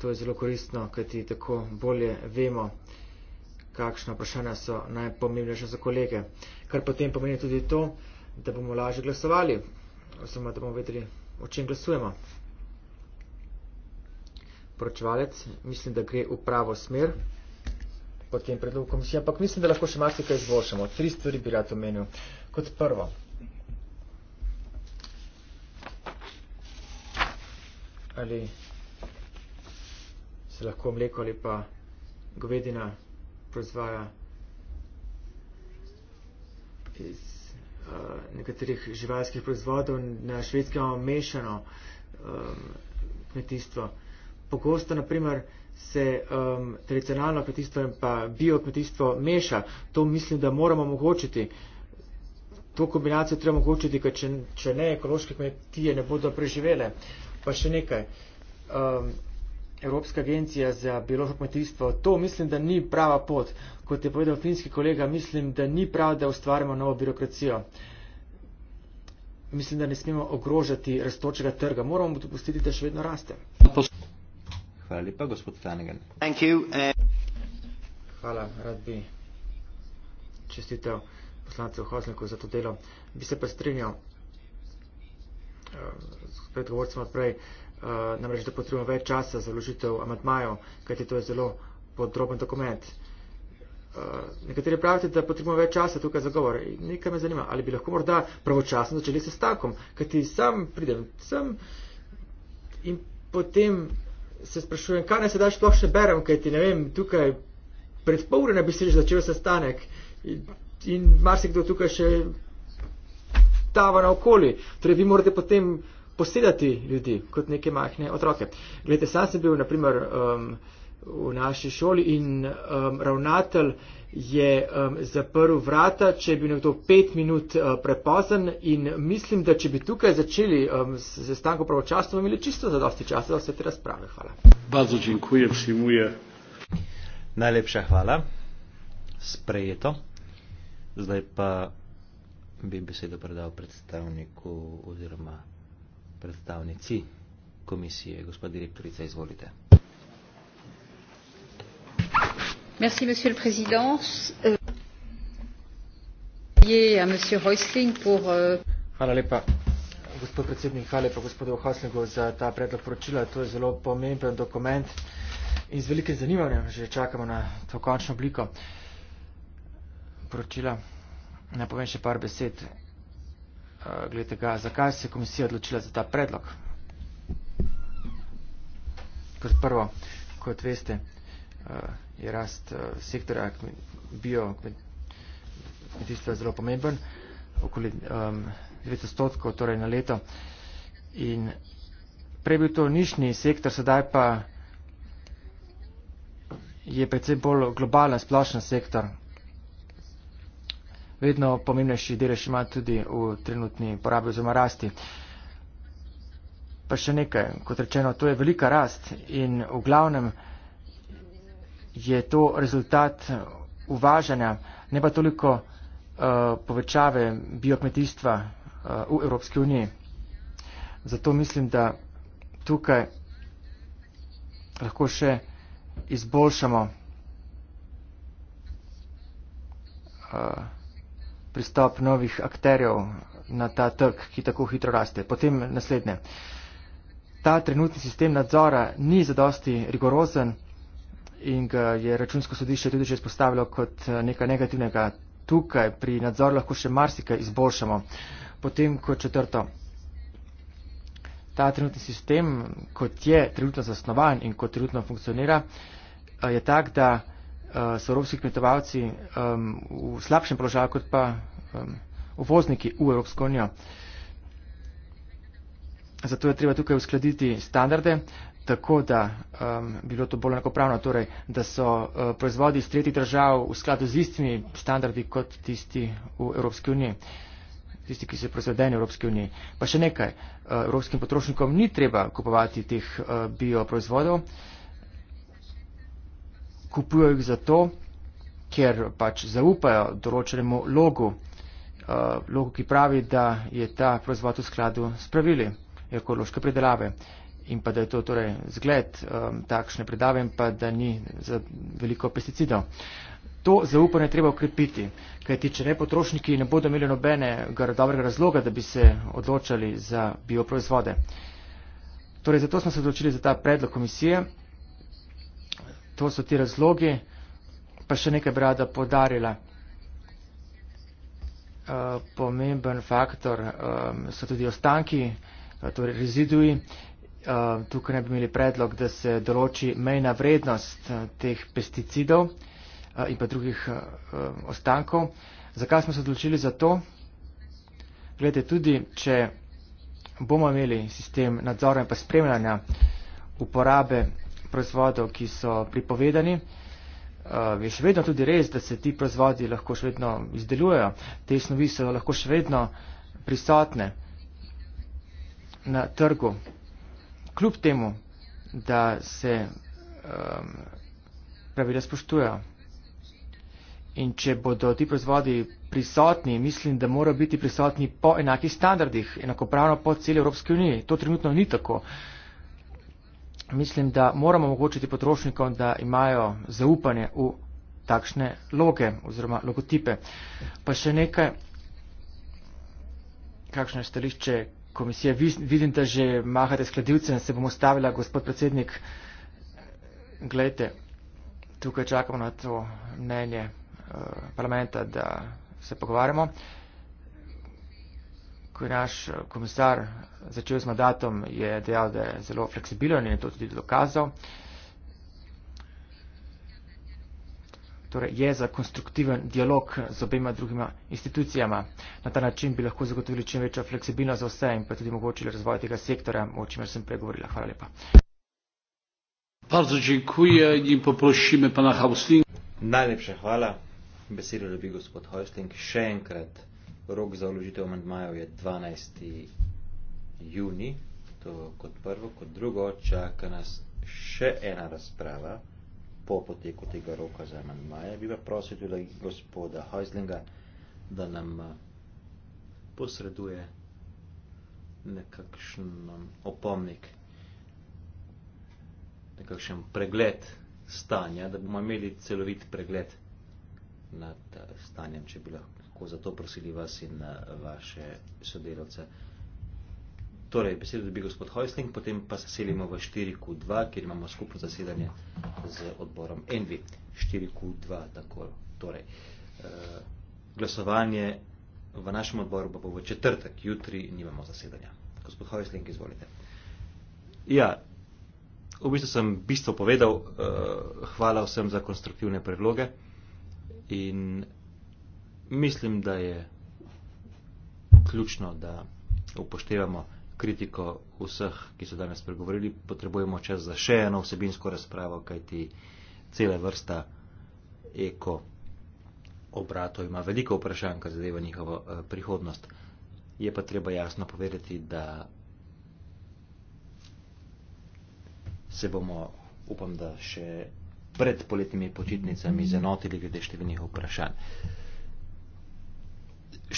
To je zelo koristno, kajti tako bolje vemo, kakšna vprašanja so najpomembnejša za kolege. Kar potem pomeni tudi to, da bomo lažje glasovali, oziroma da bomo vedeli, o čem glasujemo. Poročevalec, mislim, da gre v pravo smer po tem predlogu komisije, ampak mislim, da lahko še marsikaj izboljšamo. Tri stvari bi rad omenil. Kot prvo, ali se lahko mleko ali pa govedina proizvaja iz Eh, nekaterih živalskih proizvodov na švedskem mešano um, kmetijstvo. Pogosto, naprimer, se um, tradicionalno kmetijstvo in pa biokmetijstvo meša. To mislim, da moramo omogočiti. To kombinacijo treba omogočiti, ker če, če ne, ekološke kmetije ne bodo preživele. Pa še nekaj. Um, Evropska agencija za biološko kmetijstvo. To mislim, da ni prava pot. Kot je povedal finski kolega, mislim, da ni prav, da ustvarjamo novo birokracijo. Mislim, da ne smemo ogrožati raztočega trga. Moramo dopustiti, da še vedno raste. Hvala lepa, gospod Tanegan. Eh. Hvala, rad bi čestitev poslancev Hosniku za to delo. Bi se pa strinjal uh, s predgovorcem odprej. Uh, Eh, namreč da potrebujemo več časa za vložitev amatmajo, kajti to je zelo podroben dokument. Eh, nekateri pravite, da potrebujemo več časa tukaj za govor. Nekaj me zanima, ali bi lahko morda pravočasno začeli s stankom, kajti sam pridem sem in potem se sprašujem, kaj naj se daš sploh še berem, kajti ne vem, tukaj pred pol ure ne bi se že začel sestanek in, in marsikdo tukaj še tava naokoli. Torej vi morate potem posedati ljudi kot neke mahne otroke. Glede, sam sem bil, naprimer, um, v naši šoli in um, ravnatelj je um, zaprl vrata, če bi nekdo pet minut uh, prepozen in mislim, da če bi tukaj začeli um, s sestankom pravočasno, bi imeli čisto za dosti časa, da vse te razprave. Hvala. Bardzo dziękuję, przyjmuję. Najlepša hvala. Sprejeto. Zdaj pa bi besedo predal predstavniku oziroma predstavnici komisije. Gospod direktorica, izvolite. Merci, monsieur le président. Euh, à monsieur Reusling pour... Euh, hvala lepa. Gospod predsednik, hvala lepa gospodu Hoslingu za ta predlog poročila. To je zelo pomemben dokument in z velikim zanimanjem že čakamo na to končno obliko poročila. Naj povem še par besed glede tega, zakaj se je komisija odločila za ta predlog. Kot prvo, kot veste, eh, je rast eh, sektora bio kmetijstva zelo pomemben, okoli 900 torej na leto. In prej bil to nišni sektor, sedaj pa je predvsem bolj globalen, splošen sektor vedno pomembnejši delež ima tudi v trenutni porabi oziroma rasti. Pa še nekaj, kot rečeno, to je velika rast in v glavnem je to rezultat uvažanja, ne pa toliko uh, povečave biokmetijstva uh, v Evropski uniji. Zato mislim, da tukaj lahko še izboljšamo. Uh, pristop novih akterjev na ta trg, ki tako hitro raste. Potem naslednje. Ta trenutni sistem nadzora ni zadosti rigorozen in ga je računsko sodišče tudi že izpostavilo kot eh, nekaj negativnega. Tukaj pri nadzoru lahko še marsikaj izboljšamo. Potem kot četrto. Ta trenutni sistem, kot je trenutno zasnovan in kot trenutno funkcionira, eh, je tak, da uh, so evropski kmetovalci um, v slabšem položaju kot pa um, uvozniki v Evropsko unijo. Zato je treba tukaj uskladiti standarde, tako da um, bilo to bolj enakopravno, torej, da so uh, proizvodi iz tretjih držav v skladu z istimi standardi kot tisti v Evropski uniji, tisti, ki so proizvedeni v Evropski uniji. Pa še nekaj, uh, evropskim potrošnikom ni treba kupovati teh uh, bioproizvodov. Uh, kupujo jih zato, ker pač zaupajo določenemu logu, uh, logu, ki pravi, da je ta proizvod v skladu s pravili ekološke predelave in pa da je to torej zgled um, takšne predave in pa da ni za veliko pesticidov. To zaupanje treba ukrepiti, kajti če ne potrošniki ne bodo imeli nobene dobrega razloga, da bi se odločali za bioproizvode. Torej, zato smo se odločili za ta predlog komisije, to so ti razlogi, pa še nekaj bi rada podarila. Uh, pomemben faktor um, so tudi ostanki, eh, torej reziduji. Uh, tukaj ne bi imeli predlog, da se določi mejna vrednost teh pesticidov uh, in pa drugih uh, ostankov. Zakaj smo se odločili za to? Glede tudi, če bomo imeli sistem nadzora in pa spremljanja uporabe proizvodov, ki so pripovedani. Uh, je še vedno tudi res, da se ti proizvodi lahko še vedno izdelujejo, te snovi so lahko še vedno prisotne na trgu. Kljub temu, da se um, pravila spoštujejo. In če bodo ti proizvodi prisotni, mislim, da morajo biti prisotni po enakih standardih, enakopravno po celi Evropski uniji. To trenutno ni tako. Uh, mislim, da moramo omogočiti potrošnikom, da imajo zaupanje v takšne loge oziroma logotipe. Pa še nekaj, kakšno je stališče komisije. Vidim, da že mahate skladilce, se bomo stavila, gospod predsednik. Glejte, tukaj čakamo na to mnenje eh, parlamenta, da se pogovarjamo ko je naš eh, komisar začel z mandatom, je dejal, da je zelo fleksibilen in je to tudi dokazal. Torej je za konstruktiven dialog z obema drugima institucijama. Na ta način bi lahko zagotovili čim večjo fleksibilnost za vse in pa tudi mogočili razvoj tega sektora, o čemer sem pregovorila. Hvala lepa. Bardzo dziękuję i poprosimy pana Hausling. Najlepsze chwała. Besiedle lubi gospod Hausling. Szenkret rok za vložitev amandmajev je 12. juni, to kot prvo, kot drugo, čaka nas še ena razprava po poteku tega roka za amandmaje. Bi pa prosil tudi gospoda Heislinga, da nam eh, posreduje nekakšen um, opomnik, nekakšen pregled stanja, da bomo imeli celovit pregled nad eh, stanjem, če bi lahko lahko zato prosili vas in eh, vaše sodelavce. Torej, besedo dobi gospod Hoisling, potem pa se selimo v 4Q2, kjer imamo skupno zasedanje z odborom Envi. 4Q2, tako. Torej, eh, glasovanje v našem odboru bo v četrtek, jutri nimamo zasedanja. Gospod Hoisling, izvolite. Ja, v bistvu sem bistvo povedal, eh, hvala vsem za konstruktivne predloge in mislim, da je ključno, da upoštevamo kritiko vseh, ki so danes pregovorili. Potrebujemo čas za še eno vsebinsko razpravo, kajti cela vrsta eko obratov ima veliko vprašanj, kar zadeva njihovo eh, prihodnost. Je pa treba jasno povedati, da se bomo, upam, da še pred poletnimi počitnicami mhm. zenotili glede številnih vprašanj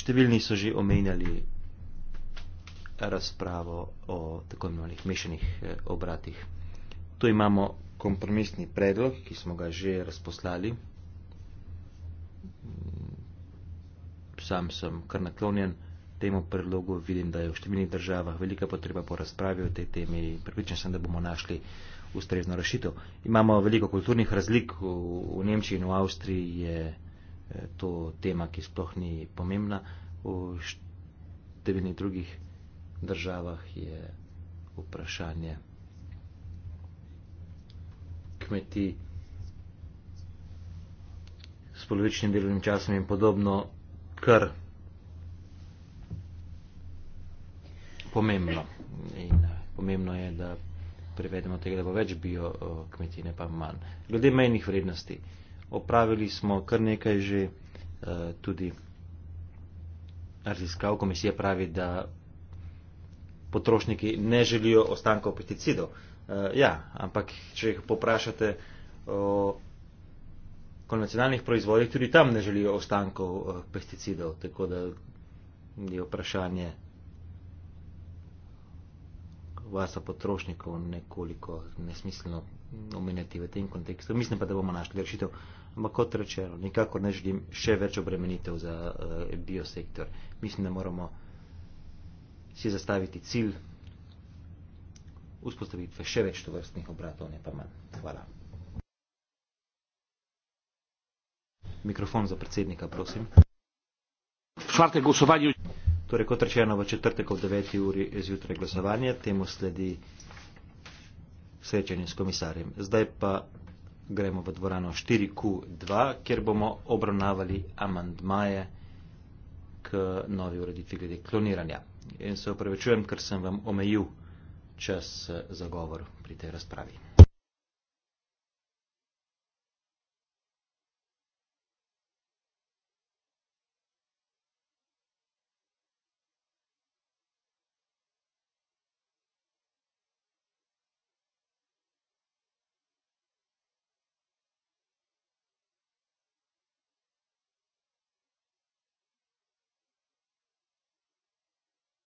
številni so že omenjali razpravo o tako imenovanih mešanih eh, obratih. Tu imamo kompromisni predlog, ki smo ga že razposlali. Mm, sam sem kar naklonjen temu predlogu, vidim, da je v številnih državah velika potreba po razpravi o tej temi in pripričan sem, da bomo našli ustrezno rešitev. Imamo veliko kulturnih razlik v, v Nemčiji in v Avstriji je to tema, ki sploh ni pomembna. V številnih drugih državah je vprašanje kmetij s polovičnim delovnim časom in podobno kar pomembno. In eh, pomembno je, da prevedemo tega, da bo več bio eh, kmetine pa manj. Glede mejnih vrednosti. Uh, opravili smo kar nekaj že eh, tudi raziskav. Komisija pravi, da potrošniki ne želijo ostankov pesticidov. Eh, ja, ampak če jih poprašate o konvencionalnih proizvodih, tudi tam ne želijo ostankov eh, pesticidov. Tako da je vprašanje vas, potrošnikov, nekoliko nesmiselno omenjati v tem kontekstu. Mislim pa, da bomo našli rešitev ampak kot rečeno, nikakor ne želim še več obremenitev za uh, biosektor. Mislim, da moramo si zastaviti cilj vzpostavitve še več tovrstnih obratov, ne pa manj. Hvala. Mikrofon za predsednika, prosim. Švarte glasovanje. Torej, kot rečeno, v četrtek ob 9. uri zjutraj glasovanje, temu sledi srečanje s komisarjem. Zdaj pa gremo v dvorano 4Q2, kjer bomo obravnavali amandmaje k novi ureditvi glede kloniranja. In se opravičujem, ker sem vam omejil čas za govor pri tej razpravi.